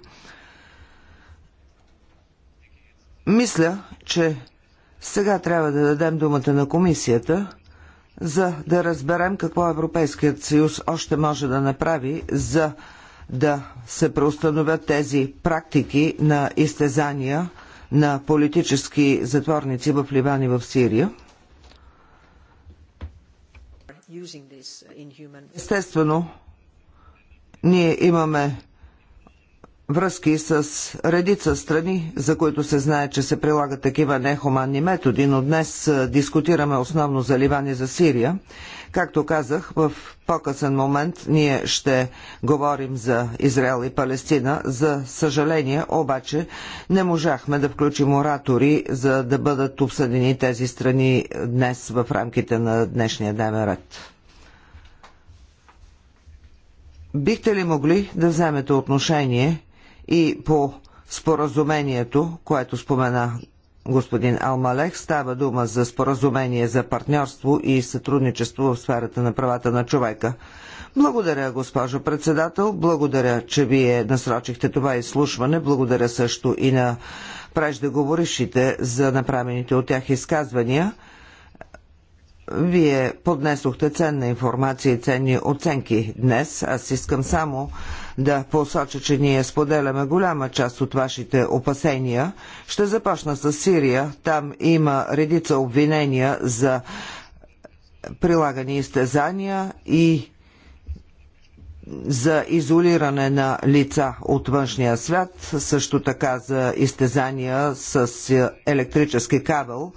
Speaker 4: Мисля, че сега трябва да дадем думата на комисията за да разберем какво Европейският съюз още може да направи за да се преустановят тези практики на изтезания на политически затворници в Ливан и в Сирия. Естествено, ние имаме връзки с редица страни, за които се знае, че се прилагат такива нехуманни методи, но днес дискутираме основно за Ливан и за Сирия. Както казах, в по-късен момент ние ще говорим за Израел и Палестина. За съжаление, обаче, не можахме да включим оратори, за да бъдат обсъдени тези страни днес в рамките на днешния дневен ред. Бихте ли могли да вземете отношение и по споразумението, което спомена господин Алмалех, става дума за споразумение за партньорство и сътрудничество в сферата на правата на човека. Благодаря, госпожо председател. Благодаря, че вие насрочихте това изслушване. Благодаря също и на преждеговорившите за направените от тях изказвания. Вие поднесохте ценна информация и ценни оценки днес. Аз искам само да посоча, че ние споделяме голяма част от вашите опасения. Ще започна с Сирия. Там има редица обвинения за прилагани изтезания и за изолиране на лица от външния свят, също така за изтезания с електрически кабел.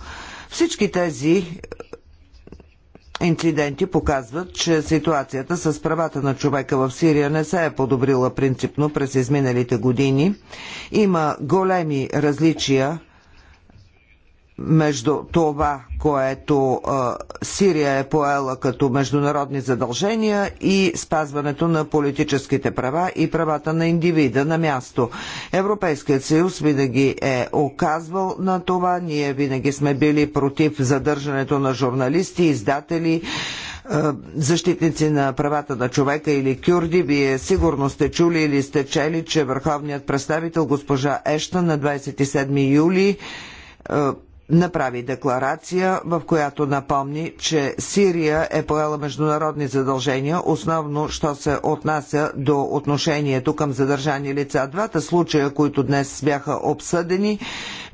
Speaker 4: Всички тези Инциденти показват, че ситуацията с правата на човека в Сирия не се е подобрила принципно през изминалите години. Има големи различия между това, което а, Сирия е поела като международни задължения и спазването на политическите права и правата на индивида на място. Европейският съюз винаги е оказвал на това. Ние винаги сме били против задържането на журналисти, издатели, защитници на правата на човека или кюрди, вие сигурно сте чули или сте чели, че върховният представител госпожа Ешта на 27 юли направи декларация, в която напомни, че Сирия е поела международни задължения, основно що се отнася до отношението към задържани лица. Двата случая, които днес бяха обсъдени,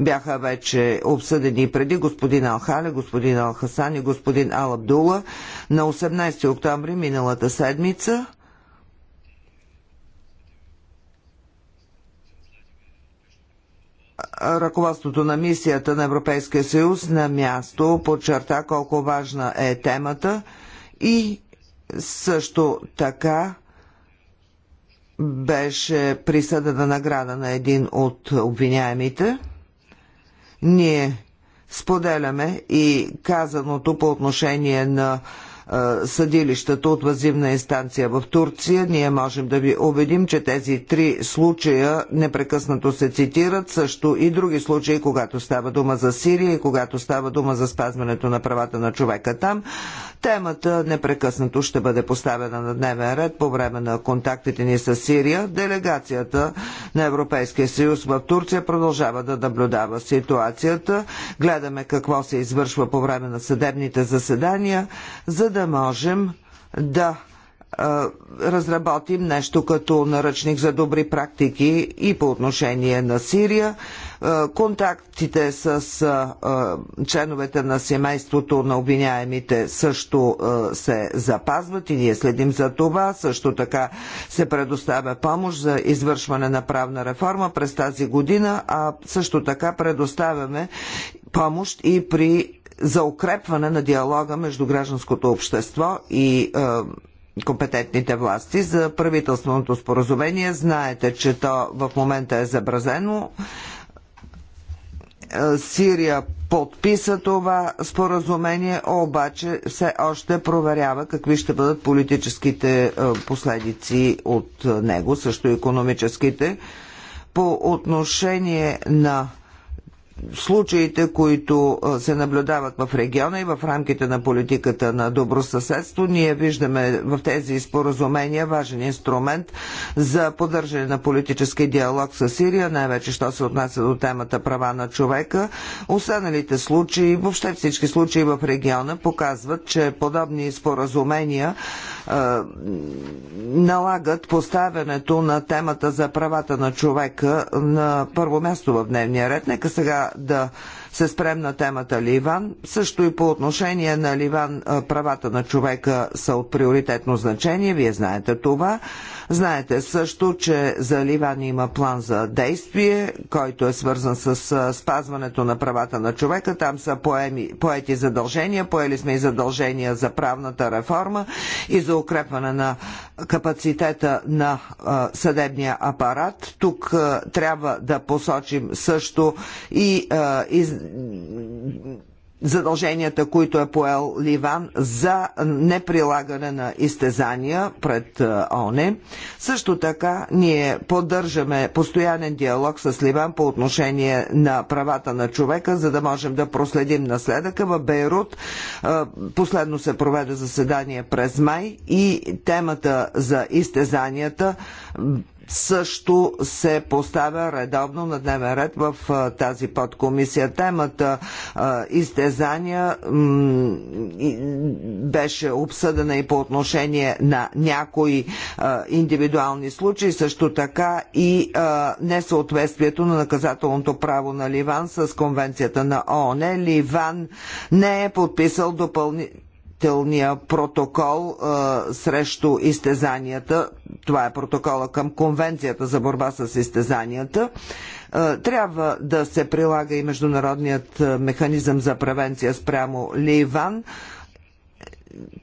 Speaker 4: бяха вече обсъдени преди господин Алхале, господин Алхасан и господин Алабдула на 18 октомври миналата седмица – ръководството на мисията на Европейския съюз на място подчерта колко важна е темата и също така беше присъдена награда на един от обвиняемите. Ние споделяме и казаното по отношение на съдилищата от въззивна инстанция в Турция. Ние можем да ви убедим, че тези три случая непрекъснато се цитират, също и други случаи, когато става дума за Сирия и когато става дума за спазването на правата на човека там. Темата непрекъснато ще бъде поставена на дневен ред по време на контактите ни с Сирия. Делегацията на Европейския съюз в Турция продължава да наблюдава ситуацията. Гледаме какво се извършва по време на съдебните заседания, за да можем да разработим нещо като наръчник за добри практики и по отношение на Сирия. Е, контактите с е, е, членовете на семейството на обвиняемите също се запазват и ние следим за това. Също така се предоставя помощ за извършване на правна реформа през тази година, а също така предоставяме помощ и при за укрепване на диалога между гражданското общество и компетентните власти за правителственото споразумение. Знаете, че то в момента е забразено Сирия подписа това споразумение, обаче все още проверява какви ще бъдат политическите е, последици от него, също економическите. По отношение на случаите, които се наблюдават в региона и в рамките на политиката на добросъседство, ние виждаме в тези споразумения важен инструмент за поддържане на политически диалог с Сирия, най-вече що се отнася до темата права на човека. Останалите случаи, въобще всички случаи в региона показват, че подобни споразумения налагат поставянето на темата за правата на човека на първо място в дневния ред. Нека сега да се спрем на темата Ливан. Също и по отношение на Ливан правата на човека са от приоритетно значение. Вие знаете това. Знаете също, че за Ливан има план за действие, който е свързан с спазването на правата на човека. Там са поеми, поети задължения, поели сме и задължения за правната реформа и за укрепване на капацитета на съдебния апарат. Тук трябва да посочим също и, и задълженията, които е поел Ливан за неприлагане на изтезания пред е, ОНЕ. Също така ние поддържаме постоянен диалог с Ливан по отношение на правата на човека, за да можем да проследим наследъка. В Бейрут е, последно се проведе заседание през май и темата за изтезанията също се поставя редовно на дневен ред в тази подкомисия. Темата изтезания беше обсъдена и по отношение на някои индивидуални случаи, също така и несъответствието на наказателното право на Ливан с конвенцията на ООН. Ливан не е подписал допълнително допълнителния протокол а, срещу изтезанията. Това е протокола към Конвенцията за борба с изтезанията. трябва да се прилага и Международният механизъм за превенция спрямо Ливан.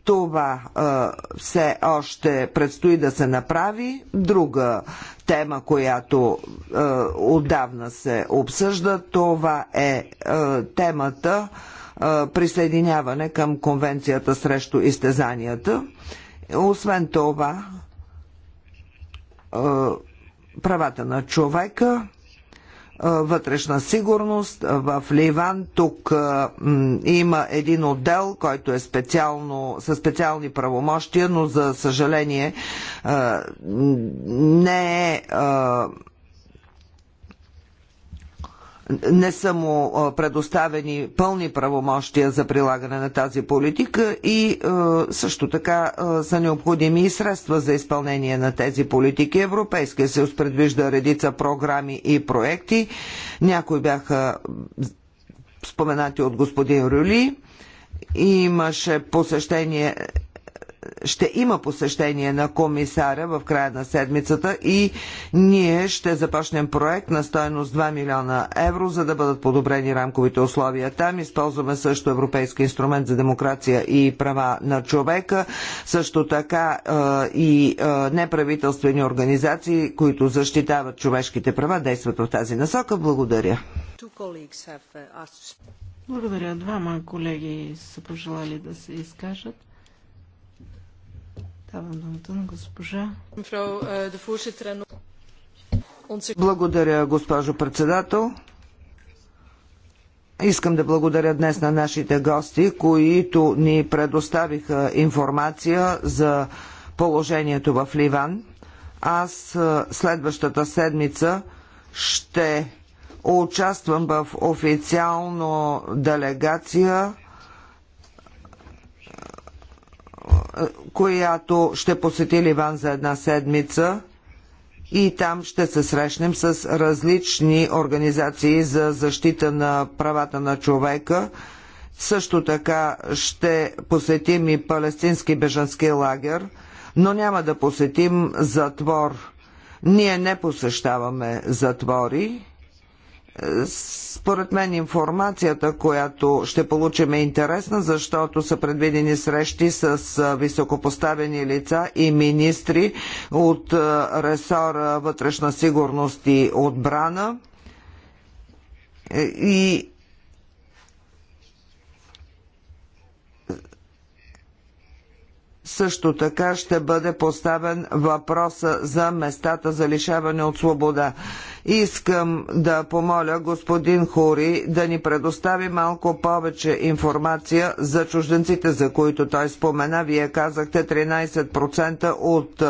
Speaker 4: Това а, все още предстои да се направи. Друга тема, която а, отдавна се обсъжда, това е, а, темата присъединяване към Конвенцията срещу изтезанията. Освен това, правата на човека, вътрешна сигурност. В Ливан тук има един отдел, който е специално, със специални правомощия, но за съжаление не е не са му предоставени пълни правомощия за прилагане на тази политика и също така са необходими и средства за изпълнение на тези политики. Европейския съюз предвижда редица програми и проекти. Някои бяха споменати от господин Рюли. Имаше посещение ще има посещение на комисаря в края на седмицата и ние ще започнем проект на стоеност 2 милиона евро, за да бъдат подобрени рамковите условия там. Използваме също Европейски инструмент за демокрация и права на човека, също така е, и е, неправителствени организации, които защитават човешките права, действат в тази насока. Благодаря.
Speaker 2: Uh,
Speaker 1: Благодаря. Двама колеги са пожелали да се изкажат. Давам думата на госпожа.
Speaker 2: Е,
Speaker 4: благодаря, госпожо председател. Искам да благодаря днес на нашите гости, които ни предоставиха информация за положението в Ливан. Аз е, следващата седмица ще участвам в официална делегация която ще посети Ливан за една седмица и там ще се срещнем с различни организации за защита на правата на човека. Също така ще посетим и палестински бежански лагер, но няма да посетим затвор. Ние не посещаваме затвори. Според мен информацията, която ще получим е интересна, защото са предвидени срещи с високопоставени лица и министри от ресора вътрешна сигурност и отбрана. И Също така ще бъде поставен въпроса за местата за лишаване от свобода. Искам да помоля господин Хури да ни предостави малко повече информация за чужденците, за които той спомена. Вие казахте 13% от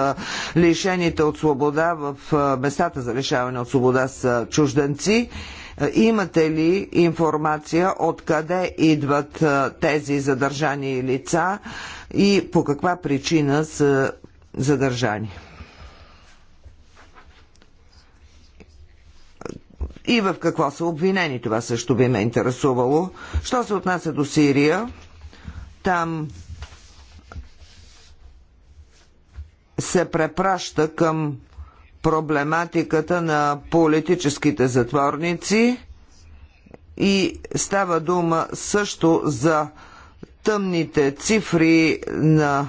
Speaker 4: лишените от свобода в местата за лишаване от свобода са чужденци. Имате ли информация откъде идват тези задържани лица и по каква причина са задържани? и в какво са обвинени. Това също би ме интересувало. Що се отнася до Сирия, там се препраща към проблематиката на политическите затворници и става дума също за тъмните цифри на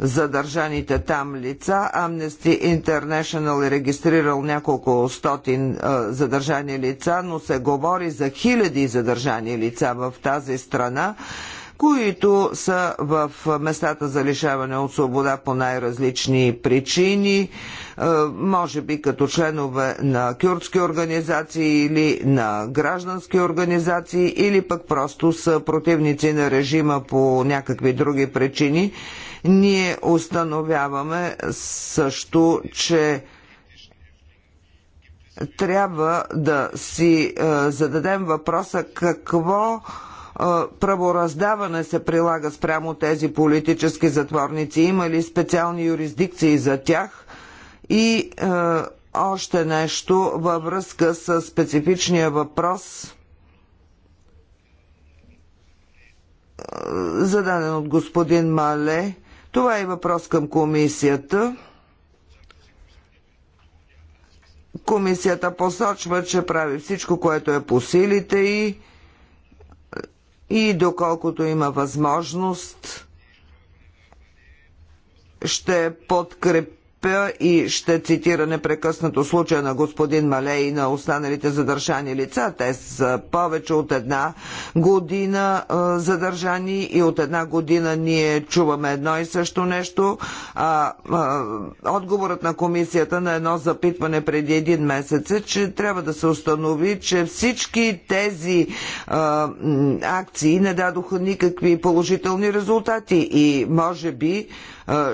Speaker 4: задържаните там лица. Amnesty International е регистрирал няколко стотин е, задържани лица, но се говори за хиляди задържани лица в тази страна които са в местата за лишаване от свобода по най-различни причини, е, може би като членове на кюрдски организации или на граждански организации, или пък просто са противници на режима по някакви други причини. Ние установяваме също, че трябва да си е, зададем въпроса какво е, правораздаване се прилага спрямо тези политически затворници? Има ли специални юрисдикции за тях? И е, още нещо във връзка с специфичния въпрос, е, зададен от господин Мале това е въпрос към комисията. Комисията посочва, че прави всичко, което е по силите и, и доколкото има възможност, ще подкрепи и ще цитира непрекъснато случая на господин Малей и на останалите задържани лица. Те са повече от една година задържани и от една година ние чуваме едно и също нещо. А, а, отговорът на комисията на едно запитване преди един месец е, че трябва да се установи, че всички тези а, акции не дадоха никакви положителни резултати и може би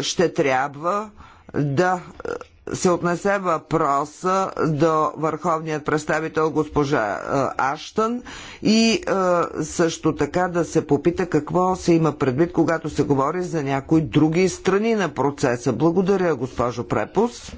Speaker 4: ще трябва да е, се отнесе въпроса до върховният представител госпожа е, Аштън и е, също така да се попита какво се има предвид, когато се говори за някои други страни на процеса. Благодаря, госпожо Препус.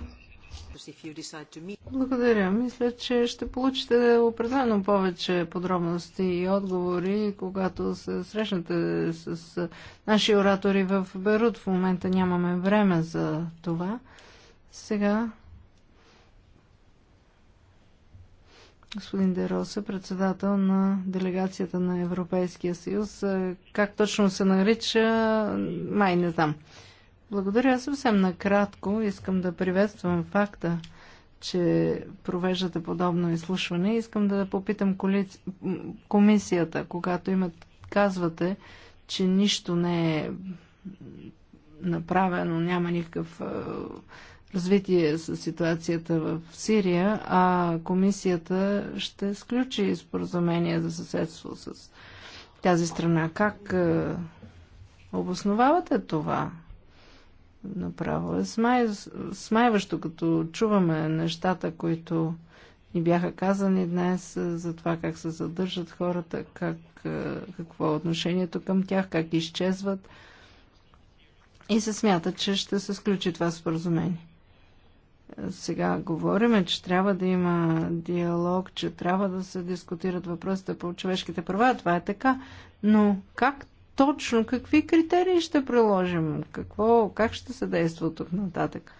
Speaker 1: Благодаря. Мисля, че ще получите определено повече подробности и отговори, когато се срещнете с наши оратори в Берут. В момента нямаме време за това. Сега господин Дероса, председател на делегацията на Европейския съюз. Как точно се нарича, май не знам. Благодаря. Съвсем накратко искам да приветствам факта, че провеждате подобно изслушване. Искам да попитам комисията, когато имат, казвате, че нищо не е направено, няма никакъв развитие с ситуацията в Сирия, а комисията ще сключи споразумение за съседство с тази страна. Как обосновавате това? Направо е смай, смайващо, като чуваме нещата, които ни бяха казани днес е, за това как се задържат хората, как, е, какво е отношението към тях, как изчезват. И се смята, че ще се сключи това споразумение. Сега говориме, че трябва да има диалог, че трябва да се дискутират въпросите по човешките права. Това е така. Но как точно какви критерии ще приложим, какво, как ще се действа тук нататък.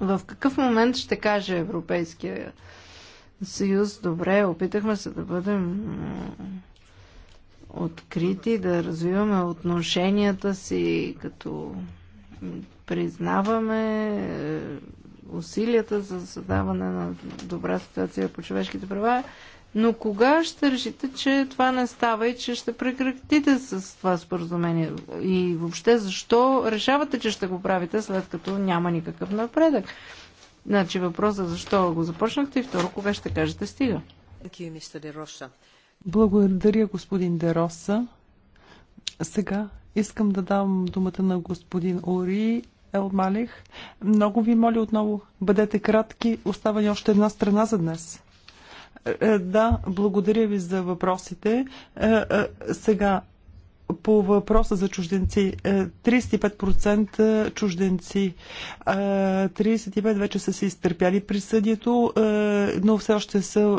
Speaker 1: В какъв момент ще каже Европейския съюз, добре, опитахме се да бъдем открити, да развиваме отношенията си, като признаваме е, усилията за създаване на добра ситуация по човешките права но кога ще решите, че това не става и че ще прекратите с това споразумение? И въобще защо решавате, че ще го правите, след като няма никакъв напредък? Значи въпросът защо го започнахте и второ, кога ще кажете стига?
Speaker 3: Благодаря, господин Дероса. Сега искам да дам думата на господин Ори Елмалих. Много ви моля отново, бъдете кратки. Остава ни още една страна за днес. Е, е, да, благодаря ви за въпросите. Е, сега по въпроса за чужденци. 35% е, чужденци. 35% е, вече са се изтърпяли присъдието, е, но все още са,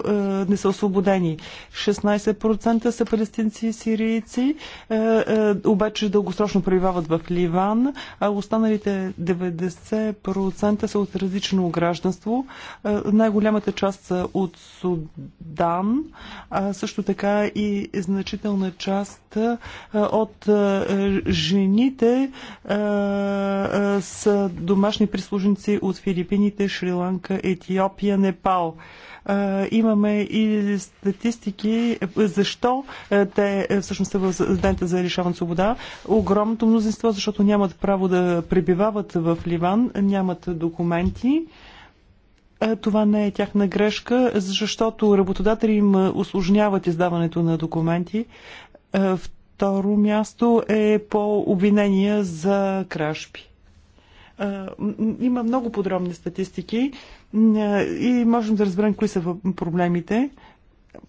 Speaker 3: не са освободени. 16% са палестинци и сирийци, обаче дългосрочно пребивават в Ливан, а останалите 90% са от различно гражданство. Най-голямата част са от Судан, а също така и значителна част от е, жените е, е, са домашни прислужници от Филипините, Шри-Ланка, Етиопия, Непал. Имаме и статистики защо те всъщност са в дента за лишаване свобода. Огромното мнозинство, защото нямат право да пребивават в Ливан, нямат документи това не е тяхна грешка, защото работодатели им осложняват издаването на документи второ място е по обвинения за кражби. Има много подробни статистики и можем да разберем кои са проблемите.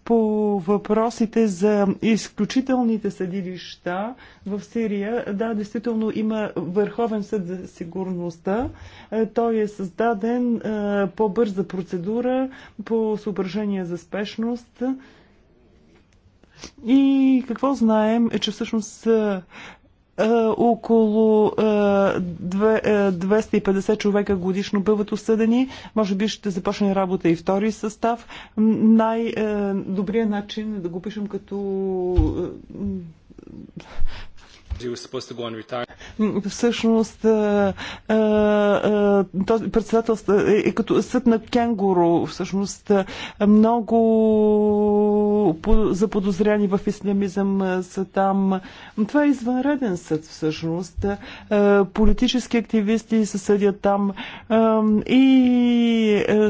Speaker 3: По въпросите за изключителните съдилища в Сирия, да, действително има Върховен съд за сигурността. Той е създаден по бърза процедура, по съображение за спешност. И какво знаем е, че всъщност е, около 250 е, е, човека годишно биват осъдени. Може би ще започне работа и втори състав. Най-добрият начин е да го пишем като Всъщност, този председател е, е като съд на кенгуру. Всъщност, много заподозряни в ислямизъм са там. Това е извънреден съд, всъщност. Политически активисти се съдят там. И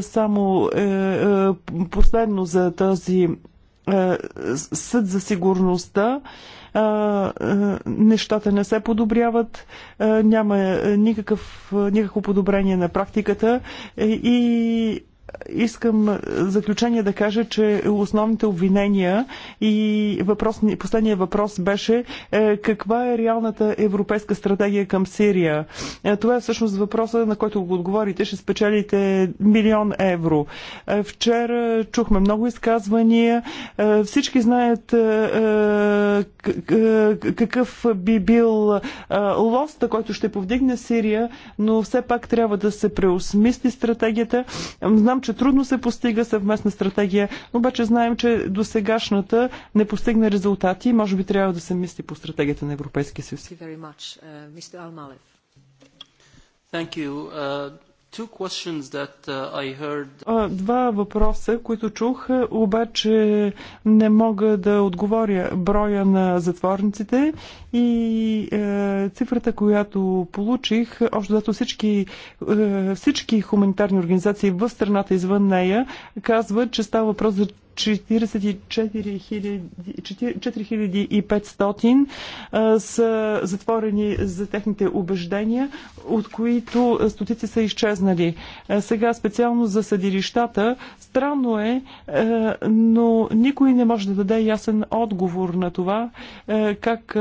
Speaker 3: само е, последно за този съд за сигурността нещата не се подобряват, няма никакъв, никакво подобрение на практиката и искам заключение да кажа, че основните обвинения и въпрос, последния въпрос беше е, каква е реалната европейска стратегия към Сирия. Е, това е всъщност въпроса, на който го отговорите. Ще спечелите милион евро. Е, вчера чухме много изказвания. Е, всички знаят е, е, какъв би бил лоста, който ще повдигне Сирия, но все пак трябва да се преосмисли стратегията. Знам, че трудно се постига съвместна стратегия, обаче знаем, че до сегашната не постигна резултати и може би трябва да се мисли по стратегията на Европейския съюз.
Speaker 2: Uh,
Speaker 3: два въпроса, които чух, е, обаче не мога да отговоря броя на затворниците и е, цифрата, която получих, още зато всички, е, всички хуманитарни организации в страната извън нея казват, че става въпрос за 4500 са затворени за техните убеждения, от които стотици са изчезнали. Сега специално за съдилищата. Странно е, но никой не може да даде ясен отговор на това как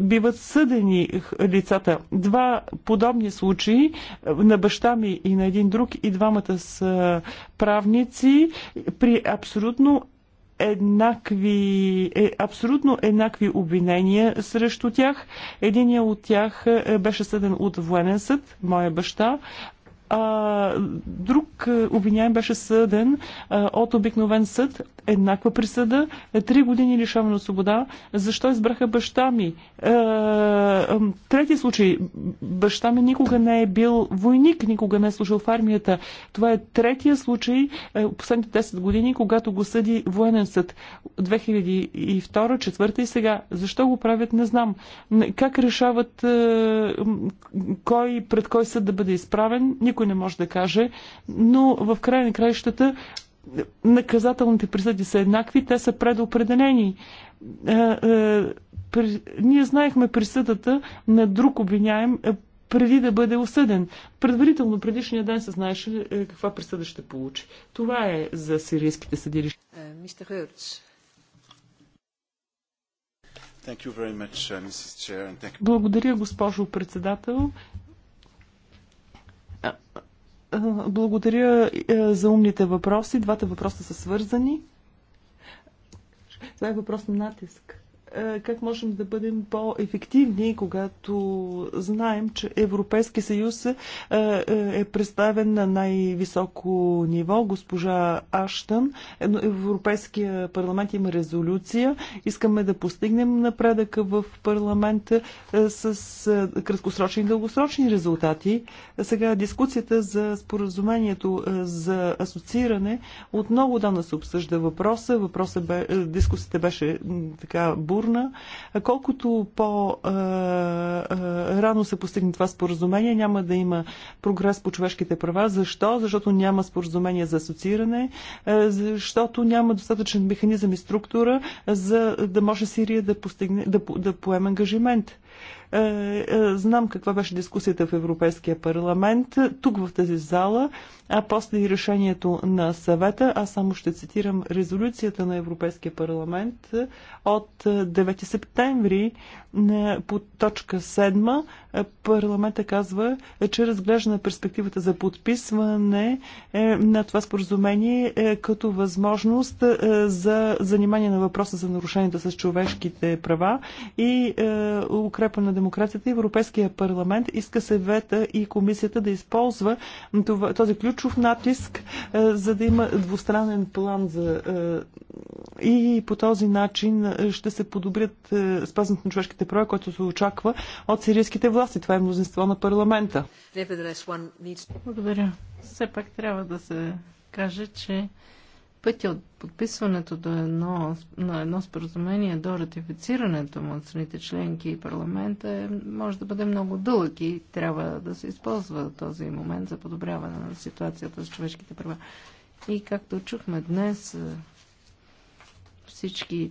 Speaker 3: биват съдени лицата. Два подобни случаи на баща ми и на един друг и двамата са правници при абсолютно еднакви, е, абсолютно еднакви обвинения срещу тях. Единият от тях е, беше съден от военен съд, моя баща, а, друг е, обвиняем беше съден а, е, от обикновен съд, еднаква присъда, е, три години лишаване от свобода. Защо избраха баща ми? А, трети случай, баща ми никога не е бил войник, никога не е служил в армията. Това е третия случай последните 10 години, когато го съди военен съд. 2002, 2004 и сега. Защо го правят, не знам. Как решават кой пред кой съд да бъде изправен, никога никой не може да каже, но в край на краищата наказателните присъди са еднакви, те са предопределени. Е, е, ние знаехме присъдата на друг обвиняем е, преди да бъде осъден. Предварително предишния ден се знаеше каква присъда ще получи. Това е за сирийските съдилища.
Speaker 2: Мистер Хърц.
Speaker 1: Uh,
Speaker 3: Благодаря, госпожо председател. Благодаря е, за умните въпроси. Двата въпроса са свързани. Това е въпрос на натиск. Е, как можем да бъдем по-ефективни, когато знаем, че Европейски съюз е, е, е представен на най-високо ниво. Госпожа Аштън, Европейския парламент има резолюция. Искаме да постигнем напредъка в парламента с краткосрочни и дългосрочни резултати. Сега дискусията за споразумението за асоцииране отново да се обсъжда въпроса. Въпросът бе, дискусията беше така бурна сигурна. Колкото по-рано се постигне това споразумение, няма да има прогрес по човешките права. Защо? Защото няма споразумение за асоцииране, защото няма достатъчен механизъм и структура, за да може Сирия да, постигне, да, да поеме ангажимент. Е, е, знам каква беше дискусията в Европейския парламент, е, тук в тази зала, а после и решението на съвета. Аз само ще цитирам резолюцията на Европейския парламент от 9 септември по точка 7. Парламента казва, че разглежда перспективата за подписване на това споразумение като възможност за занимание на въпроса за нарушенията с човешките права и укрепване на демокрацията и Европейския парламент иска съвета и комисията да използва това, този ключов натиск, е, за да има двустранен план за е, и по този начин ще се подобрят е, спазването на човешките права, което се очаква от сирийските власти. Това е мнозинство на парламента.
Speaker 1: Благодаря. Все пак трябва да се каже, че пътя от подписването до едно, на едно споразумение до ратифицирането му от страните членки и парламента е, може да бъде много дълъг и трябва да се използва този момент за подобряване на ситуацията с човешките права. И както чухме днес, е, всички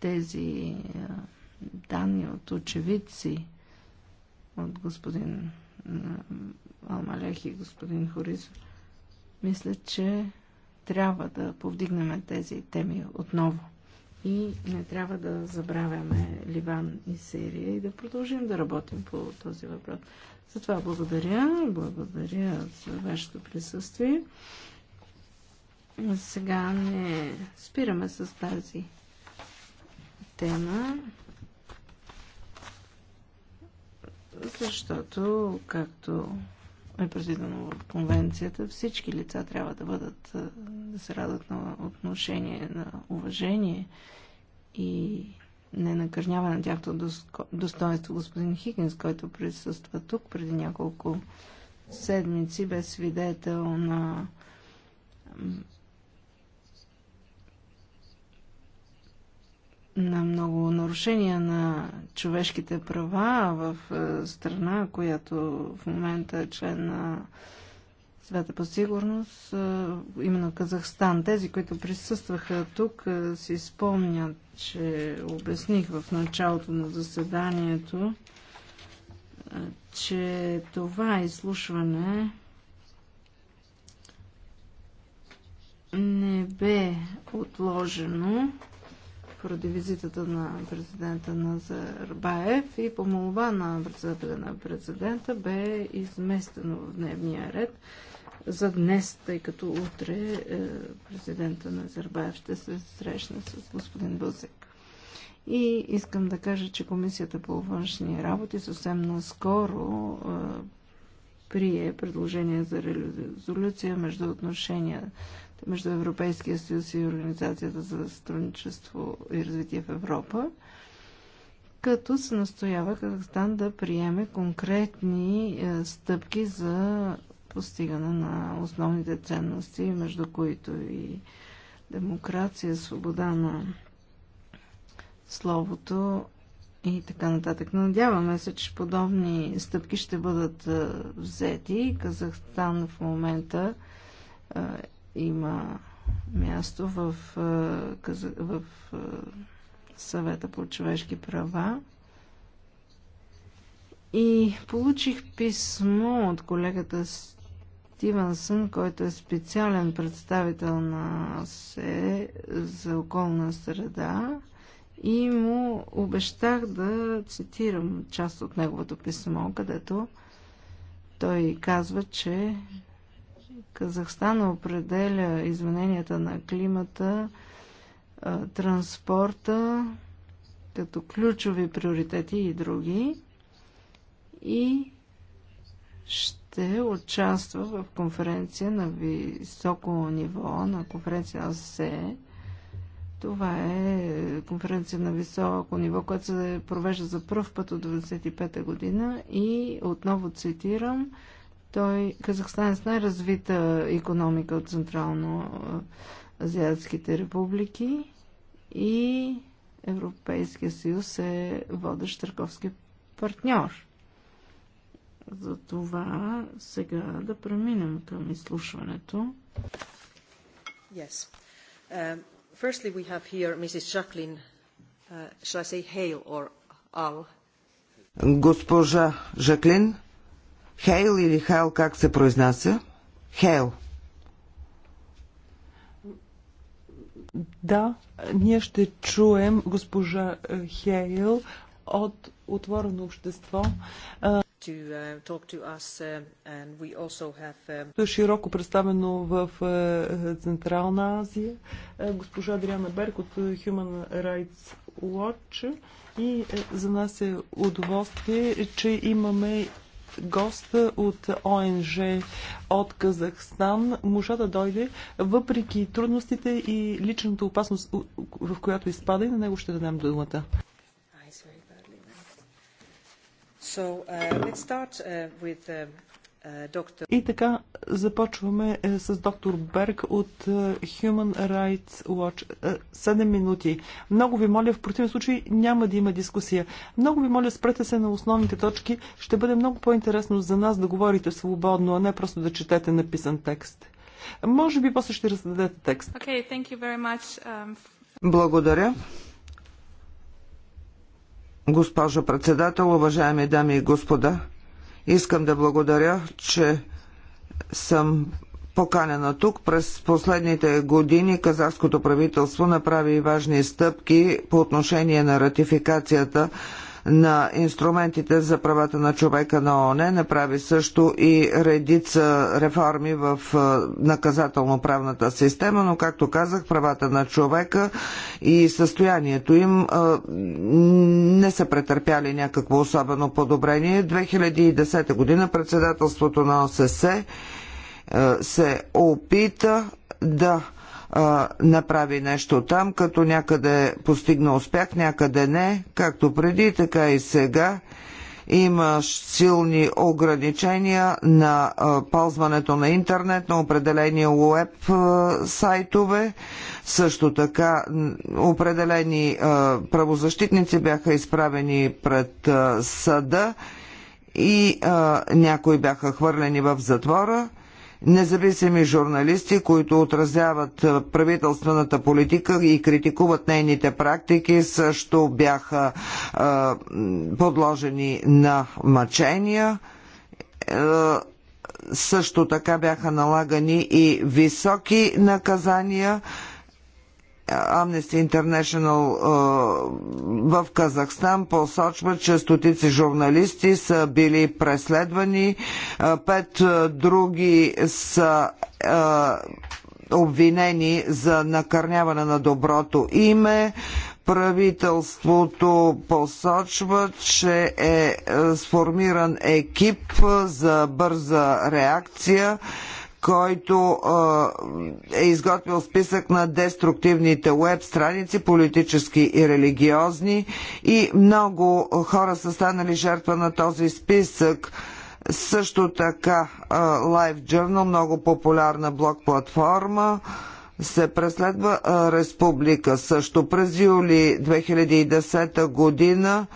Speaker 1: тези е, данни от очевидци, от господин е, Алмалех и господин Хорисов, мисля, че трябва да повдигнем тези теми отново. И не трябва да забравяме Ливан и Сирия и да продължим да работим по този въпрос. Затова благодаря. Благодаря за вашето присъствие. Сега не спираме с тази тема, защото, както е предвидено в конвенцията, всички лица трябва да бъдат, е, да се радват на отношение на уважение и не накърнява на тяхто достоинство господин Хигинс, който присъства тук преди няколко седмици, без свидетел на на много нарушения на човешките права в е, страна, която в момента е член на Света по сигурност, е, именно Казахстан. Тези, които присъстваха тук, е, си спомнят, че обясних в началото на заседанието, че това изслушване не бе отложено поради визитата на президента на Зарбаев и по молба на председателя на президента бе изместено в дневния ред за днес, тъй като утре е, президента на Зарбаев ще се срещне с господин Бълзек. И искам да кажа, че Комисията по външни работи съвсем наскоро е, прие предложение за резолюция между отношения между Европейския съюз и Организацията за сътрудничество и развитие в Европа, като се настоява Казахстан да приеме конкретни е, стъпки за постигане на основните ценности, между които и демокрация, свобода на словото, и така нататък. Надяваме се, че подобни стъпки ще бъдат взети. Казахстан в момента а, има място в, каза, в а, съвета по човешки права. И получих писмо от колегата Стивенсън, който е специален представител на СЕ за околна среда и му обещах да цитирам част от неговото писмо, където той казва, че Казахстан определя измененията на климата, транспорта като ключови приоритети и други и ще участва в конференция на високо ниво, на конференция на СЕЕ. Това е конференция на високо ниво, която се провежда за първ път от 1995 година и отново цитирам, той, Казахстан е с най-развита економика от Централно-Азиатските републики и Европейския съюз е водещ търговски партньор. Затова сега да преминем към изслушването.
Speaker 2: Yes. Uh... Firstly, we have here Mrs. Jacqueline, uh, shall I say Hale or Al?
Speaker 4: Госпожа Жаклин, Хейл или Хайл, как се произнася? Хейл. Да, ние ще
Speaker 3: чуем госпожа Хейл от Отворено общество.
Speaker 2: Uh, uh, uh, е
Speaker 3: Широко представено в е, Централна Азия. Е, госпожа Адриана Берг от Human Rights Watch. И е, за нас е удоволствие, че имаме гост от ОНЖ от Казахстан можа да дойде, въпреки трудностите и личната опасност, в която изпада и на него ще дадем думата.
Speaker 2: Uh, uh, uh, И
Speaker 3: така започваме е, с доктор Берг от е, Human Rights Watch. 7 е, минути. Много ви моля, в противен случай няма да има дискусия. Много ви моля, спрете се на основните точки. Ще бъде много по-интересно за нас да говорите свободно, а не просто да четете написан текст.
Speaker 4: Може би после ще раздадете текст.
Speaker 2: Okay, um...
Speaker 4: Благодаря. Госпожо председател, уважаеми дами и господа, искам да благодаря, че съм поканена тук. През последните години казахското правителство направи важни стъпки по отношение на ратификацията на инструментите за правата на човека на ООН, направи също и редица реформи в наказателно-правната система, но както казах, правата на човека и състоянието им не са претърпяли някакво особено подобрение. 2010 година председателството на ОССЕ се опита да а, направи нещо там, като някъде постигна успях, някъде не, както преди, така и сега има силни ограничения на а, ползването на интернет, на определени уеб сайтове. Също така определени а, правозащитници бяха изправени пред съда и някои бяха хвърлени в затвора независими журналисти, които отразяват правителствената политика и критикуват нейните практики, също бяха е, подложени на мъчения. Е, също така бяха налагани и високи наказания. Amnesty International в Казахстан посочва, че стотици журналисти са били преследвани, пет други са обвинени за накърняване на доброто име. Правителството посочва, че е сформиран екип за бърза реакция който е изготвил списък на деструктивните веб страници, политически и религиозни и много хора са станали жертва на този списък. Също така Live Journal, много популярна блок платформа, се преследва Республика. Също през юли 2010 година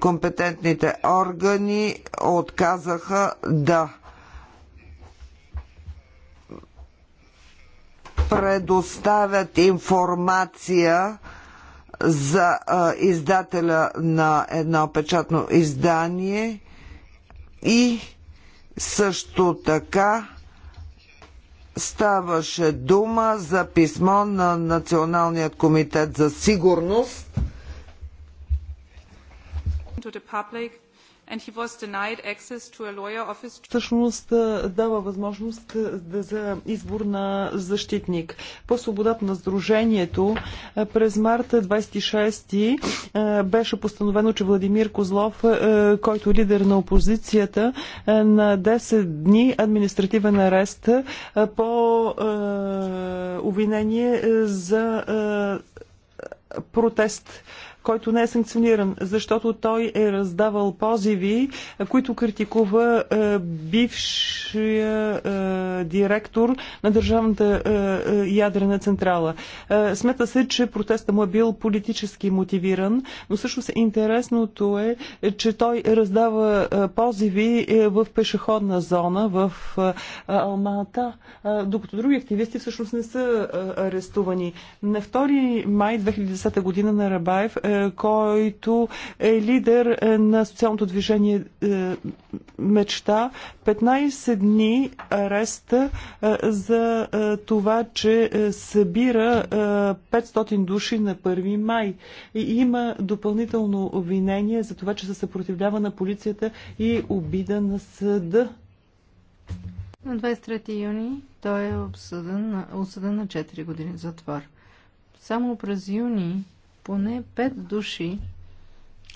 Speaker 4: компетентните органи отказаха да предоставят информация за а, издателя на едно печатно издание и също така ставаше дума за писмо на Националният комитет за сигурност
Speaker 2: to the public
Speaker 3: Всъщност дава възможност за избор на защитник. По свободата на сдружението през марта 26 беше постановено, че Владимир Козлов, който е лидер на опозицията, на 10 дни административен арест по обвинение за протест който не е санкциониран, защото той е раздавал позиви, които критикува е, бившия е, директор на Държавната е, ядрена централа. Смята се, че протеста му е бил политически мотивиран, но всъщност интересното е, че той раздава позиви в пешеходна зона в Алмата, докато други активисти всъщност не са арестувани. На 2 май 2010 година на е който е лидер е, на социалното движение е, Мечта. 15 дни ареста е, за това, че събира 500 души на 1 май. И Има допълнително обвинение за това, че се съпротивлява на полицията
Speaker 1: и обида на съда. На 23 юни той е осъден на 4 години затвор. Само през юни поне пет души,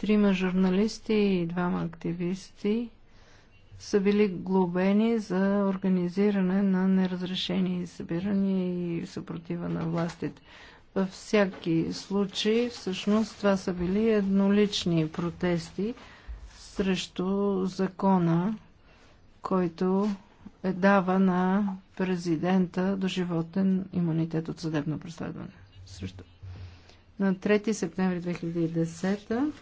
Speaker 1: трима журналисти и двама активисти, са били глобени за организиране на неразрешени събирания и съпротива на властите. Във всяки случай, всъщност, това са били еднолични протести срещу закона, който е дава на президента доживотен имунитет от съдебно преследване срещу на 3 септември 2010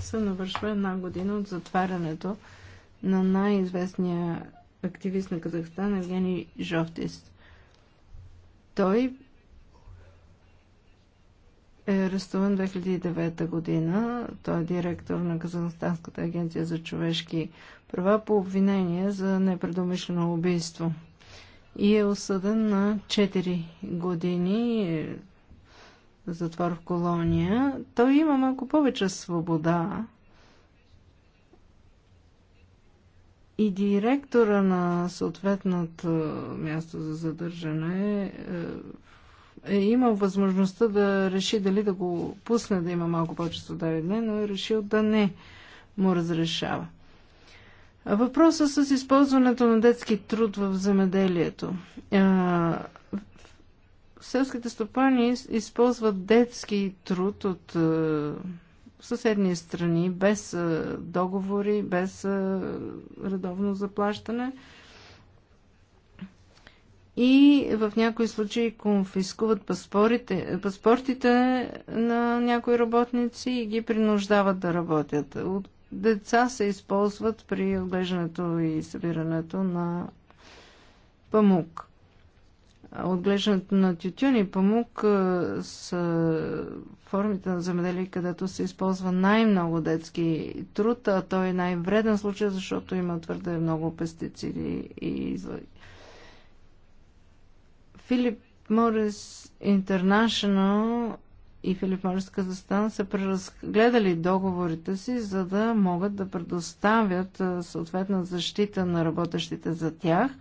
Speaker 1: се навършва една година от затварянето на най-известния активист на Казахстан Евгений Жовтис. Той е арестуван 2009 година. Той е директор на Казахстанската агенция за човешки права по обвинение за непредумишлено убийство и е осъден на 4 години затвор в колония, той има малко повече свобода. И директора на съответното място за задържане е, е имал възможността да реши дали да го пусне да има малко повече свобода или не, но е решил да не му разрешава. Въпросът с използването на детски труд в земеделието селските стопани използват детски труд от е, съседни страни, без е, договори, без е, редовно заплащане. И в някои случаи конфискуват паспортите на някои работници и ги принуждават да работят. От деца се използват при отглеждането и събирането на памук. Отглеждането на тютюн и памук са формите на земеделие, където се използва най-много детски труд, а той е най-вреден случай, защото има твърде много пестициди и излъги. Филип Морис Интернашнъл и Филип Морис Казахстан са преразгледали договорите си, за да могат да предоставят съответна защита на работещите за тях –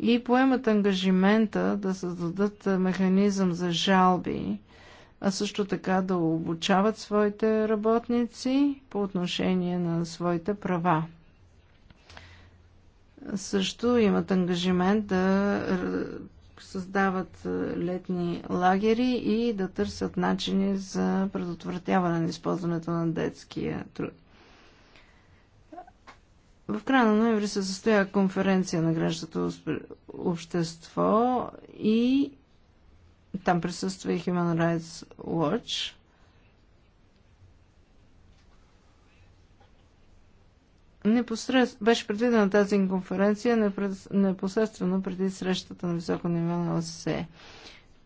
Speaker 1: и поемат ангажимента да създадат е, механизъм за жалби, а също така да обучават своите работници по отношение на своите права. Също имат ангажимент да създават е, летни лагери и да търсят начини за предотвратяване на използването на детския труд. В края на ноември се състоя конференция на гражданското общество и там присъства и Human Rights Watch. Непосред... Беше предвидена тази конференция непред... непосредствено преди срещата на високо ниво на ОССЕ.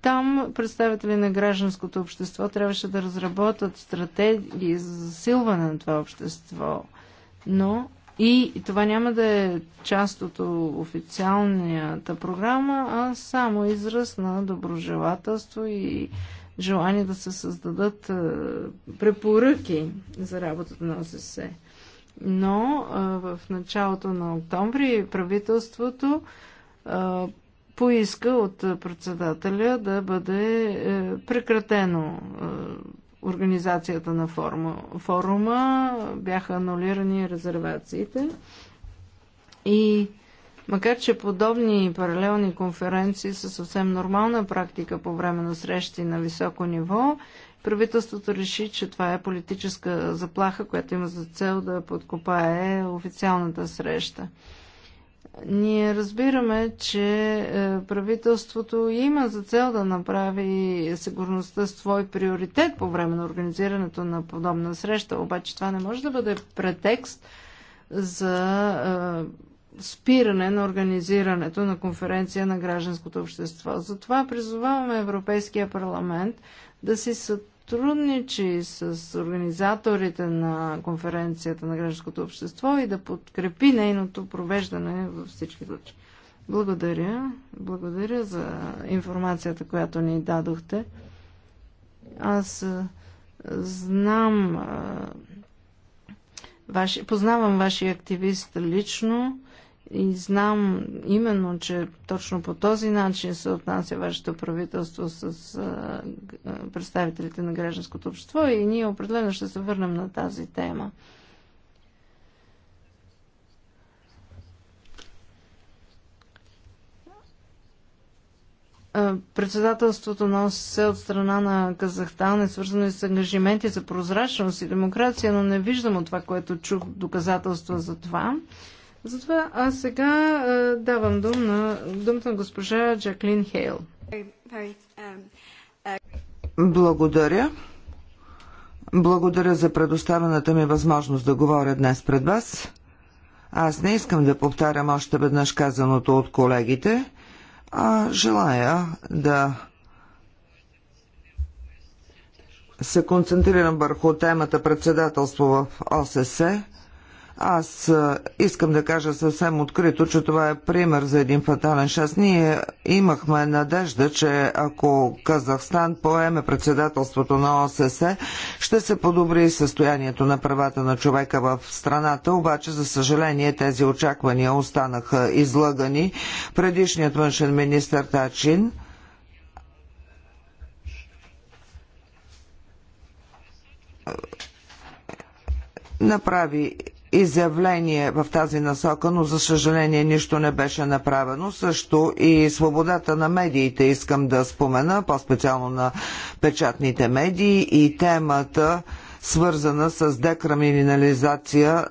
Speaker 1: Там представители на гражданското общество трябваше да разработят стратегии за засилване на това общество, но и това няма да е част от официалната програма, а само израз на доброжелателство и желание да се създадат е, препоръки за работата на ОССЕ. Но е, в началото на октомври правителството е, поиска от председателя да бъде прекратено организацията на форума. форума бяха анулирани резервациите и макар, че подобни паралелни конференции са съвсем нормална практика по време на срещи на високо ниво, правителството реши, че това е политическа заплаха, която има за цел да подкопае официалната среща. Ние разбираме, че е, правителството има за цел да направи сигурността свой приоритет по време на организирането на подобна среща, обаче това не може да бъде претекст за е, спиране на организирането на конференция на гражданското общество. Затова призоваваме Европейския парламент да си съд сътрудничи с организаторите на конференцията на гражданското общество и да подкрепи нейното провеждане във всички случаи. Благодаря. Благодаря за информацията, която ни дадохте. Аз знам, ваши, познавам вашия активист лично и знам именно, че точно по този начин се отнася вашето правителство с а, представителите на гражданското общество и ние определено ще се върнем на тази тема. Председателството на ОССЕ от страна на Казахстан е свързано и с ангажименти за прозрачност и демокрация, но не виждам от това, което чух, доказателства за това. Затова аз сега е, давам дум на, думата на госпожа Джаклин Хейл. Благодаря.
Speaker 4: Благодаря за предоставената ми възможност да говоря днес пред вас. Аз не искам да повтарям още веднъж казаното от колегите, а желая да се концентрирам върху темата председателство в ОССЕ – аз искам да кажа съвсем открито, че това е пример за един фатален шанс. Ние имахме надежда, че ако Казахстан поеме председателството на ОССЕ, ще се подобри състоянието на правата на човека в страната, обаче за съжаление тези очаквания останаха излъгани. Предишният външен министр Тачин направи изявление в тази насока, но за съжаление нищо не беше направено. Също и свободата на медиите искам да спомена, по-специално на печатните медии и темата свързана с декриминализация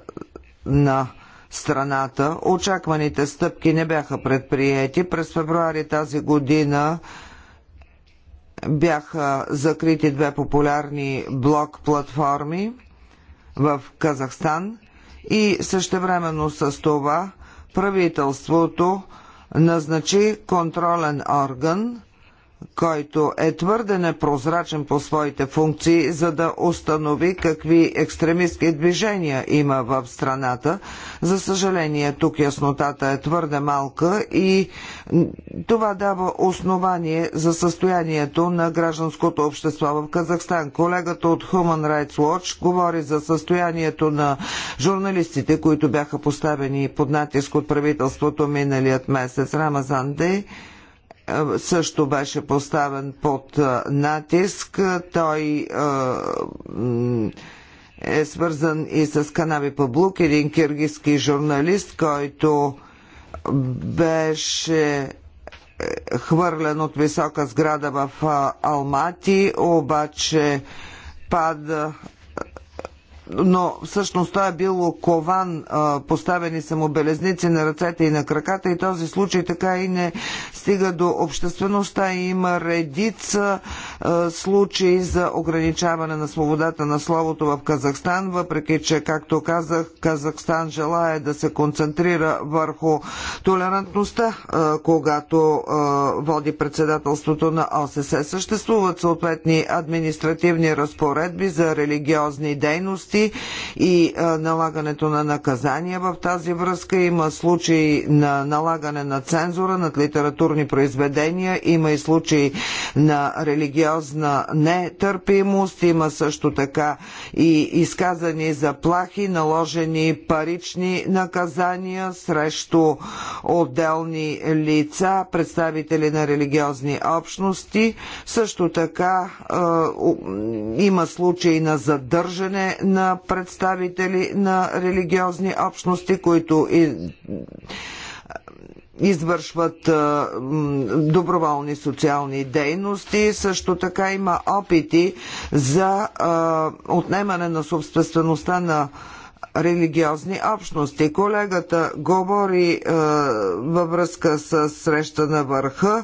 Speaker 4: на страната. Очакваните стъпки не бяха предприети. През февруари тази година бяха закрити две популярни блок платформи в Казахстан и същевременно с това правителството назначи контролен орган, който е твърде непрозрачен по своите функции, за да установи какви екстремистски движения има в страната. За съжаление, тук яснотата е твърде малка и това дава основание за състоянието на гражданското общество в Казахстан. Колегата от Human Rights Watch говори за състоянието на журналистите, които бяха поставени под натиск от правителството миналият месец Рамазан Дей също беше поставен под натиск. Той е свързан и с Канаби Паблук, един киргизски журналист, който беше е, хвърлен от висока сграда в Алмати, обаче пада но всъщност той е бил окован, поставени са му белезници на ръцете и на краката и този случай така и не стига до обществеността. Има редица случаи за ограничаване на свободата на словото в Казахстан, въпреки че, както казах, Казахстан желая да се концентрира върху толерантността, когато води председателството на ОССЕ. Съществуват съответни административни разпоредби за религиозни дейности и налагането на наказания в тази връзка. Има случаи на налагане на цензура над литературни произведения, има и случаи на религиозни сериозна нетърпимост, има също така и изказани заплахи, наложени парични наказания срещу отделни лица, представители на религиозни общности. Също така е, има случаи на задържане на представители на религиозни общности, които и извършват доброволни социални дейности. Също така има опити за отнемане на собствеността на религиозни общности. Колегата говори е, във връзка с среща на върха е,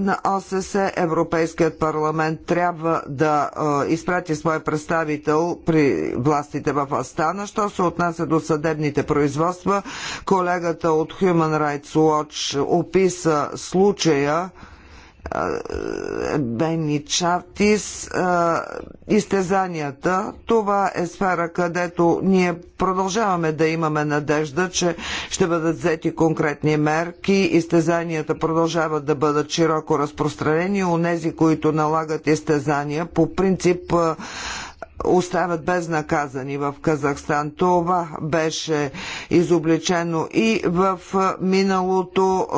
Speaker 4: на ОССЕ. Европейският парламент трябва да е, изпрати свой представител при властите в Астана. Що се отнася до съдебните производства, колегата от Human Rights Watch описа случая, е, е, Бени Чартис, е, изтезанията. Това е сфера, където ние продължаваме да имаме надежда, че ще бъдат взети конкретни мерки. Изтезанията продължават да бъдат широко разпространени. Онези, които налагат изтезания, по принцип остават безнаказани в Казахстан. Това беше изобличено и в миналото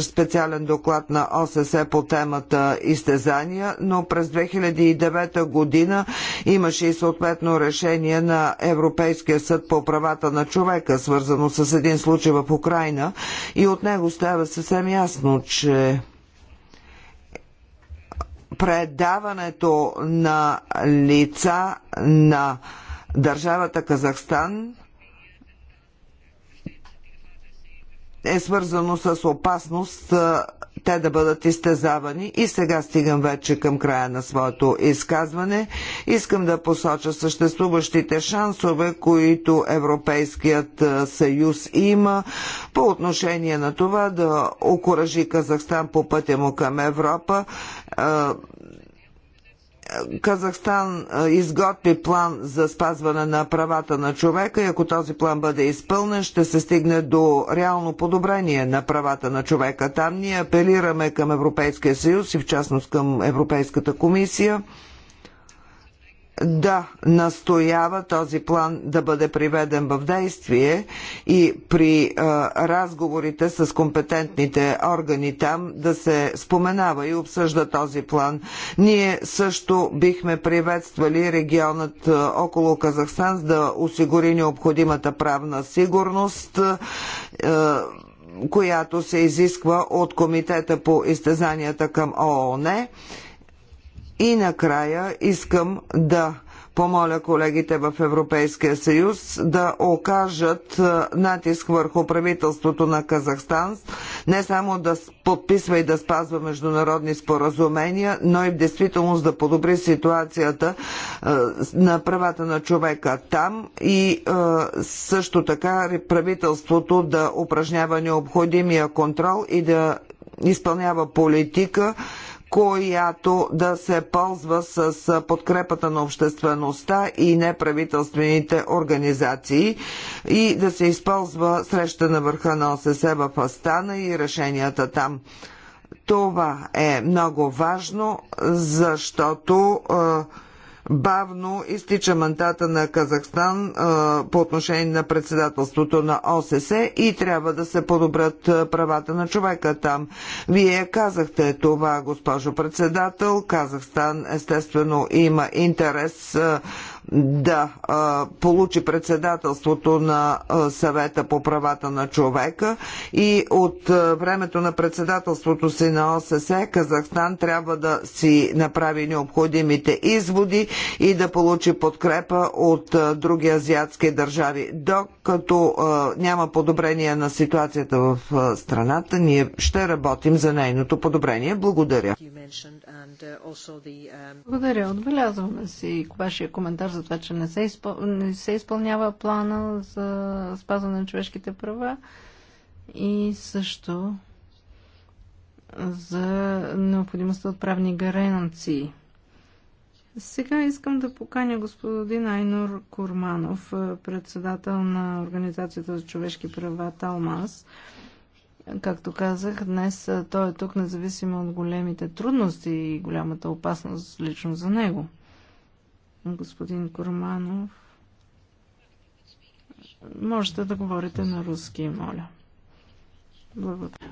Speaker 4: специален доклад на ОССЕ по темата изтезания, но през 2009 година имаше и съответно решение на Европейския съд по правата на човека, свързано с един случай в Украина и от него става съвсем ясно, че предаването на лица на държавата Казахстан е свързано с опасност те да бъдат изтезавани. И сега стигам вече към края на своето изказване. Искам да посоча съществуващите шансове, които Европейският съюз има по отношение на това да окоръжи Казахстан по пътя му към Европа Казахстан изготви план за спазване на правата на човека и ако този план бъде изпълнен, ще се стигне до реално подобрение на правата на човека. Там ние апелираме към Европейския съюз и в частност към Европейската комисия да настоява този план да бъде приведен в действие и при а, разговорите с компетентните органи там да се споменава и обсъжда този план. Ние също бихме приветствали регионът около Казахстан да осигури необходимата правна сигурност. А, която се изисква от Комитета по изтезанията към ООН и накрая искам да помоля колегите в Европейския съюз да окажат е, натиск върху правителството на Казахстан, не само да подписва и да спазва международни споразумения, но и в действителност да подобри ситуацията е, на правата на човека там и е, също така правителството да упражнява необходимия контрол и да изпълнява политика, която да се ползва с подкрепата на обществеността и неправителствените организации и да се използва среща на върха на ОССЕ в Астана и решенията там. Това е много важно, защото е, бавно изтича мандата на Казахстан по отношение на председателството на ОССЕ и трябва да се подобрят правата на човека там. Вие казахте това, госпожо председател. Казахстан естествено има интерес да а, получи председателството на а, съвета по правата на човека и от а, времето на председателството си на ОССЕ Казахстан трябва да си направи необходимите изводи и да получи подкрепа от а, други азиатски държави. Докато а, няма подобрение на ситуацията в а, страната, ние ще работим за нейното подобрение. Благодаря.
Speaker 1: Uh, um, Благодаря. Отбелязваме си вашия коментар за това, че не се, изпъл... не се изпълнява плана за спазване на човешките права и също за необходимостта от правни гаранции. Сега искам да поканя господин Айнор Курманов, председател на Организацията за човешки права Талмас, Както казах, днес той е тук независимо от големите трудности и голямата опасност лично за него. Господин Корманов, можете да говорите на руски, моля.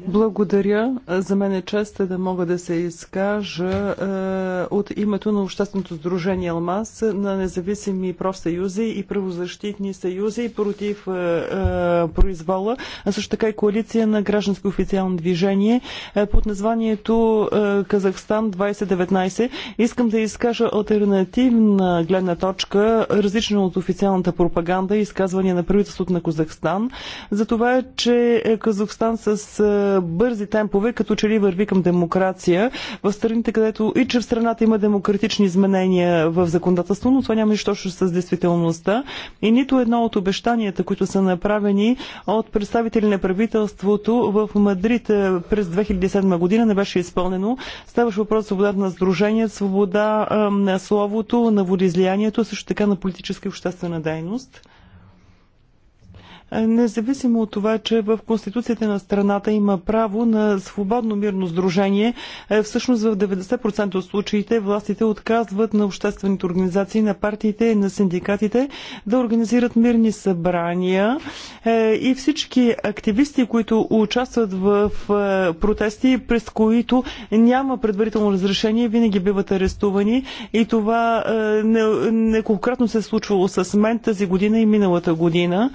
Speaker 1: Благодаря.
Speaker 3: За мен е чест да мога да се изкажа е, от името на Общественото сдружение Алмаз на независими профсъюзи и правозащитни съюзи против е, е, произвола, а също така и коалиция на гражданско официално движение е, под названието е, Казахстан 2019. Искам да изкажа альтернативна гледна точка, различна от официалната пропаганда и изказвания на правителството на Казахстан, за това, че е, Казахстан се с бързи темпове, като че ли върви към демокрация в страните, където и че в страната има демократични изменения в законодателство, но това няма нищо общо с действителността. И нито едно от обещанията, които са направени от представители на правителството в Мадрид през 2007 година не беше изпълнено. Ставаше въпрос за свобода на сдружение, свобода на словото, на водоизлиянието, също така на политическа и обществена дейност. Независимо от това, че в Конституцията на страната има право на свободно мирно сдружение, е, всъщност в 90% от случаите властите отказват на обществените организации, на партиите, на синдикатите да организират мирни събрания е, и всички активисти, които участват в е, протести, през които няма предварително разрешение, винаги биват арестувани и това неколкократно се е случвало с мен тази година и миналата година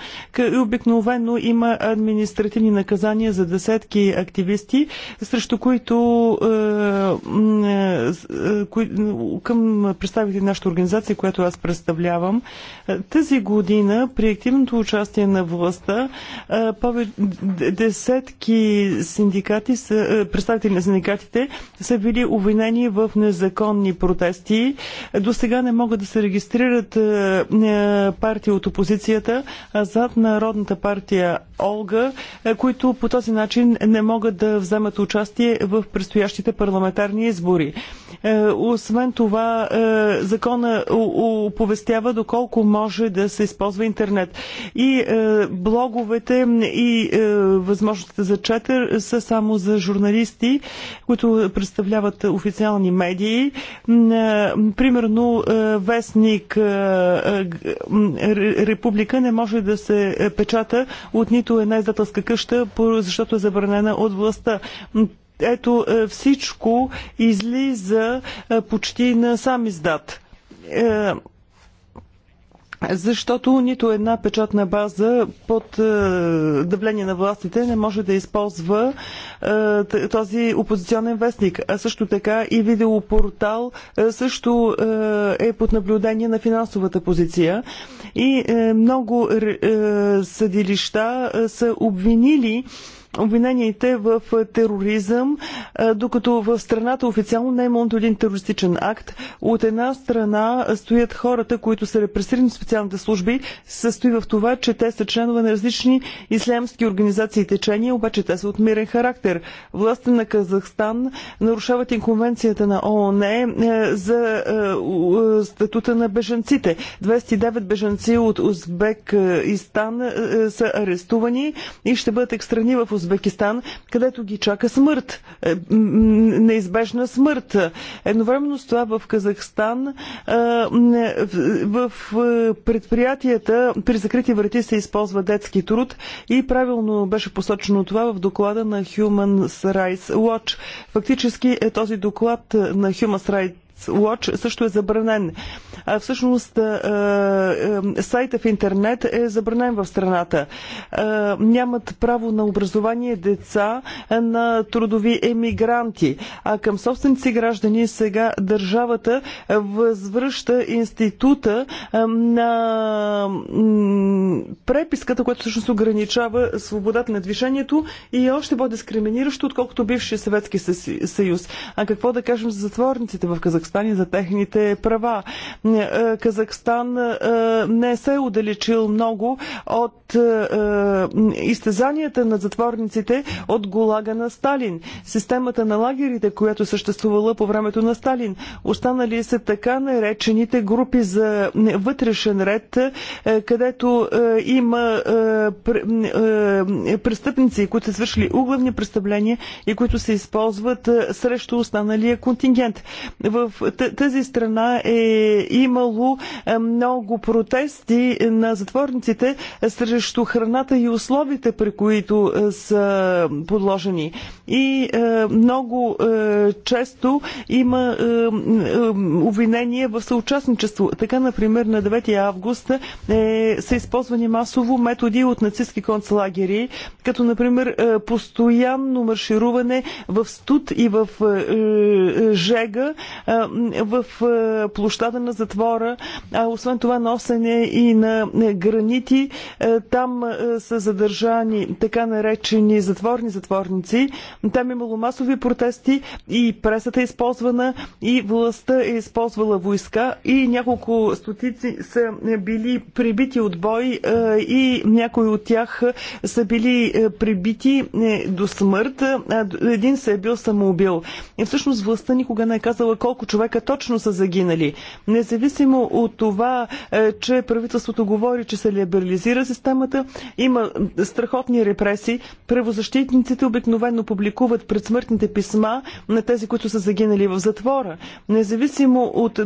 Speaker 3: обикновено има административни наказания за десетки активисти, срещу които е, е, е, към представители на нашата организация, която аз представлявам, тази година при активното участие на властта повече, десетки синдикати са, представители на синдикатите са били обвинени в незаконни протести. До сега не могат да се регистрират партии от опозицията, а зад народ Народната партия Олга, е, които по този начин не могат да вземат участие в предстоящите парламентарни избори. Е, освен това, е, закона оповестява доколко може да се използва интернет. И блоговете и възможностите за четър са само за журналисти, които представляват официални медии. Примерно, вестник Република не може да се печата от нито една издателска къща, защото е забранена от властта ето е, всичко излиза е, почти на сам издат. Е, защото нито една печатна база под давление на властите не може да използва този опозиционен вестник. А също така и видеопортал също е под наблюдение на финансовата позиция и е, много е, съдилища е, са обвинили обвиненията в тероризъм, докато в страната официално не е имало един терористичен акт. От една страна стоят хората, които са репресирани в специалните служби, състои в това, че те са членове на различни ислямски организации и течения, обаче те са от мирен характер. Властта на Казахстан нарушават и конвенцията на ООН е, за е, е, статута на бежанците. 29 бежанци от Узбекистан са арестувани и ще бъдат екстрани в Узбекистан Узбекистан, където ги чака смърт, е, неизбежна смърт. Едновременно с това в Казахстан е, в предприятията при закрити врати се използва детски труд и правилно беше посочено това в доклада на Human Rights Watch. Фактически е този доклад на Human Rights Watch също е забранен. А, всъщност сайта в интернет е забранен в страната. Нямат право на образование деца на трудови емигранти. А към собствените граждани сега държавата възвръща института на преписката, която всъщност ограничава свободата на движението и е още по-дискриминиращо, отколкото бившия Съветски съюз. А какво да кажем за затворниците в Казахстан? Казахстан и за техните права. Е, е, Казахстан е, не се е удалечил много от изтезанията на затворниците от голага на Сталин. Системата на лагерите, която съществувала по времето на Сталин. Останали са така наречените групи за вътрешен ред, където има престъпници, които са свършили углавни престъпления и които се използват срещу останалия контингент. В в тази страна е имало е, много протести на затворниците срещу храната и условите, при които е, са подложени. И е, много често има обвинения в съучастничество. Така, например, на 9 август са използвани масово методи от нацистски концлагери, като, например, постоянно маршируване в студ и в жега, в е, площада на затвора, а освен това носене и на е, гранити. Е, там са задържани така наречени затворни затворници. Там имало масови протести и пресата е използвана и властта е използвала войска и няколко стотици са били прибити от бой и някои от тях са били прибити до смърт. Един се е бил самоубил. И всъщност властта никога не е казала колко човека точно са загинали. Независимо от това, е, че правителството говори, че се либерализира системата, има страхотни репресии. Правозащитниците обикновено публикуват предсмъртните писма на тези, които са загинали в затвора. Независимо от е,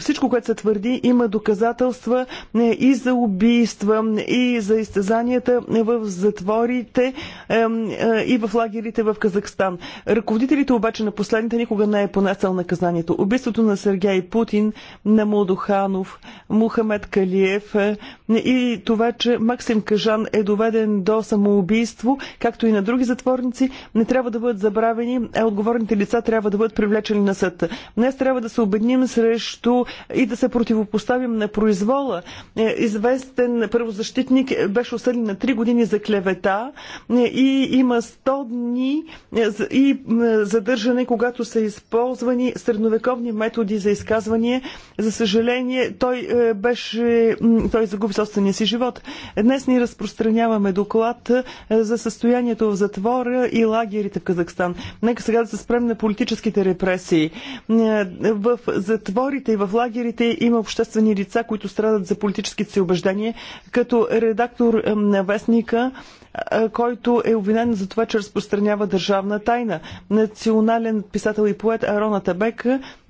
Speaker 3: всичко, което се твърди, има доказателства е, и за убийства, и за изтезанията в затворите и в лагерите в Казахстан. Ръководителите обаче на последните никога не е понесъл наказание посланието. Убийството на Сергей Путин, на Молдоханов, Мухамед Калиев е, и това, че Максим Кажан е доведен до самоубийство, както и на други затворници, не трябва да бъдат забравени, а отговорните лица трябва да бъдат привлечени на съд. Днес трябва да се обедним срещу и да се противопоставим на произвола. Е, известен правозащитник беше осъден на 3 години за клевета е, и има 100 дни и задържане, когато са използвани сред средновековни методи за изказване. За съжаление, той е, беше, той загуби собствения си живот. Днес ни разпространяваме доклад е, за състоянието в затвора и лагерите в Казахстан. Нека сега да се спрем на политическите репресии. Е, в затворите и в лагерите има обществени лица, които страдат за политическите си убеждения, като редактор на вестника който е обвинен за това, че разпространява държавна тайна. Национален писател и поет Арона Табек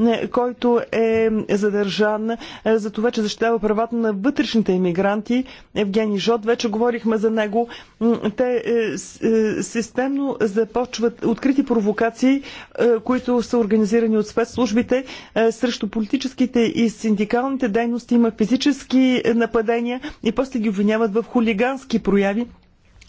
Speaker 3: е, който е задържан е, за това, че защитава правата на вътрешните иммигранти. Евгений Жот, вече говорихме за него. Те е, системно започват открити провокации, които са организирани от спецслужбите срещу политическите и синдикалните дейности. Има физически нападения и после ги обвиняват в хулигански прояви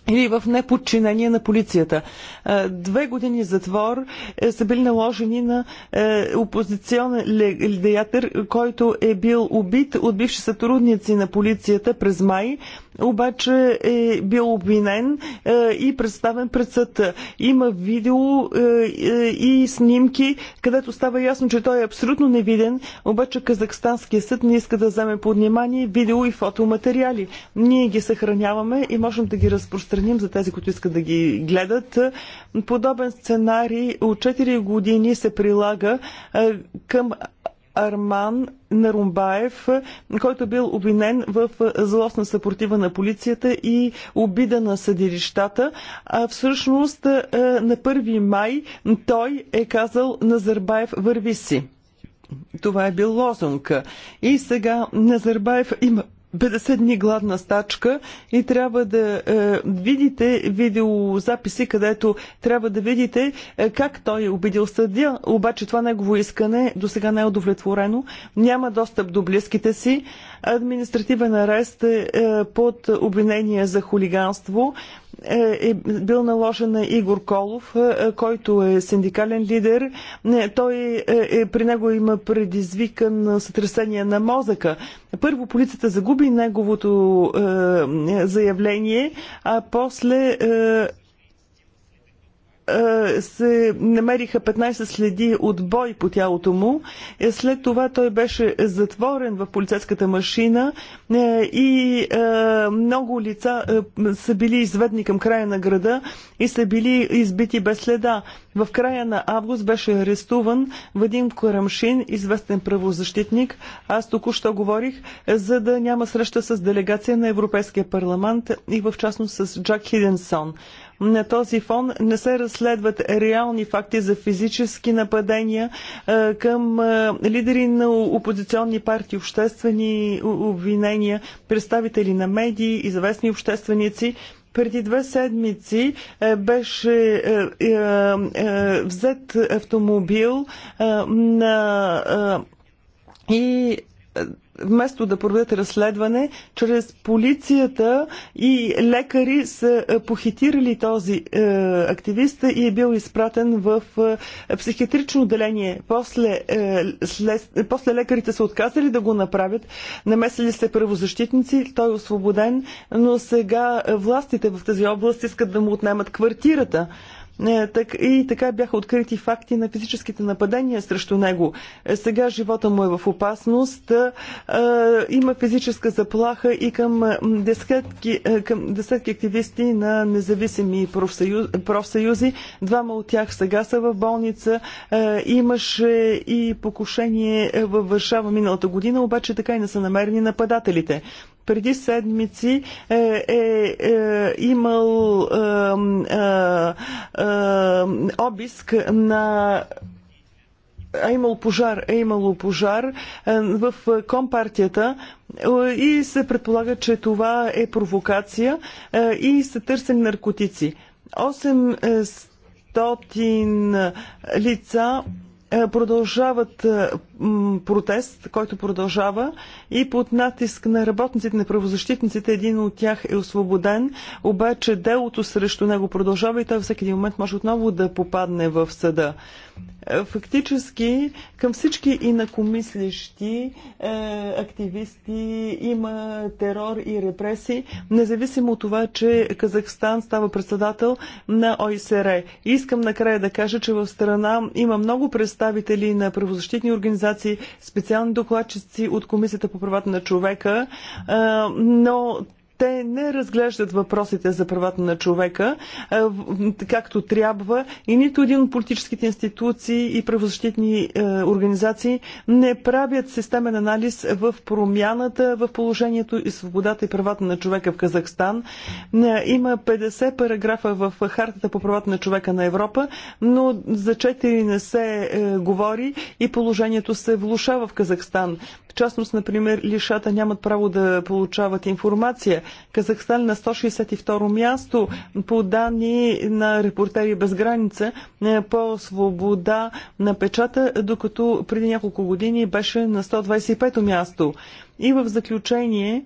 Speaker 3: или в неподчинение на полицията. Е, две години затвор е, са били наложени на е, опозиционен деятел, който е бил убит от бивши сътрудници на полицията през май обаче е бил обвинен е, и представен пред съд. Има видео е, е, и снимки, където става ясно, че той е абсолютно невиден, обаче казахстанския съд не иска да вземе под внимание видео и фотоматериали. Ние ги съхраняваме и можем да ги разпространим за тези, които искат да ги гледат. Подобен сценарий от 4 години се прилага към Арман Нарумбаев, който е бил обвинен в злостна съпротива на полицията и обида на съдилищата. А всъщност е, на 1 май той е казал Назарбаев върви си. Това е бил лозунг. И сега Назарбаев има 50 дни гладна стачка и трябва да е, видите видеозаписи, където трябва да видите е, как той е обидил съдия, обаче това негово искане до сега не е удовлетворено, няма достъп до близките си, административен арест е, е под обвинение за хулиганство, е, е бил наложен на Игор Колов, е, е, който е синдикален лидер. Той е, при него има предизвикан сътресение на мозъка. Първо полицията загуби неговото е, заявление, а после е, е, се намериха 15 следи от бой по тялото му. Е, след това той беше затворен в полицейската машина е, и много лица са били изведни към края на града и са били избити без следа. В края на август беше арестуван Вадим Карамшин, известен правозащитник. Аз току-що говорих, за да няма среща с делегация на Европейския парламент и в частност с Джак Хиденсон. На този фон не се разследват реални факти за физически нападения към лидери на опозиционни партии, обществени обвинения, представители на медии, известни общественици преди две седмици беше взет автомобил на и вместо да проведат разследване, чрез полицията и лекари са е, похитирали този е, активист и е бил изпратен в е, психиатрично отделение. После, е, след, после лекарите са отказали да го направят, намесили се правозащитници, той е освободен, но сега е, властите в тази област искат да му отнемат квартирата. Е, и така бяха открити факти на физическите нападения срещу него. Е, сега живота му е в опасност. Е, има физическа заплаха и към десетки, към десетки активисти на независими профсъюз, профсъюзи. Двама от тях сега са в болница. Имаше и покушение във Варшава миналата година, обаче така и не са намерени нападателите преди седмици е, е, е имал е, е, е, обиск на а имало пожар, е имало пожар е, в компартията е, и се предполага, че това е провокация е, и се търсен наркотици. 800 лица е, продължават е, протест, който продължава и под натиск на работниците, на правозащитниците, един от тях е освободен, обаче делото срещу него продължава и той всеки един момент може отново да попадне в съда фактически към всички инакомислищи е, активисти има терор и репресии, независимо от това, че Казахстан става председател на ОИСР. Искам накрая да кажа, че в страна има много представители на правозащитни организации, специални докладчици от Комисията по правата на човека, е, но те не разглеждат въпросите за правата на човека е, както трябва и нито един от политическите институции и правозащитни е, организации не правят системен анализ в промяната в положението и свободата и правата на човека в Казахстан. Е, има 50 параграфа в Хартата по правата на човека на Европа, но за 4 не се говори и положението се влушава в Казахстан. В частност, например, лишата нямат право да получават информация. Казахстан на 162 място по данни на репортери без граница е, по свобода на печата, докато преди няколко години беше на 125 място. И в заключение,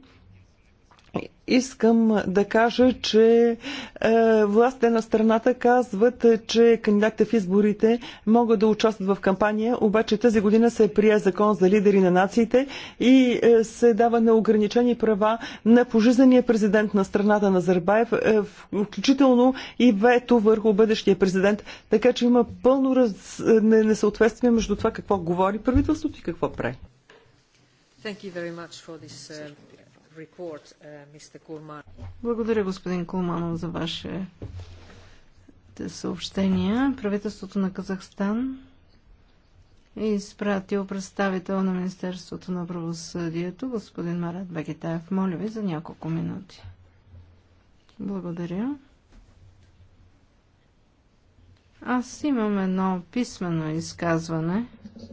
Speaker 3: Искам да кажа, че е, властите на страната казват, че кандидатите в изборите могат да участват в кампания, обаче тази година се е прия закон за лидери на нациите и е, се дава неограничени права на пожизнения президент на страната на Зарбаев, е, включително и вето върху бъдещия президент. Така че има пълно раз... Е, несъответствие между това какво говори правителството и какво прави.
Speaker 2: Thank you very much for this, uh... Uh,
Speaker 1: Благодаря, господин Кулманов, за ваше съобщения. Правителството на Казахстан е изпратил представител на Министерството на правосъдието, господин Марат Бегетаев. Моля ви за няколко минути. Благодаря. Аз имам едно писмено изказване.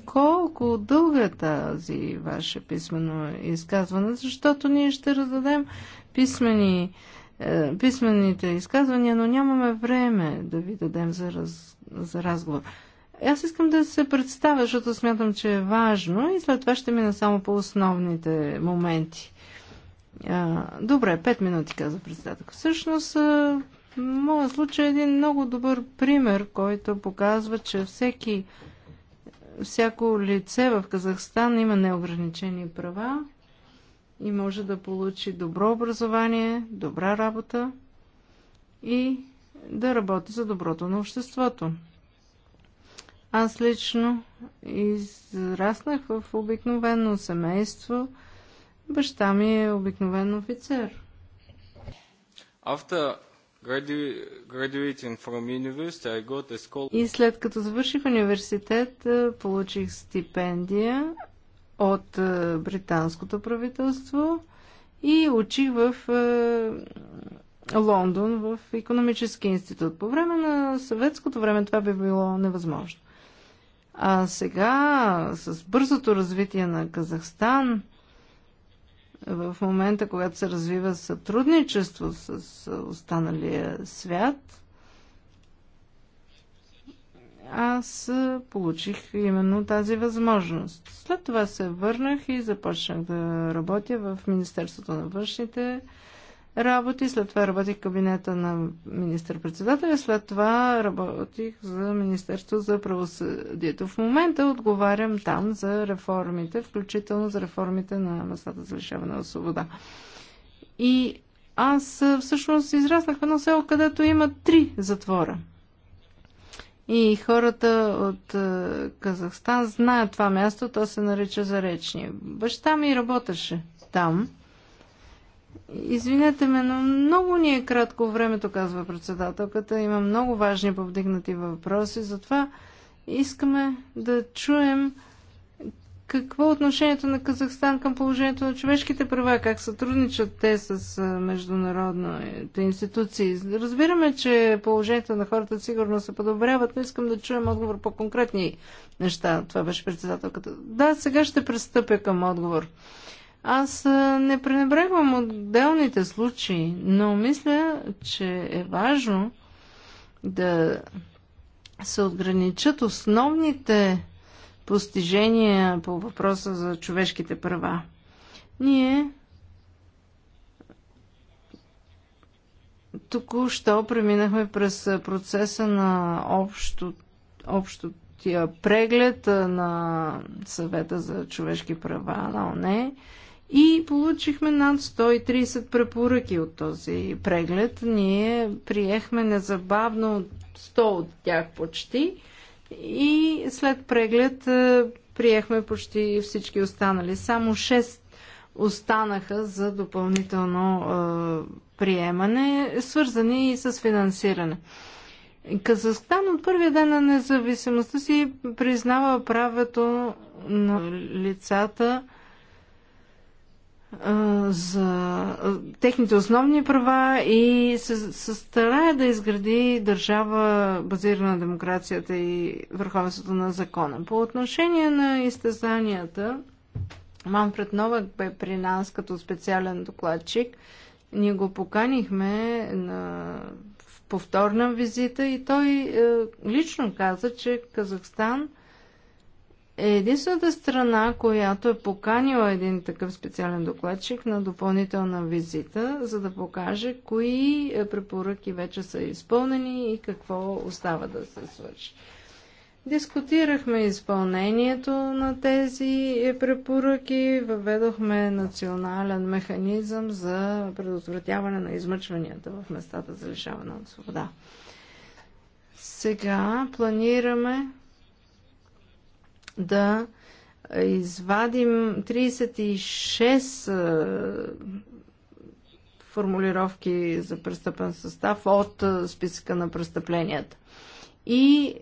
Speaker 1: Колко дълга е тази ваше писмено изказване? Защото ние ще раздадем писмени, е, писмените изказвания, но нямаме време да ви дадем за, раз, за разговор. Аз искам да се представя, защото смятам, че е важно и след това ще мина само по основните моменти. Добре, 5 минути, каза председател. Всъщност, моя случай е един много добър пример, който показва, че всеки, всяко лице в Казахстан има неограничени права и може да получи добро образование, добра работа и да работи за доброто на обществото. Аз лично израснах в обикновено семейство. Баща ми е обикновен офицер.
Speaker 4: After и след
Speaker 1: като завърших университет, получих стипендия от британското правителство и учих в Лондон, в економически институт. По време на съветското време това би било невъзможно. А сега, с бързото развитие на Казахстан, в момента, когато се развива сътрудничество с останалия свят, аз получих именно тази възможност. След това се върнах и започнах да работя в Министерството на външните работи, след това работих кабинета на министър-председателя, след това работих за Министерство за правосъдието. В момента отговарям там за реформите, включително за реформите на местата за лишаване на свобода. И аз всъщност израснах в едно село, където има три затвора. И хората от Казахстан знаят това място, то се нарича Заречни. Баща ми работеше там Извинете ме, но много ни е кратко времето, казва председателката. Има много важни повдигнати въпроси, затова искаме да чуем какво е отношението на Казахстан към положението на човешките права, как сътрудничат те с международните институции. Разбираме, че положението на хората сигурно се подобряват, но искам да чуем отговор по конкретни неща. Това беше председателката. Да, сега ще пристъпя към отговор. Аз е, не пренебрегвам отделните случаи, но мисля, че е важно да се отграничат основните постижения по въпроса за човешките права. Ние току-що преминахме през процеса на общо, общия преглед на съвета за човешки права на ОНЕ и получихме над 130 препоръки от този преглед. Ние приехме незабавно 100 от тях почти и след преглед е, приехме почти всички останали. Само 6 останаха за допълнително е, приемане, свързани и с финансиране. Казахстан от първия ден на независимостта си признава правото на лицата за техните основни права и се, се старае да изгради държава базирана на демокрацията и върховенството на закона. По отношение на изтезанията, Манфред Новак бе при нас като специален докладчик. Ние го поканихме на повторна визита и той е, лично каза, че Казахстан – е единствената страна, която е поканила един такъв специален докладчик на допълнителна визита, за да покаже кои е, препоръки вече са изпълнени и какво остава да се свърши. Дискутирахме изпълнението на тези е, препоръки, въведохме национален механизъм за предотвратяване на измъчванията в местата за лишаване от свобода. Сега планираме да извадим 36 формулировки за престъпен състав от списъка на престъпленията. И е,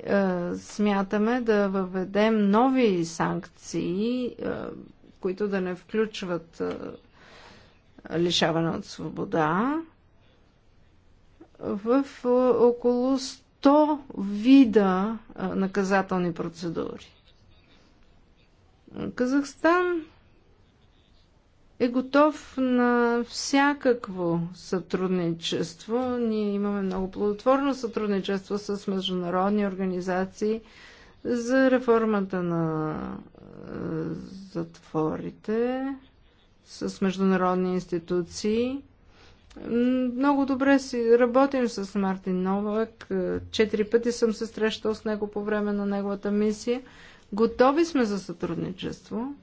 Speaker 1: смятаме да въведем нови санкции, е, които да не включват е, лишаване от свобода в е, около 100 вида е, наказателни процедури. Казахстан е готов на всякакво сътрудничество. Ние имаме много плодотворно сътрудничество с международни организации за реформата на е, затворите, с международни институции. Много добре си работим с Мартин Новак. Е, четири пъти съм се срещал с него по време на неговата мисия. Готови сме за сътрудничество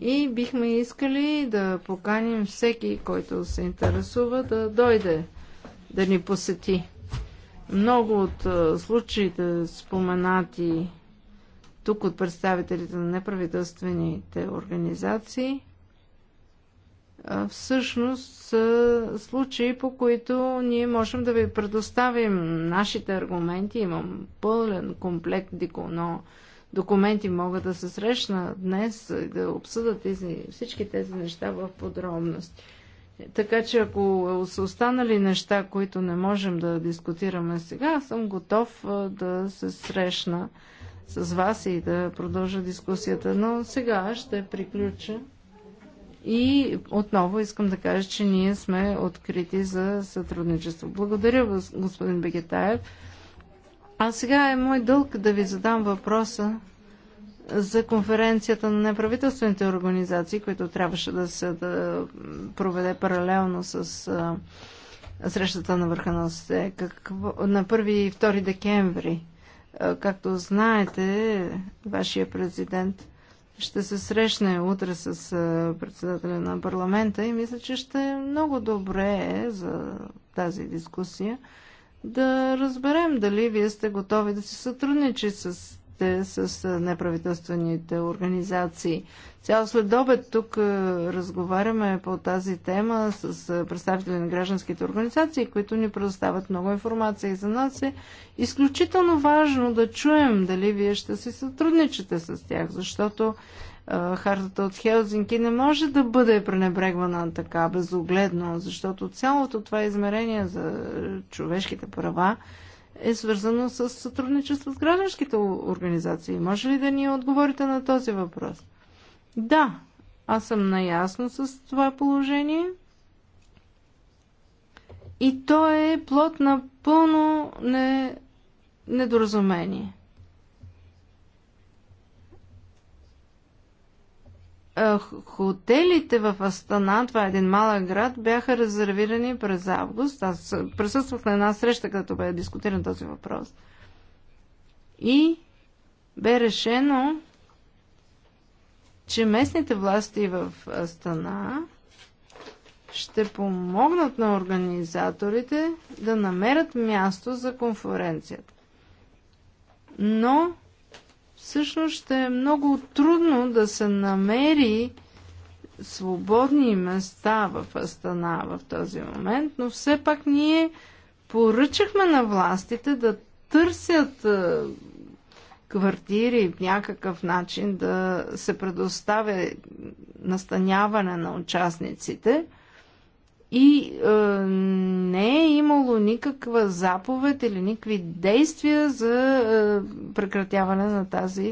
Speaker 1: и бихме искали да поканим всеки, който се интересува, да дойде да ни посети. Много от случаите споменати тук от представителите на неправителствените организации всъщност са случаи, по които ние можем да ви предоставим нашите аргументи. Имам пълен комплект диконо документи могат да се срещнат днес и да обсъдат тези, всички тези неща в подробност. Така че ако са останали неща, които не можем да дискутираме сега, съм готов да се срещна с вас и да продължа дискусията. Но сега ще приключа. И отново искам да кажа, че ние сме открити за сътрудничество. Благодаря, господин Бегетаев. А сега е мой дълг да ви задам въпроса за конференцията на неправителствените организации, които трябваше да се да проведе паралелно с а, срещата на върха на ОСЕ. на 1 и 2 декември, а, както знаете, вашия президент ще се срещне утре с а, председателя на парламента и мисля, че ще е много добре за тази дискусия да разберем дали вие сте готови да се сътрудничи с с неправителствените организации. Цял след обед тук разговаряме по тази тема с представители на гражданските организации, които ни предоставят много информация и за нас е изключително важно да чуем дали вие ще се сътрудничите с тях, защото хартата от Хелзинки не може да бъде пренебрегвана така безогледно, защото цялото това измерение за човешките права е свързано с сътрудничество с гражданските организации. Може ли да ни отговорите на този въпрос? Да, аз съм наясно с това положение. И то е плод на пълно не... недоразумение. Е, хотелите в Астана, това е един малък град, бяха резервирани през август. Аз присъствах на една среща, където бе дискутиран този въпрос. И бе решено, че местните власти в Астана ще помогнат на организаторите да намерят място за конференцията. Но всъщност ще е много трудно да се намери свободни места в Астана в този момент, но все пак ние поръчахме на властите да търсят квартири в някакъв начин да се предоставя настаняване на участниците – и е, не е имало никаква заповед или никакви действия за е, прекратяване на тази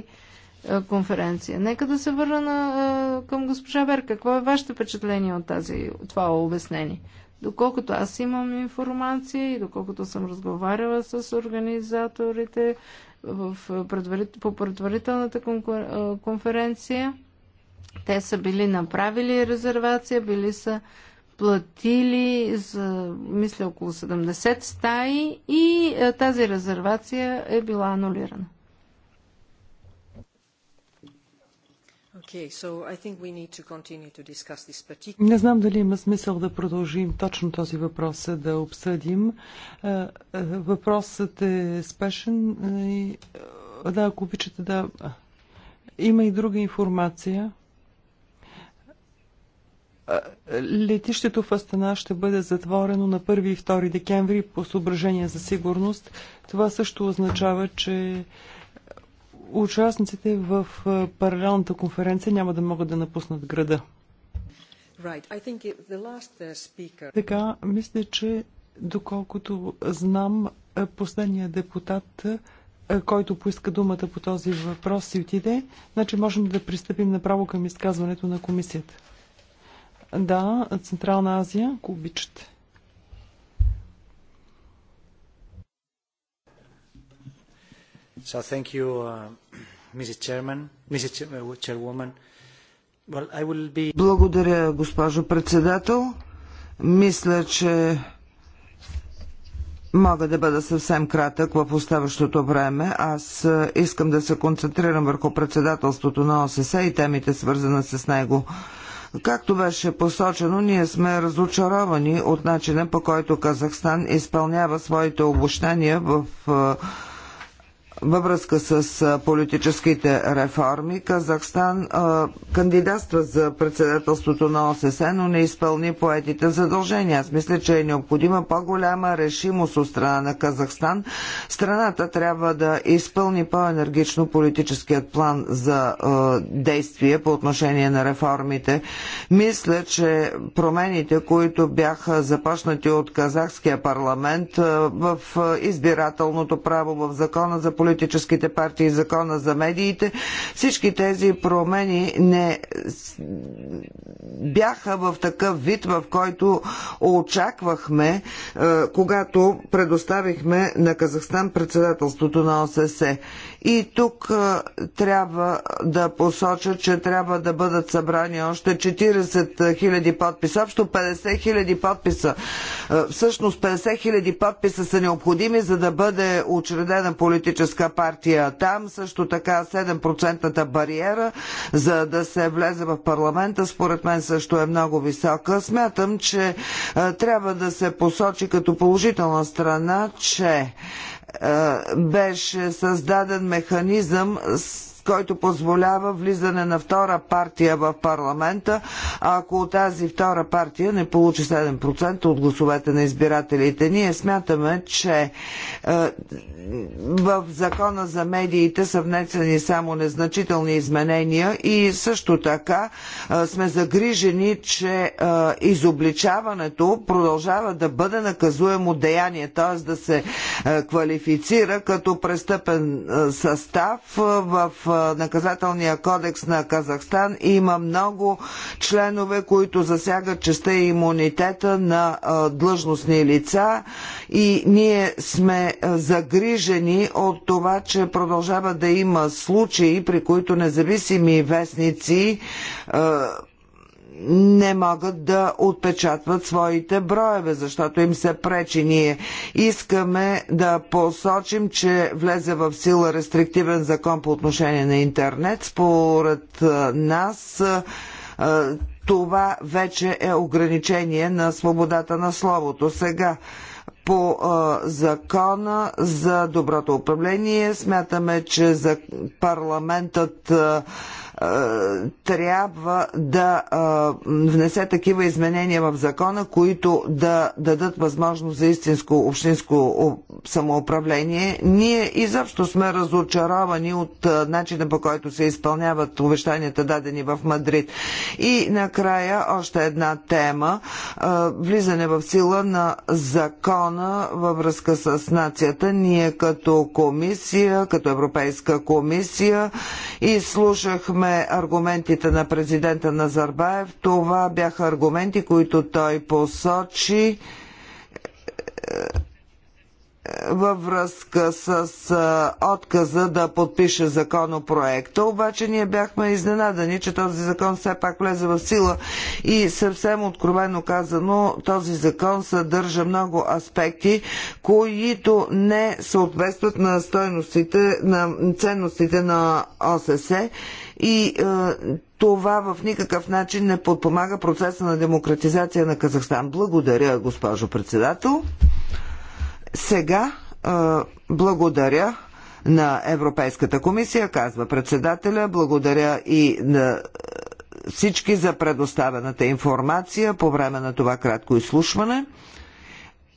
Speaker 1: е, конференция. Нека да се върна на, е, към госпожа Бер. Какво е вашето впечатление от тази, това обяснение? Доколкото аз имам информация и доколкото съм разговаряла с организаторите в е, предварит, по предварителната конкур... Е, конференция, те са били направили резервация, били са платили за, мисля, около 70 стаи и е, тази резервация е била анулирана.
Speaker 2: Не
Speaker 3: знам дали има смисъл да продължим точно този въпрос, да обсъдим. Е, е, въпросът е спешен. Да, ако обичате да... Има и друга информация. Летището в Астана ще бъде затворено на 1 и 2 декември по съображения за сигурност. Това също означава, че участниците в паралелната конференция няма да могат да напуснат града.
Speaker 2: Uh,
Speaker 3: така, мисля, че доколкото знам, последният депутат, който поиска думата по този въпрос, си отиде. Значи можем да пристъпим направо към изказването на комисията. Да, Централна Азия, ако обичате. So thank you, uh, Mrs. Chairman, Mrs. Uh, Chairwoman. Well, I
Speaker 4: will be... Благодаря, госпожо председател. Мисля, че мога да бъда съвсем кратък в оставащото време. Аз е, искам да се концентрирам върху председателството на ОССЕ и темите свързана с него. Uh, Както беше посочено, ние сме разочаровани от начина по който Казахстан изпълнява своите обощания в е, във връзка с политическите реформи. Казахстан кандидатства за председателството на ОССЕ, но не изпълни поетите задължения. Аз мисля, че е необходима по-голяма решимост от страна на Казахстан. Страната трябва да изпълни по-енергично политическият план за действие по отношение на реформите. Мисля, че промените, които бяха започнати от казахския парламент в избирателното право в закона за политическите политическите партии, закона за медиите. Всички тези промени не бяха в такъв вид, в който очаквахме, е, когато предоставихме на Казахстан председателството на ОССЕ. И тук трябва да посоча, че трябва да бъдат събрани още 40 000 подписа, общо 50 000 подписа. Всъщност 50 000 подписа са необходими, за да бъде учредена политическа партия там. Също така 7 бариера, за да се влезе в парламента, според мен също е много висока. Смятам, че трябва да се посочи като положителна страна, че е, беше създаден механизъм с който позволява влизане на втора партия в парламента, ако тази втора партия не получи 7% от гласовете на избирателите. Ние смятаме, че е, в закона за медиите са внесени само незначителни изменения и също така е, сме загрижени, че е, изобличаването продължава да бъде наказуемо деяние, т.е. да се квалифицира като престъпен състав в наказателния кодекс на Казахстан има много членове, които засягат честа и имунитета на длъжностни лица и ние сме загрижени от това, че продължава да има случаи, при които независими вестници не могат да отпечатват своите броеве, защото им се пречи. Ние искаме да посочим, че влезе в сила рестриктивен закон по отношение на интернет. Според нас това вече е ограничение на свободата на словото. Сега по а, закона за доброто управление смятаме, че за парламентът а, е, трябва да е, внесе такива изменения в закона, които да дадат възможност за истинско общинско самоуправление. Ние изобщо сме разочаровани от е, начина по който се изпълняват обещанията дадени в Мадрид. И накрая още една тема. Влизане в сила на закона във връзка с нацията. Ние като комисия, като Европейска комисия изслушахме чухме аргументите на президента Назарбаев. Това бяха аргументи, които той посочи е, във връзка с е, отказа да подпише законопроекта. Обаче ние бяхме изненадани, че този закон все пак влезе в сила и съвсем откровено казано този закон съдържа много аспекти, които не съответстват на стойностите, на ценностите на ОССЕ и е, това в никакъв начин не подпомага процеса на демократизация на Казахстан. Благодаря, госпожо председател. Сега е, благодаря на Европейската комисия, казва председателя, благодаря и на е, всички за предоставената информация по време на това кратко изслушване.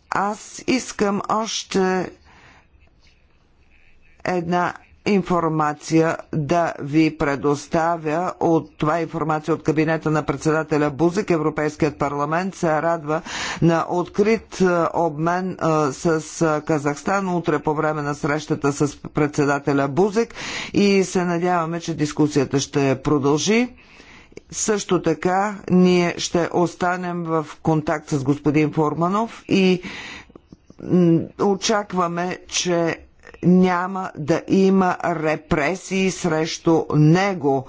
Speaker 4: Аз искам още една информация да ви предоставя от това информация от кабинета на председателя Бузик. Европейският парламент се радва на открит е, обмен е, с е, Казахстан утре по време на срещата с председателя Бузик и се надяваме, че дискусията ще продължи. Също така ние ще останем в контакт с господин Форманов и очакваме, че няма да има репресии срещу него.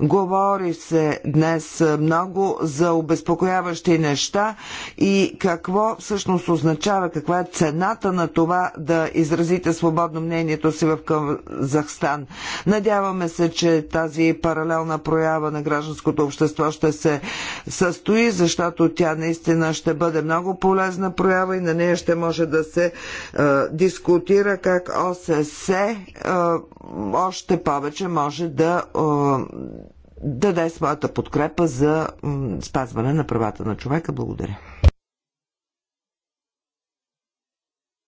Speaker 4: Говори се днес много за обезпокояващи неща и какво всъщност означава, каква е цената на това да изразите свободно мнението си в Казахстан. Надяваме се, че тази паралелна проява на гражданското общество ще се състои, защото тя наистина ще бъде много полезна проява и на нея ще може да се е, дискутира как ОСС е, още повече може да е, даде своята подкрепа за
Speaker 2: спазване на правата на човека. Благодаря.